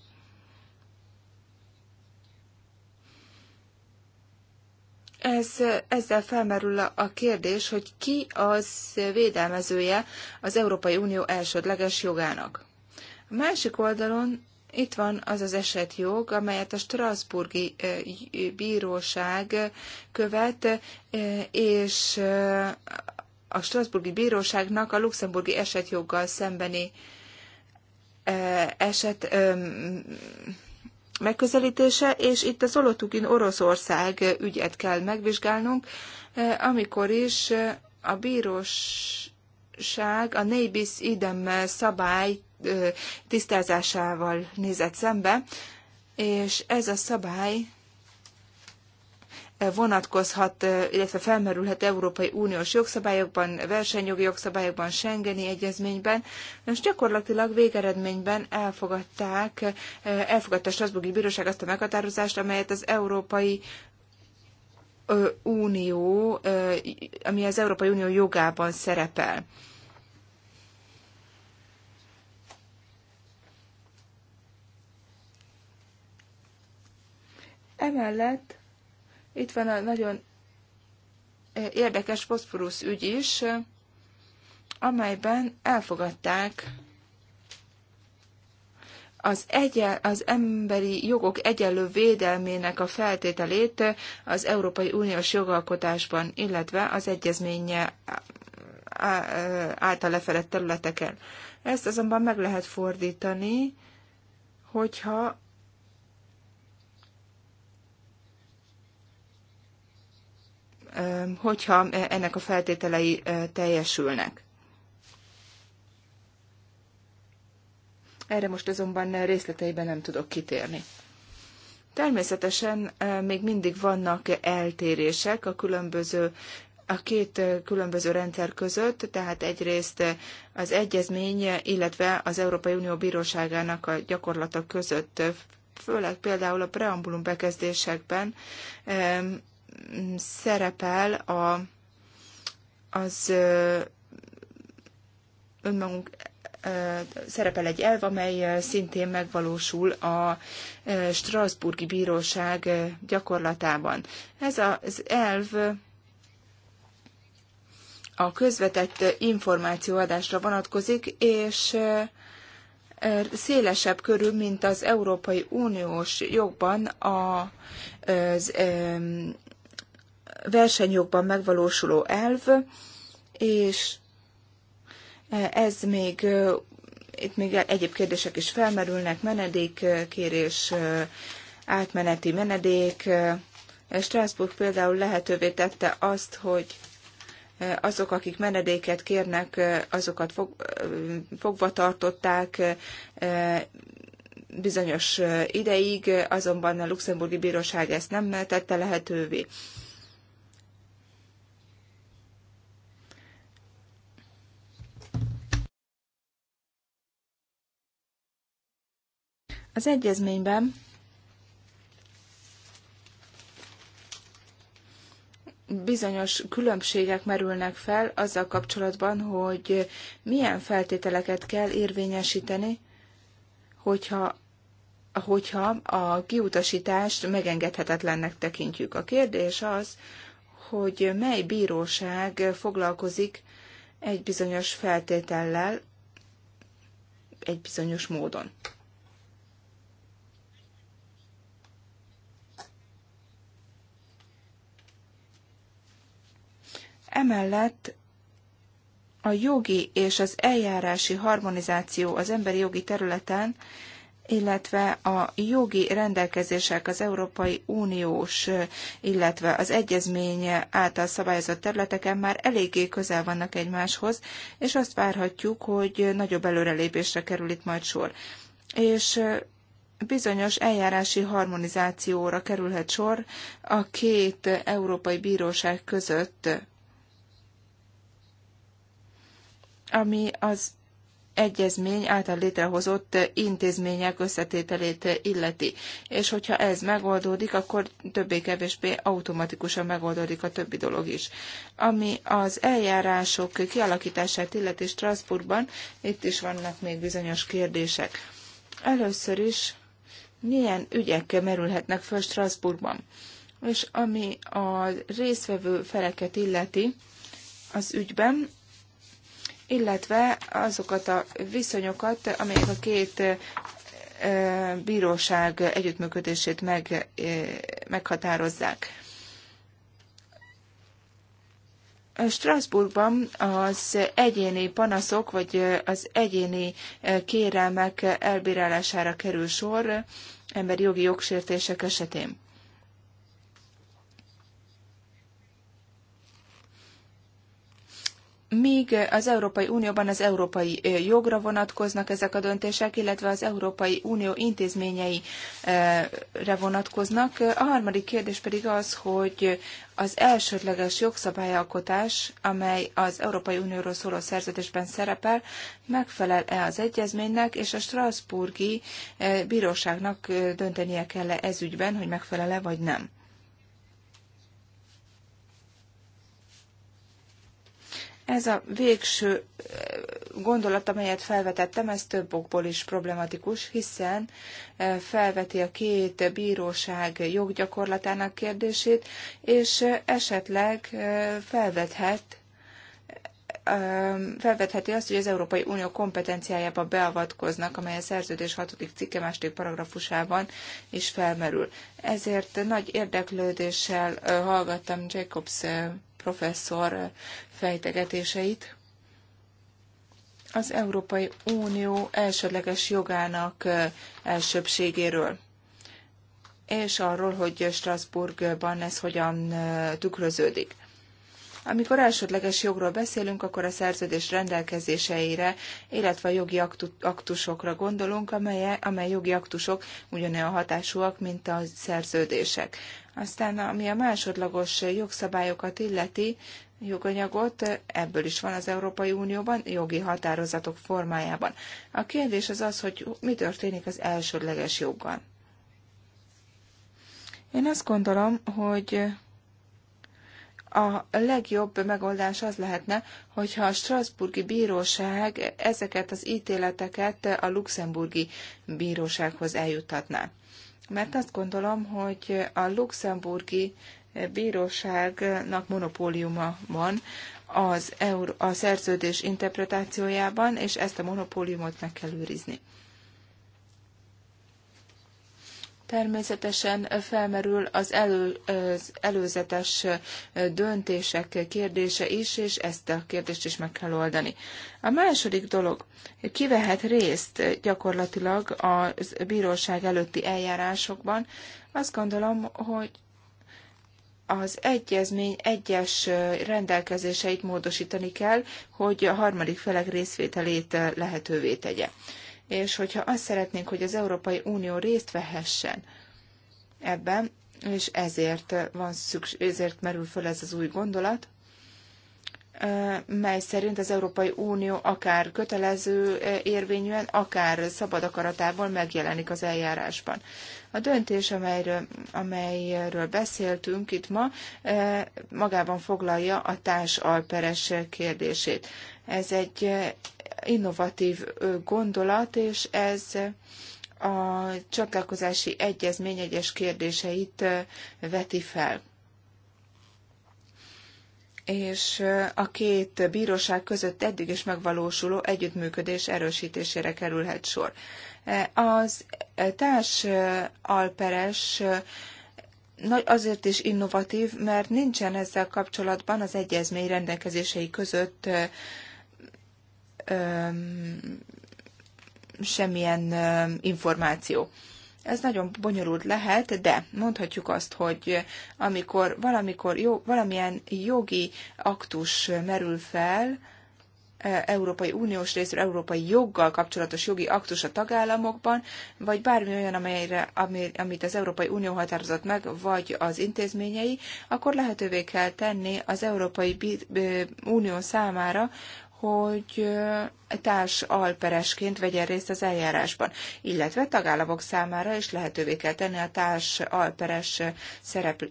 Speaker 3: Ez, ezzel felmerül a kérdés, hogy ki az védelmezője az Európai Unió elsődleges jogának. A másik oldalon itt van az az esetjog, amelyet a Strasburgi bíróság követ, és a Strasburgi Bíróságnak a luxemburgi esetjoggal szembeni eset megközelítése, és itt az Olotugin Oroszország ügyet kell megvizsgálnunk, amikor is a bíróság a Nébis idem szabály tisztázásával nézett szembe, és ez a szabály vonatkozhat, illetve felmerülhet Európai Uniós jogszabályokban, versenyjogi jogszabályokban, Schengeni egyezményben. Most gyakorlatilag végeredményben elfogadták, elfogadta a Strasbourgi Bíróság azt a meghatározást, amelyet az Európai Unió, ami az Európai Unió jogában szerepel. Emellett itt van a nagyon érdekes foszforusz ügy is, amelyben elfogadták az, egyen, az emberi jogok egyenlő védelmének a feltételét az Európai Uniós jogalkotásban, illetve az egyezménye által lefelett területeken. Ezt azonban meg lehet fordítani, hogyha hogyha ennek a feltételei teljesülnek. Erre most azonban részleteiben nem tudok kitérni. Természetesen még mindig vannak eltérések a különböző a két különböző rendszer között, tehát egyrészt az egyezmény, illetve az Európai Unió Bíróságának a gyakorlata között, főleg például a preambulum bekezdésekben Mm, szerepel a, az önmagunk szerepel egy elv, amely szintén megvalósul a Strasburgi Bíróság gyakorlatában. Ez az elv a közvetett információadásra vonatkozik, és szélesebb körül, mint az Európai Uniós jogban az versenyjogban megvalósuló elv, és e, ez még, e, itt még egyéb kérdések is felmerülnek, menedékkérés, e, átmeneti menedék. Strasbourg például lehetővé tette azt, hogy azok, akik menedéket kérnek, azokat fog, fogva tartották bizonyos ideig, azonban a luxemburgi bíróság ezt nem tette lehetővé. Az egyezményben bizonyos különbségek merülnek fel azzal kapcsolatban, hogy milyen feltételeket kell érvényesíteni, hogyha hogyha a kiutasítást megengedhetetlennek tekintjük. A kérdés az, hogy mely bíróság foglalkozik egy bizonyos feltétellel, egy bizonyos módon. Emellett a jogi és az eljárási harmonizáció az emberi jogi területen, illetve a jogi rendelkezések az Európai Uniós, illetve az egyezmény által szabályozott területeken már eléggé közel vannak egymáshoz, és azt várhatjuk, hogy nagyobb előrelépésre kerül itt majd sor. És bizonyos eljárási harmonizációra kerülhet sor a két európai bíróság között ami az egyezmény által létrehozott intézmények összetételét illeti. És hogyha ez megoldódik, akkor többé-kevésbé automatikusan megoldódik a többi dolog is. Ami az eljárások kialakítását illeti Strasbourgban, itt is vannak még bizonyos kérdések. Először is, milyen ügyek merülhetnek föl Strasbourgban? És ami a részvevő feleket illeti az ügyben, illetve azokat a viszonyokat, amelyek a két bíróság együttműködését meg, meghatározzák. Strasbourgban az egyéni panaszok vagy az egyéni kérelmek elbírálására kerül sor emberi jogi jogsértések esetén. míg az Európai Unióban az európai jogra vonatkoznak ezek a döntések, illetve az Európai Unió intézményeire vonatkoznak. A harmadik kérdés pedig az, hogy az elsődleges jogszabályalkotás, amely az Európai Unióról szóló szerződésben szerepel, megfelel-e az egyezménynek, és a Strasburgi bíróságnak döntenie kell-e ez ügyben, hogy megfelel-e vagy nem. Ez a végső eh, gondolat, amelyet felvetettem, ez több okból is problematikus, hiszen eh, felveti a két bíróság joggyakorlatának kérdését, és eh, esetleg felvethet felvetheti azt, hogy az Európai Unió kompetenciájába beavatkoznak, amely a szerződés 6. cikke második paragrafusában is felmerül. Ezért nagy érdeklődéssel hallgattam Jacobs professzor fejtegetéseit az Európai Unió elsődleges jogának elsőbségéről, és arról, hogy Strasbourgban ez hogyan tükröződik. Amikor elsődleges jogról beszélünk, akkor a szerződés rendelkezéseire, illetve a jogi aktusokra gondolunk, amely, amely jogi aktusok ugyanolyan hatásúak, mint a szerződések. Aztán, ami a másodlagos jogszabályokat illeti, joganyagot, ebből is van az Európai Unióban, jogi határozatok formájában. A kérdés az az, hogy mi történik az elsődleges joggal. Én azt gondolom, hogy a legjobb megoldás az lehetne, hogyha a Strasburgi Bíróság ezeket az ítéleteket a luxemburgi bírósághoz eljutatná. Mert azt gondolom, hogy a luxemburgi bíróságnak monopóliuma van az eur a szerződés interpretációjában, és ezt a monopóliumot meg kell őrizni. Természetesen felmerül az, elő, az előzetes döntések kérdése is, és ezt a kérdést is meg kell oldani. A második dolog, kivehet részt gyakorlatilag a bíróság előtti eljárásokban. Azt gondolom, hogy az egyezmény egyes rendelkezéseit módosítani kell, hogy a harmadik felek részvételét lehetővé tegye és hogyha azt szeretnénk, hogy az Európai Unió részt vehessen ebben, és ezért van szükség, ezért merül föl ez az új gondolat, mely szerint az Európai Unió akár kötelező érvényűen, akár szabad akaratából megjelenik az eljárásban. A döntés, amelyről, amelyről beszéltünk itt ma, magában foglalja a társalperes kérdését. Ez egy innovatív gondolat, és ez a csatlakozási egyezmény egyes kérdéseit veti fel. És a két bíróság között eddig is megvalósuló együttműködés erősítésére kerülhet sor. Az társ alperes nagy azért is innovatív, mert nincsen ezzel kapcsolatban az egyezmény rendelkezései között semmilyen információ. Ez nagyon bonyolult lehet, de mondhatjuk azt, hogy amikor valamikor jó, valamilyen jogi aktus merül fel, e, Európai Uniós részről, európai joggal kapcsolatos jogi aktus a tagállamokban, vagy bármi olyan, amelyre, amit az Európai Unió határozott meg, vagy az intézményei, akkor lehetővé kell tenni az Európai Unió számára, hogy társ alperesként vegyen részt az eljárásban, illetve tagállamok számára is lehetővé kell tenni a társ alperes szerep,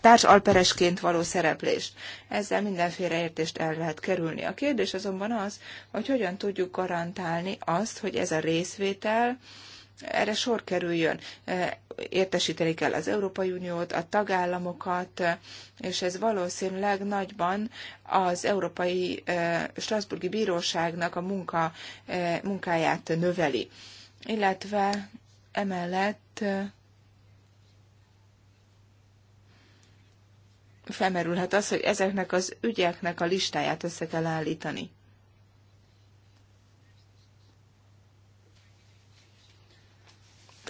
Speaker 3: társ alperesként való szereplést. Ezzel mindenféle értést el lehet kerülni. A kérdés azonban az, hogy hogyan tudjuk garantálni azt, hogy ez a részvétel, erre sor kerüljön. E, értesíteni kell az Európai Uniót, a tagállamokat, e, és ez valószínűleg nagyban az Európai e, Strasburgi Bíróságnak a munka, munkáját növeli. Illetve emellett felmerülhet az, hogy ezeknek az ügyeknek a listáját össze kell állítani.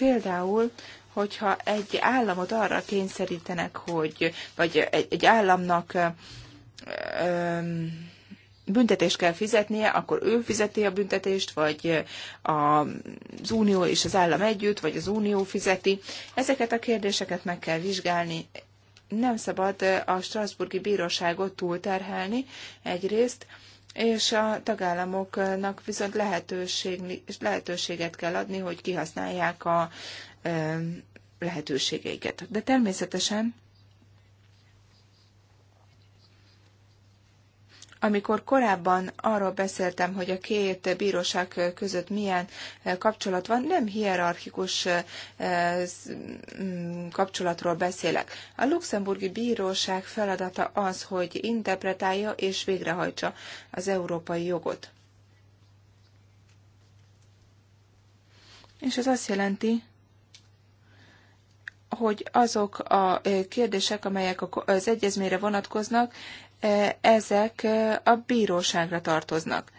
Speaker 3: Például, hogyha egy államot arra kényszerítenek, hogy, vagy egy, egy államnak öm, büntetést kell fizetnie, akkor ő fizeti a büntetést, vagy az unió és az állam együtt, vagy az unió fizeti. Ezeket a kérdéseket meg kell vizsgálni. Nem szabad a Strasburgi Bíróságot túlterhelni egyrészt, és a tagállamoknak viszont lehetőség, lehetőséget kell adni, hogy kihasználják a lehetőségeiket. De természetesen Amikor korábban arról beszéltem, hogy a két bíróság között milyen eh, kapcsolat van, nem hierarchikus eh, eh, mm, kapcsolatról beszélek. A luxemburgi bíróság feladata az, hogy interpretálja és végrehajtsa az európai jogot. És ez azt jelenti, hogy azok a kérdések, amelyek az egyezményre vonatkoznak, ezek a bíróságra tartoznak.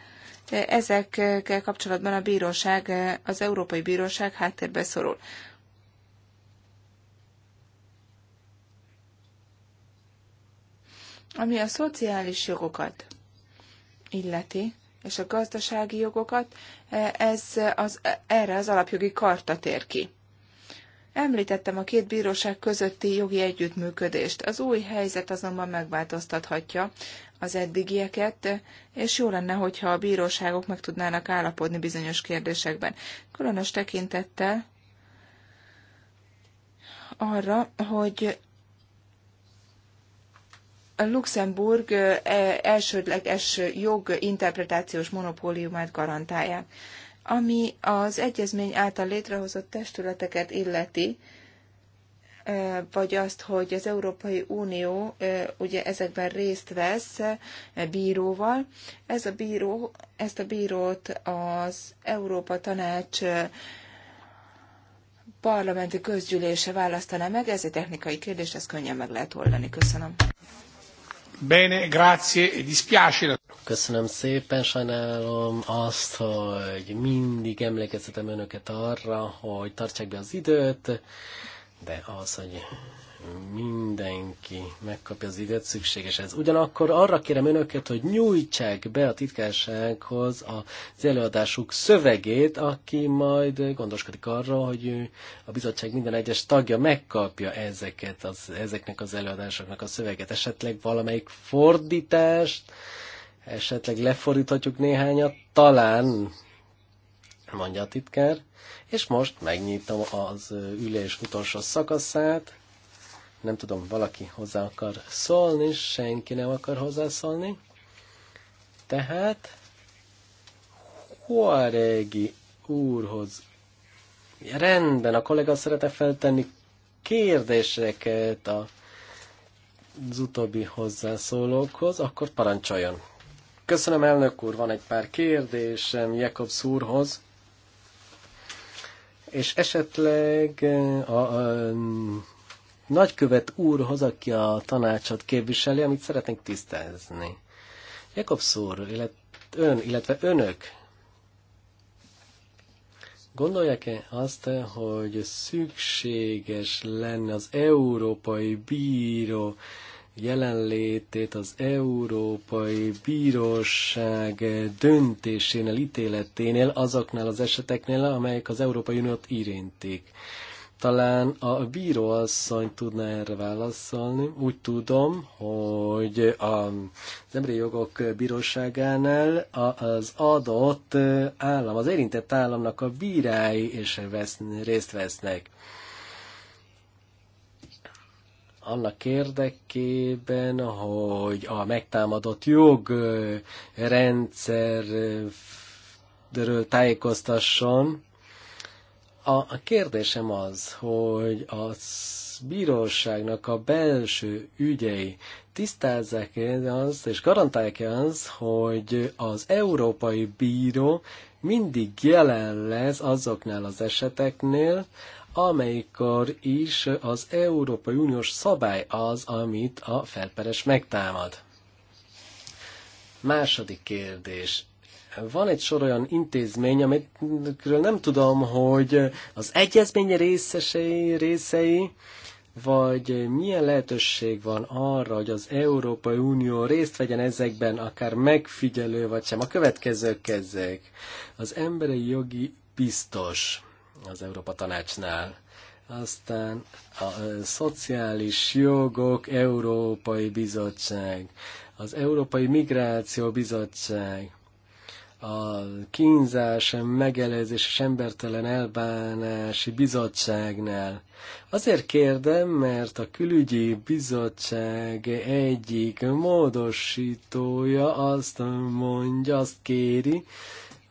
Speaker 3: Ezekkel kapcsolatban a bíróság, az Európai Bíróság háttérbe szorul. Ami a szociális jogokat illeti, és a gazdasági jogokat, ez az, erre az alapjogi karta tér ki. Említettem a két bíróság közötti jogi együttműködést. Az új helyzet azonban megváltoztathatja az eddigieket, és jó lenne, hogyha a bíróságok meg tudnának állapodni bizonyos kérdésekben. Különös tekintettel arra, hogy a Luxemburg eh, elsődleges jog interpretációs monopóliumát garantálják. Ami az egyezmény által létrehozott testületeket illeti, vagy azt, hogy az Európai Unió ugye ezekben részt vesz bíróval. Ez a bíró, ezt a bírót az Európa Tanács parlamenti közgyűlése választaná meg. Ez egy technikai kérdés, ezt könnyen meg lehet oldani. Köszönöm.
Speaker 2: Bene, grazie, e dispiace. Köszönöm szépen, sajnálom azt, hogy mindig emlékeztetem önöket arra, hogy tartsák be az időt, de az, hogy mindenki megkapja az időt szükséges ez. Ugyanakkor arra kérem önöket, hogy nyújtsák be a titkársághoz az előadásuk szövegét, aki majd gondoskodik arra, hogy a bizottság minden egyes tagja megkapja ezeket, az, ezeknek az előadásoknak a szöveget. Esetleg valamelyik fordítást, esetleg lefordíthatjuk néhányat, talán mondja a titkár. És most megnyitom az ülés utolsó szakaszát. Nem tudom, valaki hozzá akar szólni, senki nem akar hozzászólni. Tehát Huaregi úrhoz. Rendben, a kollega szeretne feltenni kérdéseket a, az utóbbi hozzászólókhoz, akkor parancsoljon. Köszönöm, elnök úr, van egy pár kérdésem Jakobs úrhoz. És esetleg a, a, nagykövet hoz aki a tanácsot képviseli, amit szeretnénk tisztázni. Jakobsz úr, illet, ön, illetve önök Gondolják-e azt, hogy szükséges lenne az Európai Bíró jelenlétét az Európai Bíróság döntésénél, ítéleténél, azoknál az eseteknél, amelyek az Európai Uniót érintik? talán a bíróasszony tudna erre válaszolni. Úgy tudom, hogy az emberi jogok bíróságánál az adott állam, az érintett államnak a bírái és vesz, részt vesznek. Annak érdekében, hogy a megtámadott jogrendszerről tájékoztasson, a kérdésem az, hogy a bíróságnak a belső ügyei tisztázzák-e azt, és garantálják-e azt, hogy az európai bíró mindig jelen lesz azoknál az eseteknél, amelyikor is az Európai Uniós szabály az, amit a felperes megtámad. Második kérdés van egy sor olyan intézmény, amikről nem tudom, hogy az egyezmény részesei, részei, vagy milyen lehetőség van arra, hogy az Európai Unió részt vegyen ezekben, akár megfigyelő vagy sem. A következők kezdek. Az emberi jogi biztos az Európa Tanácsnál. Aztán a Szociális Jogok Európai Bizottság, az Európai Migráció Bizottság, a kínzás, megelőzés és embertelen elbánási bizottságnál. Azért kérdem, mert a külügyi bizottság egyik módosítója azt mondja, azt kéri,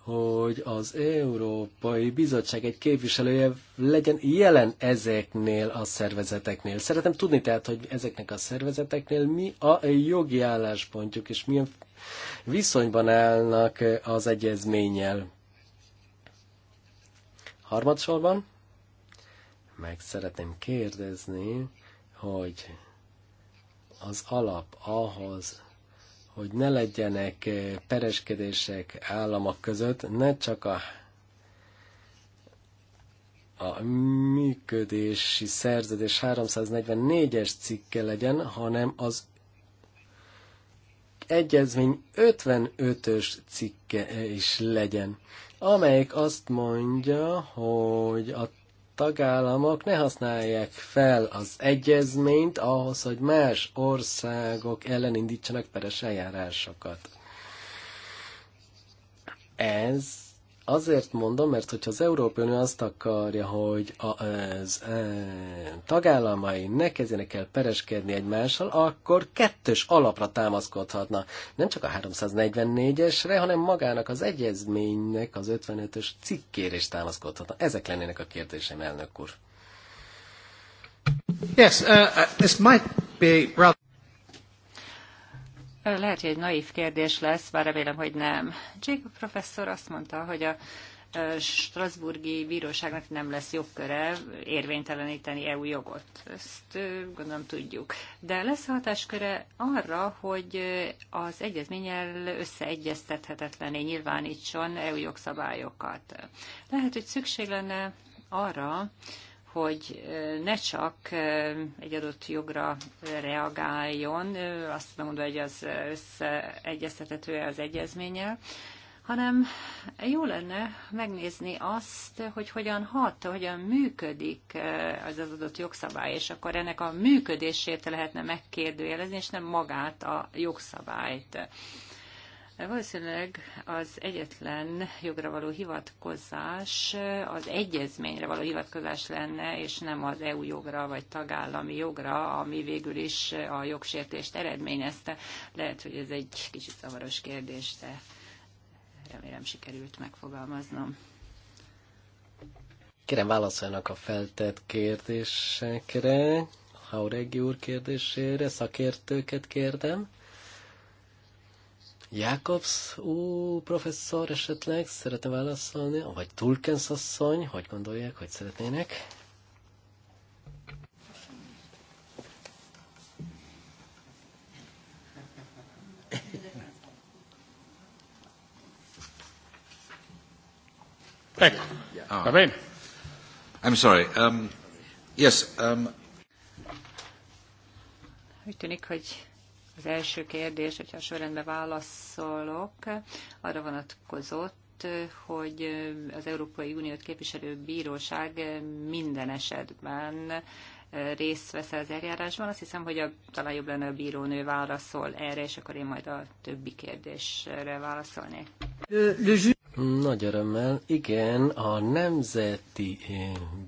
Speaker 2: hogy az Európai Bizottság egy képviselője legyen jelen ezeknél a szervezeteknél. Szeretem tudni tehát, hogy ezeknek a szervezeteknél mi a jogi álláspontjuk, és milyen viszonyban állnak az egyezménnyel. Harmadsorban meg szeretném kérdezni, hogy az alap ahhoz, hogy ne legyenek eh, pereskedések államok között, ne csak a a működési szerződés 344-es cikke legyen, hanem az egyezmény 55-ös cikke eh, is legyen, amelyik azt mondja, hogy a tagállamok ne használják fel az egyezményt ahhoz, hogy más országok ellen indítsanak peres eljárásokat. Ez Azért mondom, mert hogyha az Európai Unió azt akarja, hogy az e, tagállamai ne kezdjenek el pereskedni egymással, akkor kettős alapra támaszkodhatna. Nem csak a 344-esre, hanem magának az egyezménynek az 55-ös cikkére is támaszkodhatna. Ezek lennének a kérdésem, elnök úr.
Speaker 3: Yes, uh, uh this might
Speaker 2: be rather...
Speaker 1: Lehet, hogy egy naív kérdés lesz, bár remélem, hogy nem. Jacob professzor azt mondta, hogy a Strasburgi bíróságnak nem lesz jogköre érvényteleníteni EU jogot. Ezt gondolom tudjuk. De lesz hatásköre arra, hogy az egyezménnyel összeegyeztethetetlené nyilvánítson EU jogszabályokat. Lehet, hogy szükség lenne arra, hogy ne csak egy adott jogra reagáljon, azt tudom mondani, hogy az összeegyeztethető az egyezménnyel, hanem jó lenne megnézni azt, hogy hogyan hat, hogyan működik az az adott jogszabály, és akkor ennek a működését lehetne megkérdőjelezni, és nem magát a jogszabályt. Valószínűleg az egyetlen jogra való hivatkozás az egyezményre való hivatkozás lenne, és nem az EU jogra vagy tagállami jogra, ami végül is a jogsértést eredményezte. Lehet, hogy ez egy kicsit zavaros kérdés, de remélem sikerült megfogalmaznom.
Speaker 2: Kérem válaszoljanak a feltett kérdésekre, Hauregi úr kérdésére, szakértőket kérdem. Jakobs ú, professzor esetleg szeretne válaszolni, vagy Tulkens asszony, hogy gondolják, hogy szeretnének?
Speaker 1: Ecco,
Speaker 3: ah. I'm sorry. Um, yes, um...
Speaker 1: Úgy tűnik, hogy az első kérdés, hogyha sorrendben válaszolok, arra vonatkozott, hogy az Európai Uniót képviselő bíróság minden esetben részt vesz az eljárásban. Azt hiszem, hogy a, talán jobb lenne a bírónő válaszol erre, és akkor én majd a többi kérdésre válaszolnék.
Speaker 2: Nagy örömmel. Igen, a nemzeti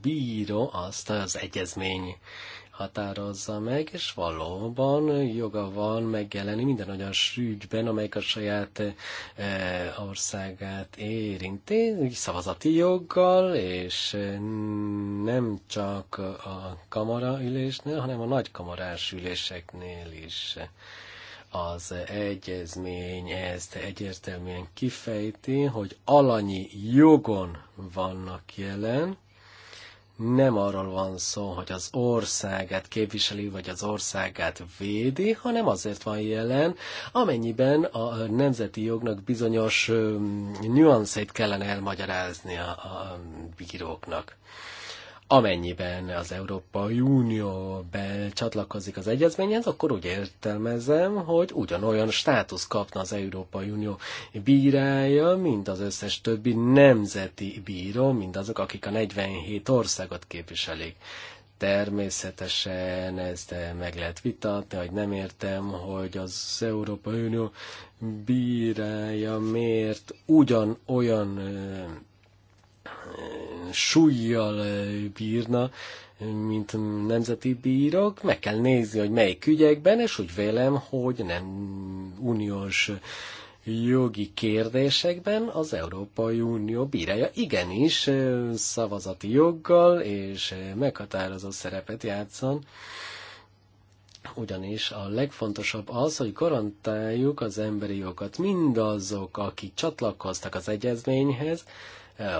Speaker 2: bíró azt az egyezmény határozza meg, és valóban joga van megjelenni minden olyan ügyben, amelyik a saját e, országát érinti, szavazati joggal, és eh, nem csak a ülésnél, hanem a nagykamarás üléseknél is az egyezmény ezt egyértelműen kifejti, hogy alanyi jogon vannak jelen, nem arról van szó, hogy az országát képviseli, vagy az országát védi, hanem azért van jelen, amennyiben a nemzeti jognak bizonyos nüanszeit kellene elmagyarázni a, a bíróknak. Amennyiben az Európai Unió csatlakozik az egyezményhez, akkor úgy értelmezem, hogy ugyanolyan státusz kapna az Európai Unió bírája, mint az összes többi nemzeti bíró, mint azok, akik a 47 országot képviselik. Természetesen ezt meg lehet vitatni, hogy nem értem, hogy az Európai Unió bírája miért ugyanolyan súlyjal bírna, mint nemzeti bírok, meg kell nézni, hogy melyik ügyekben, és úgy vélem, hogy nem uniós jogi kérdésekben az Európai Unió bírája igenis szavazati joggal és meghatározó szerepet játszon ugyanis a legfontosabb az, hogy garantáljuk az emberi jogokat mindazok, akik csatlakoztak az egyezményhez,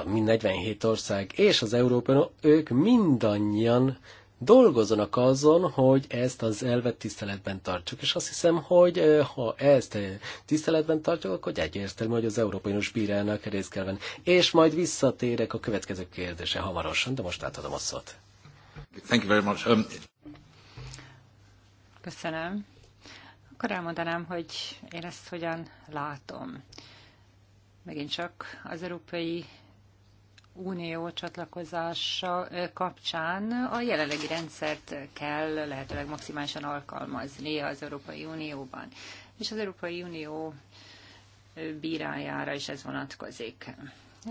Speaker 2: mind 47 ország és az Európai ők mindannyian dolgozzanak azon, hogy ezt az elvet tiszteletben tartsuk. És azt hiszem, hogy ha ezt tiszteletben tartjuk, akkor egyértelmű, hogy az Európai Uniós bírának részt kell venni. És majd visszatérek a következő kérdése hamarosan, de most átadom a szót.
Speaker 3: Thank you very much. Um...
Speaker 1: Köszönöm. Akkor elmondanám, hogy én ezt hogyan látom. Megint csak az Európai Unió csatlakozása kapcsán a jelenlegi rendszert kell lehetőleg maximálisan alkalmazni az Európai Unióban. És az Európai Unió bírájára is ez vonatkozik.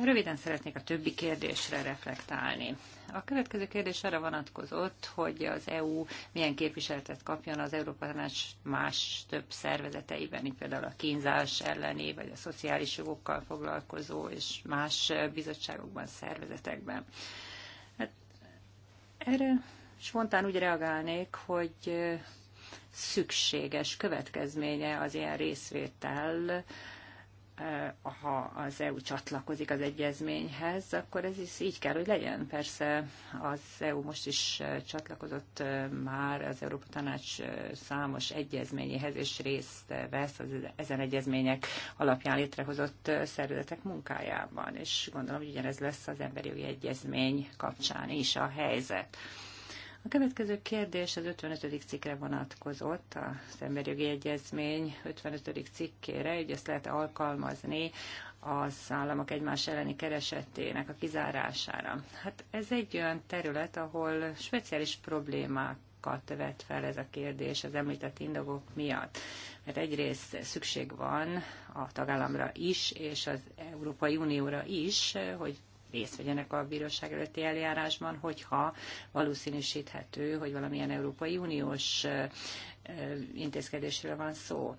Speaker 1: Röviden szeretnék a többi kérdésre reflektálni. A következő kérdés arra vonatkozott, hogy az EU milyen képviseletet kapjon az Európa Tanács más több szervezeteiben, mint például a kínzás elleni, vagy a szociális jogokkal foglalkozó és más bizottságokban, szervezetekben. Hát erre spontán úgy reagálnék, hogy szükséges következménye az ilyen részvétel, Eh, ha az EU csatlakozik az egyezményhez, akkor ez is így kell, hogy legyen. Persze az EU most is eh, csatlakozott eh, már az Európa Tanács számos egyezményéhez, és részt vesz az e- ezen egyezmények alapján létrehozott szervezetek munkájában. És gondolom, hogy ugyanez lesz az emberi jogi egyezmény kapcsán is a helyzet. A következő kérdés az 55. cikkre vonatkozott, a emberjogi egyezmény 55. cikkére, így ezt lehet alkalmazni az államok egymás elleni keresetének a kizárására. Hát ez egy olyan terület, ahol speciális problémák vett fel ez a kérdés az említett indokok miatt. Mert egyrészt szükség van a tagállamra is, és az Európai Unióra is, hogy részt vegyenek a bíróság előtti eljárásban, hogyha valószínűsíthető, hogy valamilyen Európai Uniós intézkedésről van szó.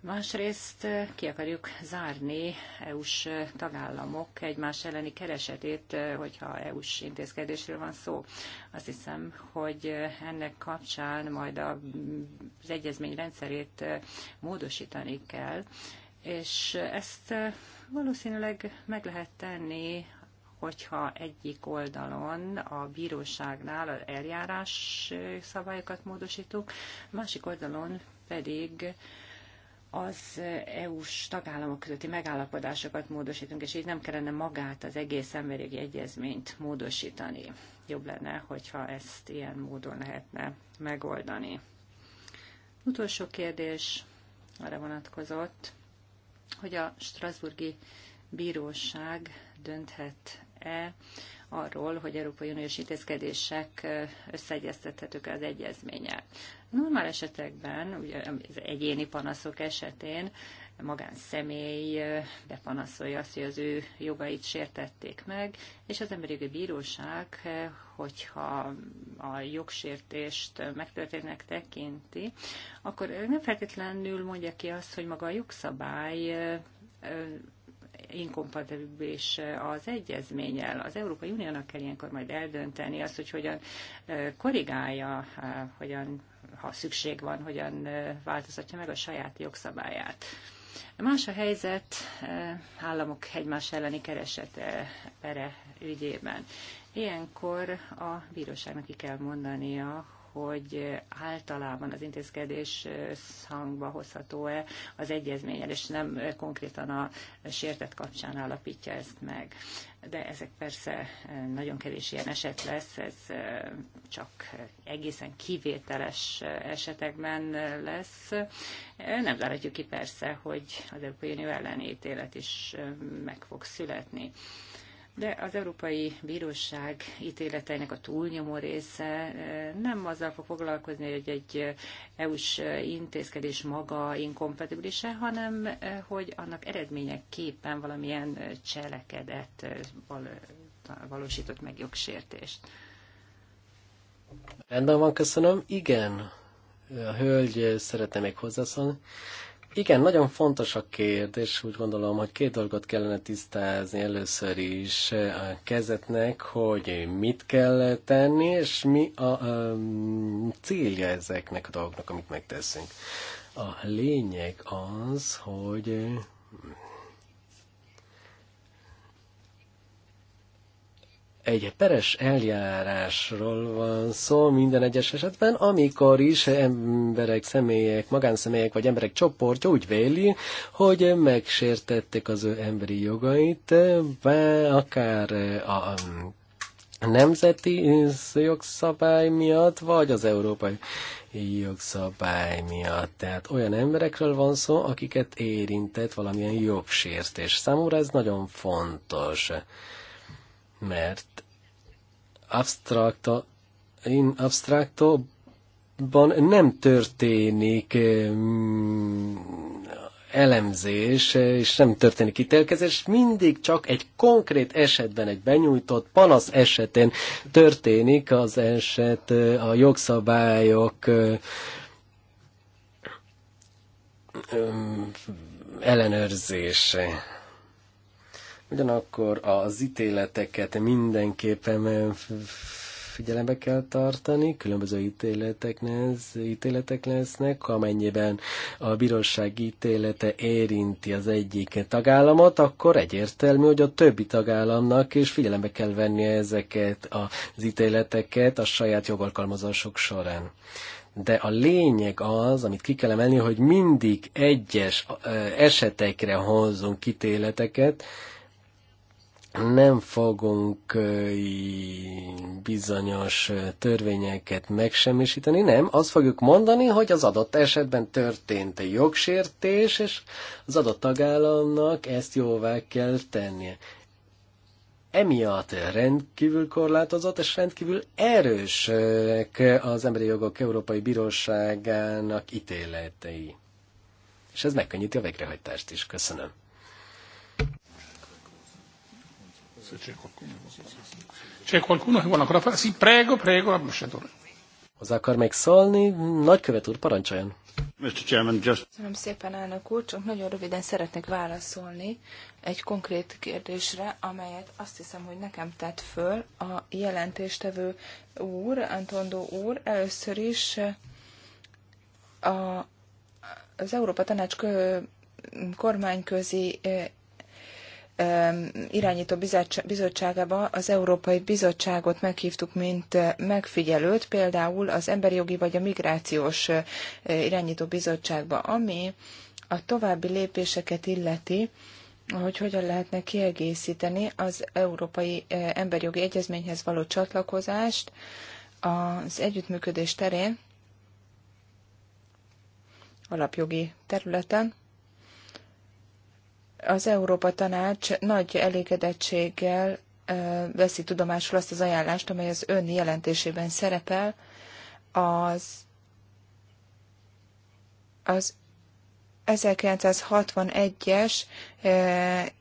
Speaker 1: Másrészt ki akarjuk zárni EU-s tagállamok egymás elleni keresetét, hogyha EU-s intézkedésről van szó. Azt hiszem, hogy ennek kapcsán majd az egyezmény rendszerét módosítani kell, és ezt valószínűleg meg lehet tenni hogyha egyik oldalon a bíróságnál az eljárás szabályokat módosítunk, másik oldalon pedig az EU-s tagállamok közötti megállapodásokat módosítunk, és így nem kellene magát az egész emberi egyezményt módosítani. Jobb lenne, hogyha ezt ilyen módon lehetne megoldani. Utolsó kérdés arra vonatkozott, hogy a Strasburgi Bíróság dönthet e arról, hogy Európai Uniós intézkedések e, összeegyeztethetők az egyezménnyel. Normál esetekben, ugye az egyéni panaszok esetén magánszemély e, bepanaszolja azt, hogy az ő jogait sértették meg, és az emberi jogi bíróság, e, hogyha a jogsértést megtörténnek tekinti, akkor nem feltétlenül mondja ki azt, hogy maga a jogszabály inkompatibilis az egyezménnyel. Az Európai Uniónak kell ilyenkor majd eldönteni azt, hogy hogyan korrigálja, hogyan, ha szükség van, hogyan változtatja meg a saját jogszabályát. Más a helyzet államok egymás elleni keresete pere ügyében. Ilyenkor a bíróságnak ki kell mondania, hogy általában az intézkedés hangba hozható-e az egyezménnyel, és nem konkrétan a sértett kapcsán állapítja ezt meg. De ezek persze nagyon kevés ilyen eset lesz, ez csak egészen kivételes esetekben lesz. Nem zárhatjuk ki persze, hogy az Európai Unió ellenítélet is meg fog születni. De az Európai Bíróság ítéleteinek a túlnyomó része eh, nem azzal fog foglalkozni, hogy egy eh, EU-s eh, intézkedés maga inkompatibilise, hanem hogy annak eredményeképpen valamilyen cselekedet valósított meg jogsértést.
Speaker 2: Rendben van, köszönöm. Igen, a hölgy szeretne még hozzászólni. Igen, nagyon fontos a kérdés, úgy gondolom, hogy két dolgot kellene tisztázni először is a kezetnek, hogy mit kell tenni, és mi a, a um, célja ezeknek a dolgoknak, amit megteszünk. A lényeg az, hogy egy peres eljárásról van szó minden egyes esetben, amikor is emberek, személyek, magánszemélyek vagy emberek csoportja úgy véli, hogy megsértették az ő emberi jogait, akár a nemzeti jogszabály miatt, vagy az európai jogszabály miatt. Tehát olyan emberekről van szó, akiket érintett valamilyen jogsértés. Számomra ez nagyon fontos mert abstrakta, in abstraktóban nem történik mm, elemzés, és nem történik ítélkezés, mindig csak egy konkrét esetben, egy benyújtott panasz esetén történik az eset, a jogszabályok ellenőrzése. Ugyanakkor az ítéleteket mindenképpen figyelembe kell tartani, különböző ítéletek, lesz, ítéletek lesznek, amennyiben a bíróság ítélete érinti az egyik tagállamot, akkor egyértelmű, hogy a többi tagállamnak is figyelembe kell venni ezeket az ítéleteket a saját jogalkalmazások során de a lényeg az, amit ki kell emelni, hogy mindig egyes esetekre hozzunk kitéleteket, nem fogunk bizonyos törvényeket megsemmisíteni, nem, azt fogjuk mondani, hogy az adott esetben történt egy jogsértés, és az adott tagállamnak ezt jóvá kell tennie. Emiatt rendkívül korlátozott és rendkívül erősek az Emberi Jogok Európai Bíróságának ítéletei. És ez megkönnyíti a végrehajtást is. Köszönöm. Se c'è qualcuno. C'è qualcuno che vuole ancora fare? Sì, prego, prego, ambasciatore. Hozzá akar még szólni? Nagykövet úr, parancsoljon. Mr. Chairman, just...
Speaker 3: Köszönöm szépen, elnök úr, csak nagyon röviden szeretnék válaszolni egy konkrét kérdésre, amelyet azt hiszem, hogy nekem tett föl a jelentéstevő úr, Antondó úr. Először is eh, a, az Európa Tanács kormányközi eh, irányító bizottságába az Európai Bizottságot meghívtuk, mint megfigyelőt, például az Emberi Jogi vagy a Migrációs irányító bizottságba, ami a további lépéseket illeti, hogy hogyan lehetne kiegészíteni az Európai Emberi Jogi Egyezményhez való csatlakozást az együttműködés terén, alapjogi területen, az Európa Tanács nagy elégedettséggel veszi tudomásul azt az ajánlást, amely az ön jelentésében szerepel, az, az 1961-es,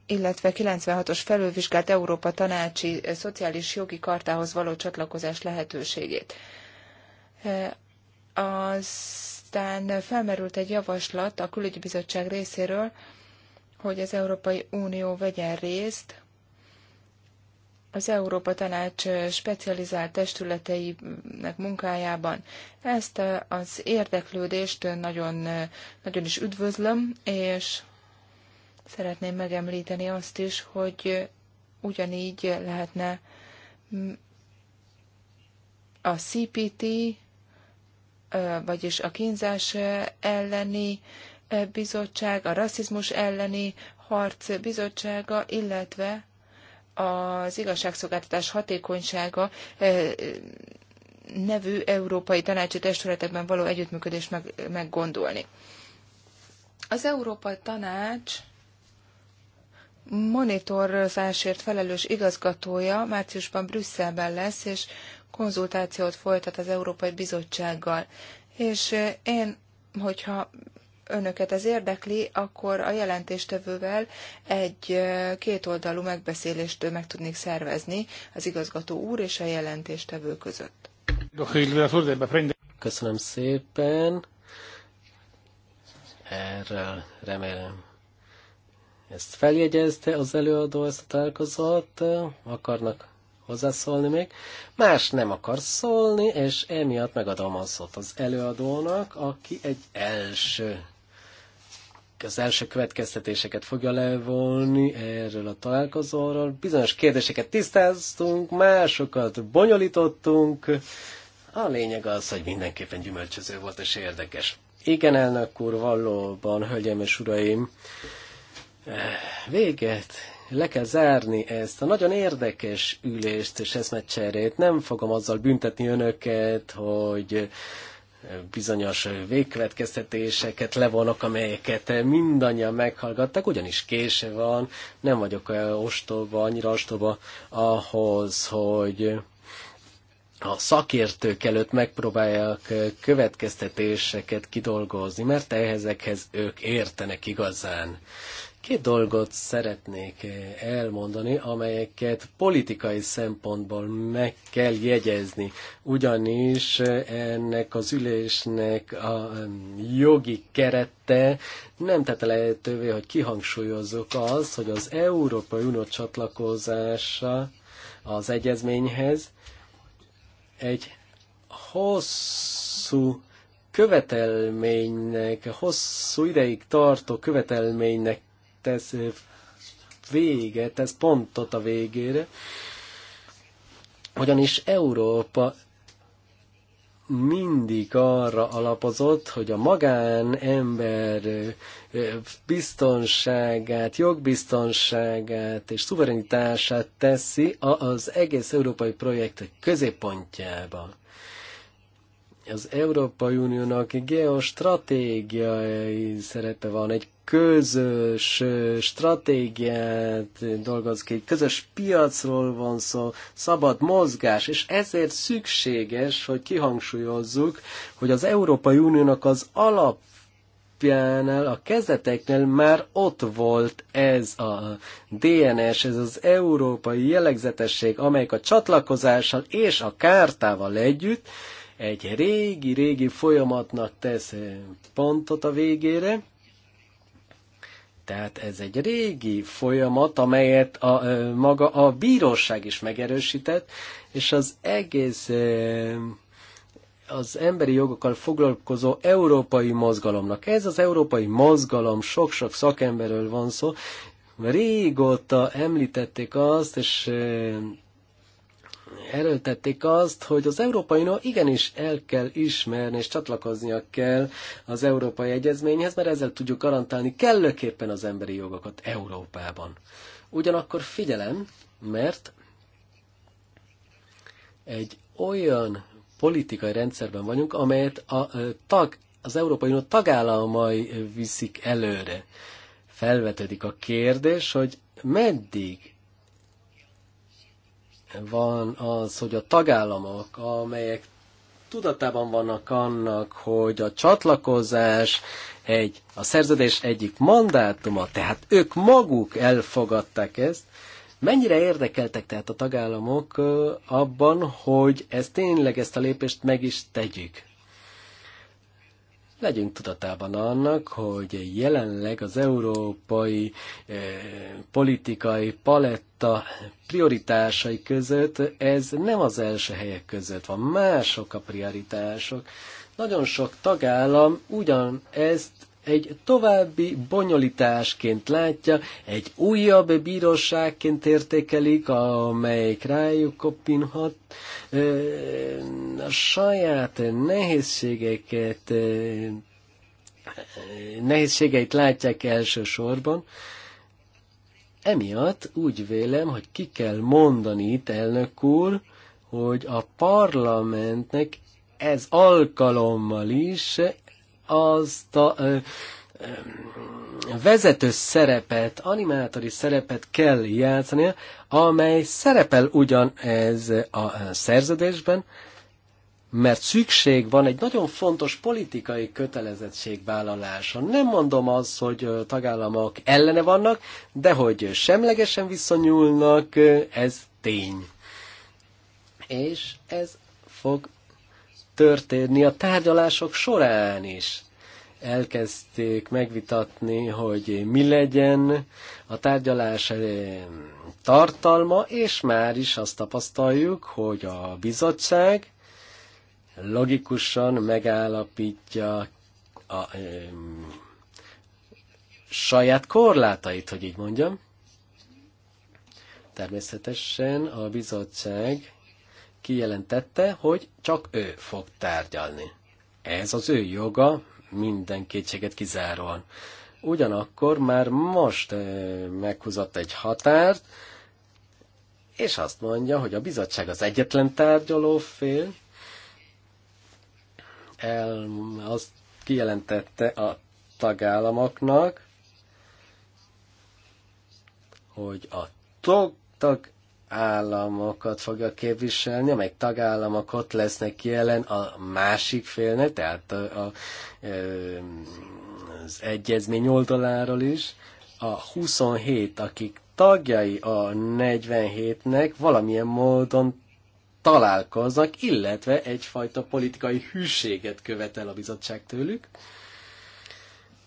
Speaker 3: illetve 96-os felülvizsgált Európa Tanácsi Szociális Jogi Kartához való csatlakozás lehetőségét. Aztán felmerült egy javaslat a külügyi bizottság részéről, hogy az Európai Unió vegyen részt az Európa Tanács specializált testületeinek munkájában. Ezt az érdeklődést nagyon, nagyon is üdvözlöm, és szeretném megemlíteni azt is, hogy ugyanígy lehetne a CPT, vagyis a kínzás elleni bizottság, a rasszizmus elleni harc bizottsága, illetve az igazságszolgáltatás hatékonysága eh, nevű európai tanácsi testületekben való együttműködést meg, meggondolni. Az Európa Tanács monitorozásért felelős igazgatója márciusban Brüsszelben lesz, és konzultációt folytat az Európai Bizottsággal. És eh, én, hogyha önöket ez érdekli, akkor a jelentéstevővel egy kétoldalú megbeszélést meg tudnék szervezni az igazgató úr és a jelentéstevő között.
Speaker 2: Köszönöm szépen. Erről remélem ezt feljegyezte az előadó, ezt a találkozót, akarnak hozzászólni még. Más nem akar szólni, és emiatt megadom a szót az előadónak, aki egy első az első következtetéseket fogja levonni erről a találkozóról. Bizonyos kérdéseket tisztáztunk, másokat bonyolítottunk. A lényeg az, hogy mindenképpen gyümölcsöző volt és érdekes. Igen, elnök úr, valóban, hölgyeim és uraim, eh, véget le kell zárni ezt a nagyon érdekes ülést és eszmecserét. Nem fogom azzal büntetni önöket, hogy bizonyos végkövetkeztetéseket levonok, amelyeket mindannyian meghallgattak, ugyanis késő van, nem vagyok eh, ostoba, annyira ostoba ahhoz, hogy a szakértők előtt megpróbálják eh, következtetéseket kidolgozni, mert ehhezekhez ők értenek igazán. Két dolgot szeretnék elmondani, amelyeket politikai szempontból meg kell jegyezni, ugyanis ennek az ülésnek a jogi kerette nem tette lehetővé, hogy kihangsúlyozzuk azt, hogy az Európai Unió csatlakozása az egyezményhez egy hosszú követelménynek, hosszú ideig tartó követelménynek tesz véget, ez pontot a végére, ugyanis Európa mindig arra alapozott, hogy a magánember biztonságát, jogbiztonságát és szuverenitását teszi az egész európai projekt középpontjába az Európai Uniónak geostratégiai szerepe van, egy közös stratégiát dolgoz ki, közös piacról van szó, szabad mozgás, és ezért szükséges, hogy kihangsúlyozzuk, hogy az Európai Uniónak az alap a kezdeteknél már ott volt ez a DNS, ez az európai jellegzetesség, amelyik a csatlakozással és a kártával együtt egy régi-régi folyamatnak tesz pontot a végére, tehát ez egy régi folyamat, amelyet a, maga a bíróság is megerősített, és az egész az emberi jogokkal foglalkozó európai mozgalomnak. Ez az európai mozgalom, sok-sok szakemberről van szó, régóta említették azt, és erőltették azt, hogy az Európai Unió igenis el kell ismerni és csatlakoznia kell az Európai Egyezményhez, mert ezzel tudjuk garantálni kellőképpen az emberi jogokat Európában. Ugyanakkor figyelem, mert egy olyan politikai rendszerben vagyunk, amelyet a tag, az Európai Unió tagállamai viszik előre. Felvetődik a kérdés, hogy meddig van az, hogy a tagállamok, amelyek tudatában vannak annak, hogy a csatlakozás egy, a szerződés egyik mandátuma, tehát ők maguk elfogadták ezt, Mennyire érdekeltek tehát a tagállamok abban, hogy ez tényleg ezt a lépést meg is tegyük? Legyünk tudatában annak, hogy jelenleg az európai eh, politikai palett a prioritásai között ez nem az első helyek között van, mások a prioritások. Nagyon sok tagállam ugyan ezt egy további bonyolításként látja, egy újabb bíróságként értékelik, amelyik rájuk kopinhat, a saját nehézségeket nehézségeit látják elsősorban, Emiatt úgy vélem, hogy ki kell mondani itt, elnök úr, hogy a parlamentnek ez alkalommal is azt a ö, ö, vezető szerepet, animátori szerepet kell játszania, amely szerepel ugyan ez a szerződésben, mert szükség van egy nagyon fontos politikai kötelezettségvállalásra. Nem mondom azt, hogy tagállamok ellene vannak, de hogy semlegesen viszonyulnak, ez tény. És ez fog történni a tárgyalások során is. Elkezdték megvitatni, hogy mi legyen a tárgyalás tartalma, és már is azt tapasztaljuk, hogy a bizottság logikusan megállapítja a ö, saját korlátait, hogy így mondjam. Természetesen a bizottság kijelentette, hogy csak ő fog tárgyalni. Ez az ő joga minden kétséget kizáróan. Ugyanakkor már most meghúzott egy határt, és azt mondja, hogy a bizottság az egyetlen tárgyaló fél, el, azt kijelentette a tagállamoknak, hogy a tag, tag államokat fogja képviselni, amely tagállamok ott lesznek jelen a másik félnek, tehát a, a, az egyezmény oldaláról is. A 27, akik tagjai a 47-nek valamilyen módon találkoznak, illetve egyfajta politikai hűséget követel a bizottság tőlük.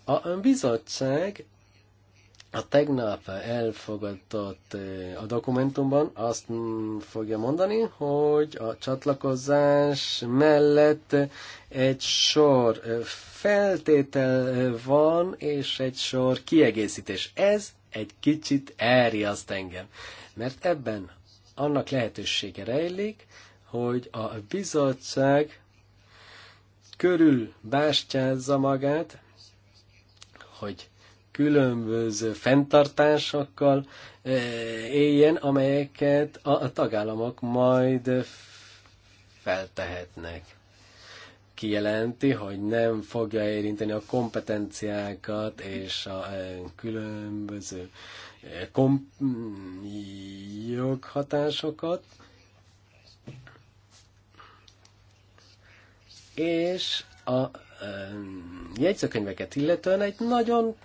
Speaker 2: A bizottság a tegnap elfogadott eh, a dokumentumban azt fogja mondani, hogy a csatlakozás mellett egy sor eh, feltétel eh, van, és egy sor kiegészítés. Ez egy kicsit elriaszt engem, mert ebben annak lehetősége rejlik, hogy a bizottság körül bástyázza magát, hogy különböző fenntartásokkal eh, éljen, amelyeket a tagállamok majd feltehetnek. Kijelenti, hogy nem fogja érinteni a kompetenciákat és a eh, különböző eh, kom- mm, joghatásokat, és a jegyzőkönyveket illetően egy nagyon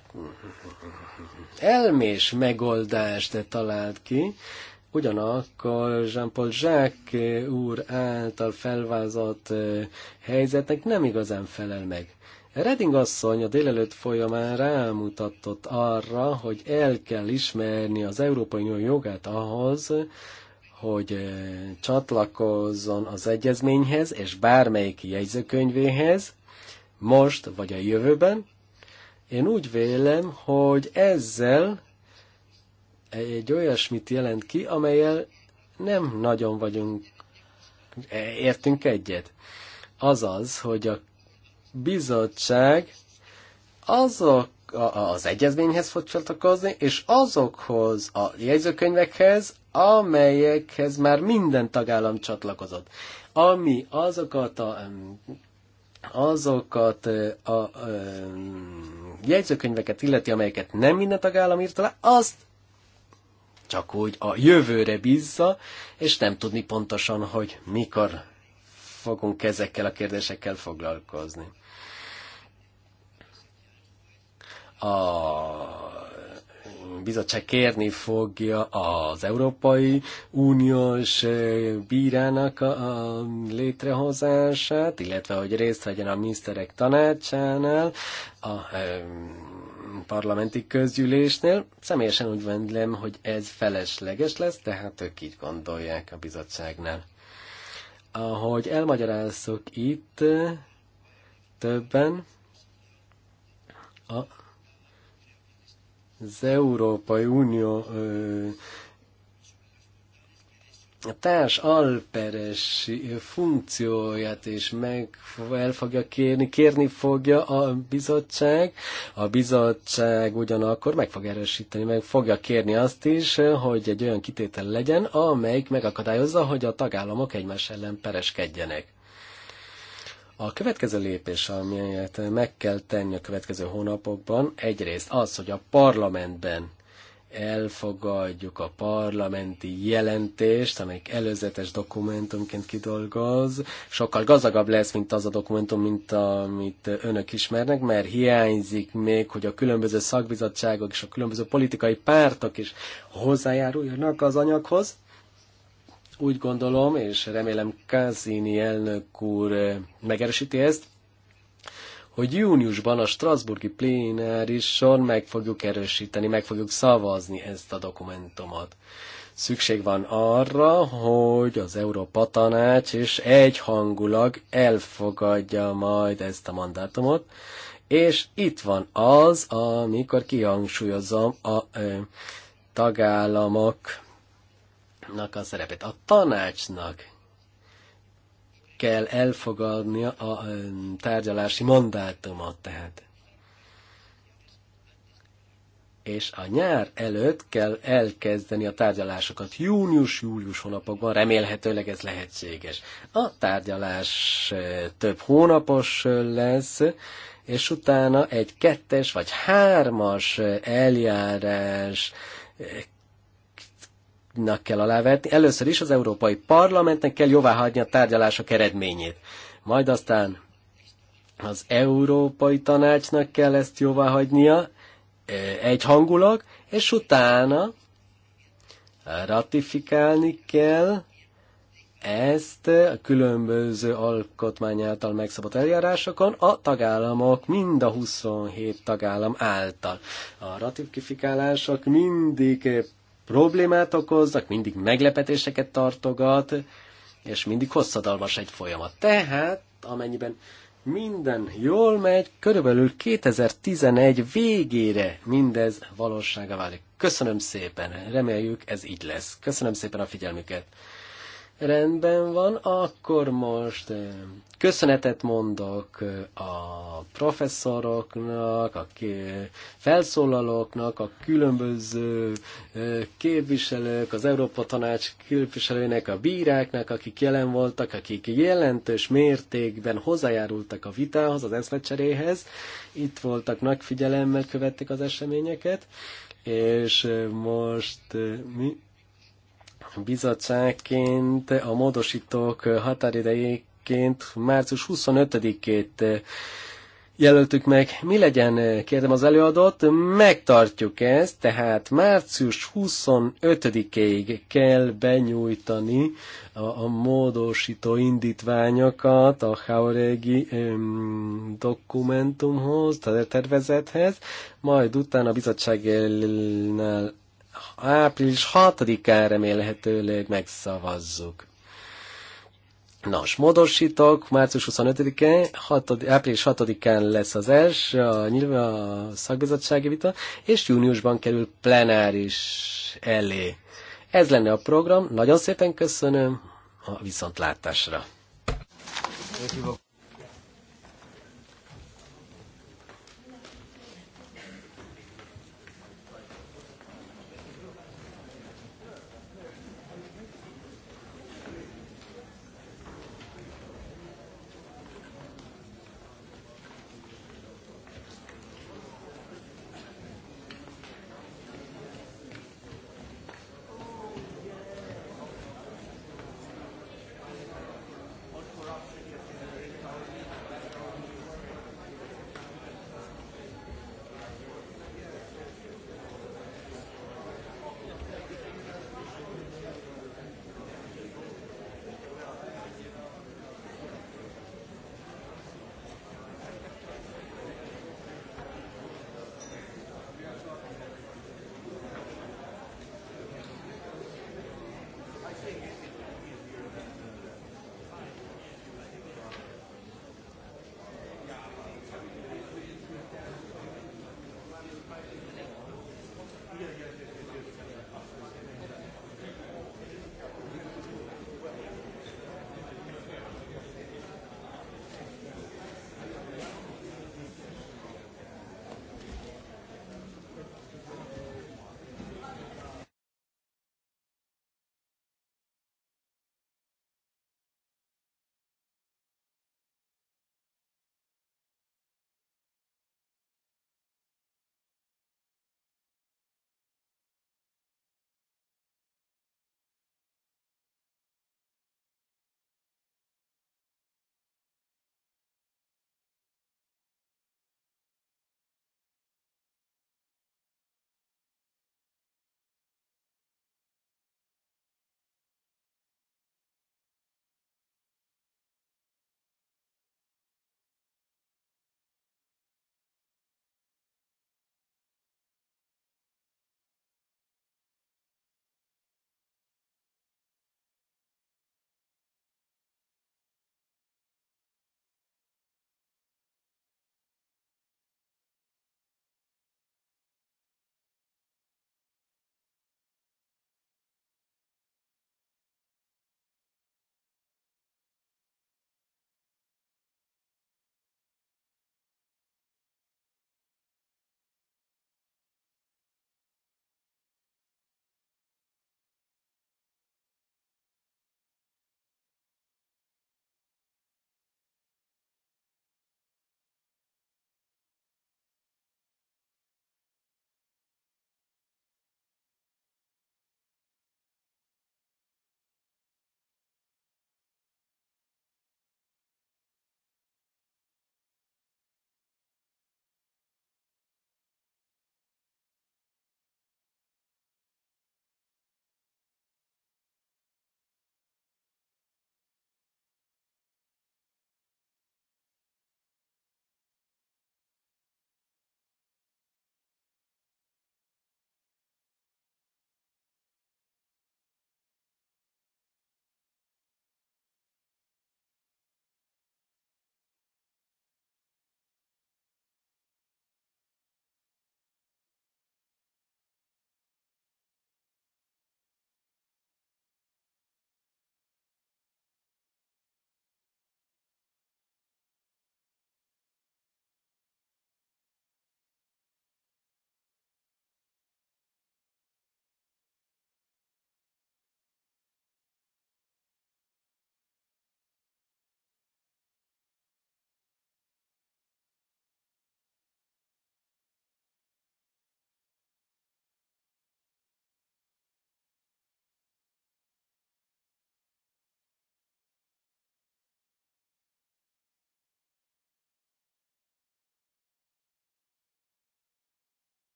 Speaker 2: elmés megoldást talált ki, Ugyanakkor Jean-Paul Jacques úr által felvázolt helyzetnek nem igazán felel meg. Reding asszony a délelőtt folyamán rámutatott arra, hogy el kell ismerni az Európai Unió jogát ahhoz, hogy eh, csatlakozzon az egyezményhez és bármelyik jegyzőkönyvéhez, most vagy a jövőben. Én úgy vélem, hogy ezzel egy olyasmit jelent ki, amelyel nem nagyon vagyunk, e, értünk egyet. Azaz, hogy a bizottság azok az egyezményhez fog csatlakozni, és azokhoz a jegyzőkönyvekhez, amelyekhez már minden tagállam csatlakozott. Ami azokat a azokat a, a, a jegyzőkönyveket illeti, amelyeket nem minden tagállam írt le, azt csak úgy a jövőre bízza, és nem tudni pontosan, hogy mikor fogunk ezekkel a kérdésekkel foglalkozni. a bizottság kérni fogja az Európai Uniós bírának a, létrehozását, illetve hogy részt vegyen a miniszterek tanácsánál, a parlamenti közgyűlésnél. Személyesen úgy vendlem, hogy ez felesleges lesz, tehát ők így gondolják a bizottságnál. Ahogy elmagyarázok itt, többen a az Európai Unió a társ alperes funkcióját is meg el fogja kérni, kérni fogja a bizottság. A bizottság ugyanakkor meg fog erősíteni, meg fogja kérni azt is, hogy egy olyan kitétel legyen, amelyik megakadályozza, hogy a tagállamok egymás ellen pereskedjenek. A következő lépés, amelyet meg kell tenni a következő hónapokban, egyrészt az, hogy a parlamentben elfogadjuk a parlamenti jelentést, amelyik előzetes dokumentumként kidolgoz. Sokkal gazdagabb lesz, mint az a dokumentum, mint amit önök ismernek, mert hiányzik még, hogy a különböző szakbizottságok és a különböző politikai pártok is hozzájáruljanak az anyaghoz. Úgy gondolom, és remélem Kázini elnök úr eh, megerősíti ezt, hogy júniusban a Strasburgi plénárison meg fogjuk erősíteni, meg fogjuk szavazni ezt a dokumentumot. Szükség van arra, hogy az Európa Tanács és egyhangulag elfogadja majd ezt a mandátumot, és itt van az, amikor kihangsúlyozom a ö, eh, tagállamok a szerepét. A tanácsnak kell elfogadnia a tárgyalási mandátumot tehát. És a nyár előtt kell elkezdeni a tárgyalásokat. Június-július hónapokban remélhetőleg ez lehetséges. A tárgyalás több hónapos lesz, és utána egy kettes vagy hármas eljárás nak kell alávetni. Először is az Európai Parlamentnek kell jóváhagyni a tárgyalások eredményét. Majd aztán az Európai Tanácsnak kell ezt jóváhagynia e, egyhangulag, és utána ratifikálni kell ezt a különböző alkotmány által megszabott eljárásokon a tagállamok, mind a 27 tagállam által. A ratifikálások mindig problémát okoznak, mindig meglepetéseket tartogat, és mindig hosszadalmas egy folyamat. Tehát, amennyiben minden jól megy, körülbelül 2011 végére mindez valósága válik. Köszönöm szépen, reméljük ez így lesz. Köszönöm szépen a figyelmüket. Rendben van, akkor most eh, köszönetet mondok eh, a professzoroknak, a felszólalóknak, a különböző eh, képviselők, az Európa Tanács képviselőinek, a bíráknak, akik jelen voltak, akik jelentős mértékben hozzájárultak a vitához, az eszmecseréhez. Itt voltak, nagy figyelemmel követték az eseményeket, és most mi bizottságként a módosítók határidejéként március 25-ét jelöltük meg. Mi legyen, kérdem az előadót, megtartjuk ezt, tehát március 25-ig kell benyújtani a, a módosító indítványokat a Hauregi öm, dokumentumhoz, tehát tervezethez, majd utána a bizottságnál április 6-án remélhetőleg megszavazzuk. Nos, módosítok, március 25-e, április 6-án lesz az első, a, nyilván a szakbizottsági vita, és júniusban kerül plenáris elé. Ez lenne a program, nagyon szépen köszönöm a viszontlátásra.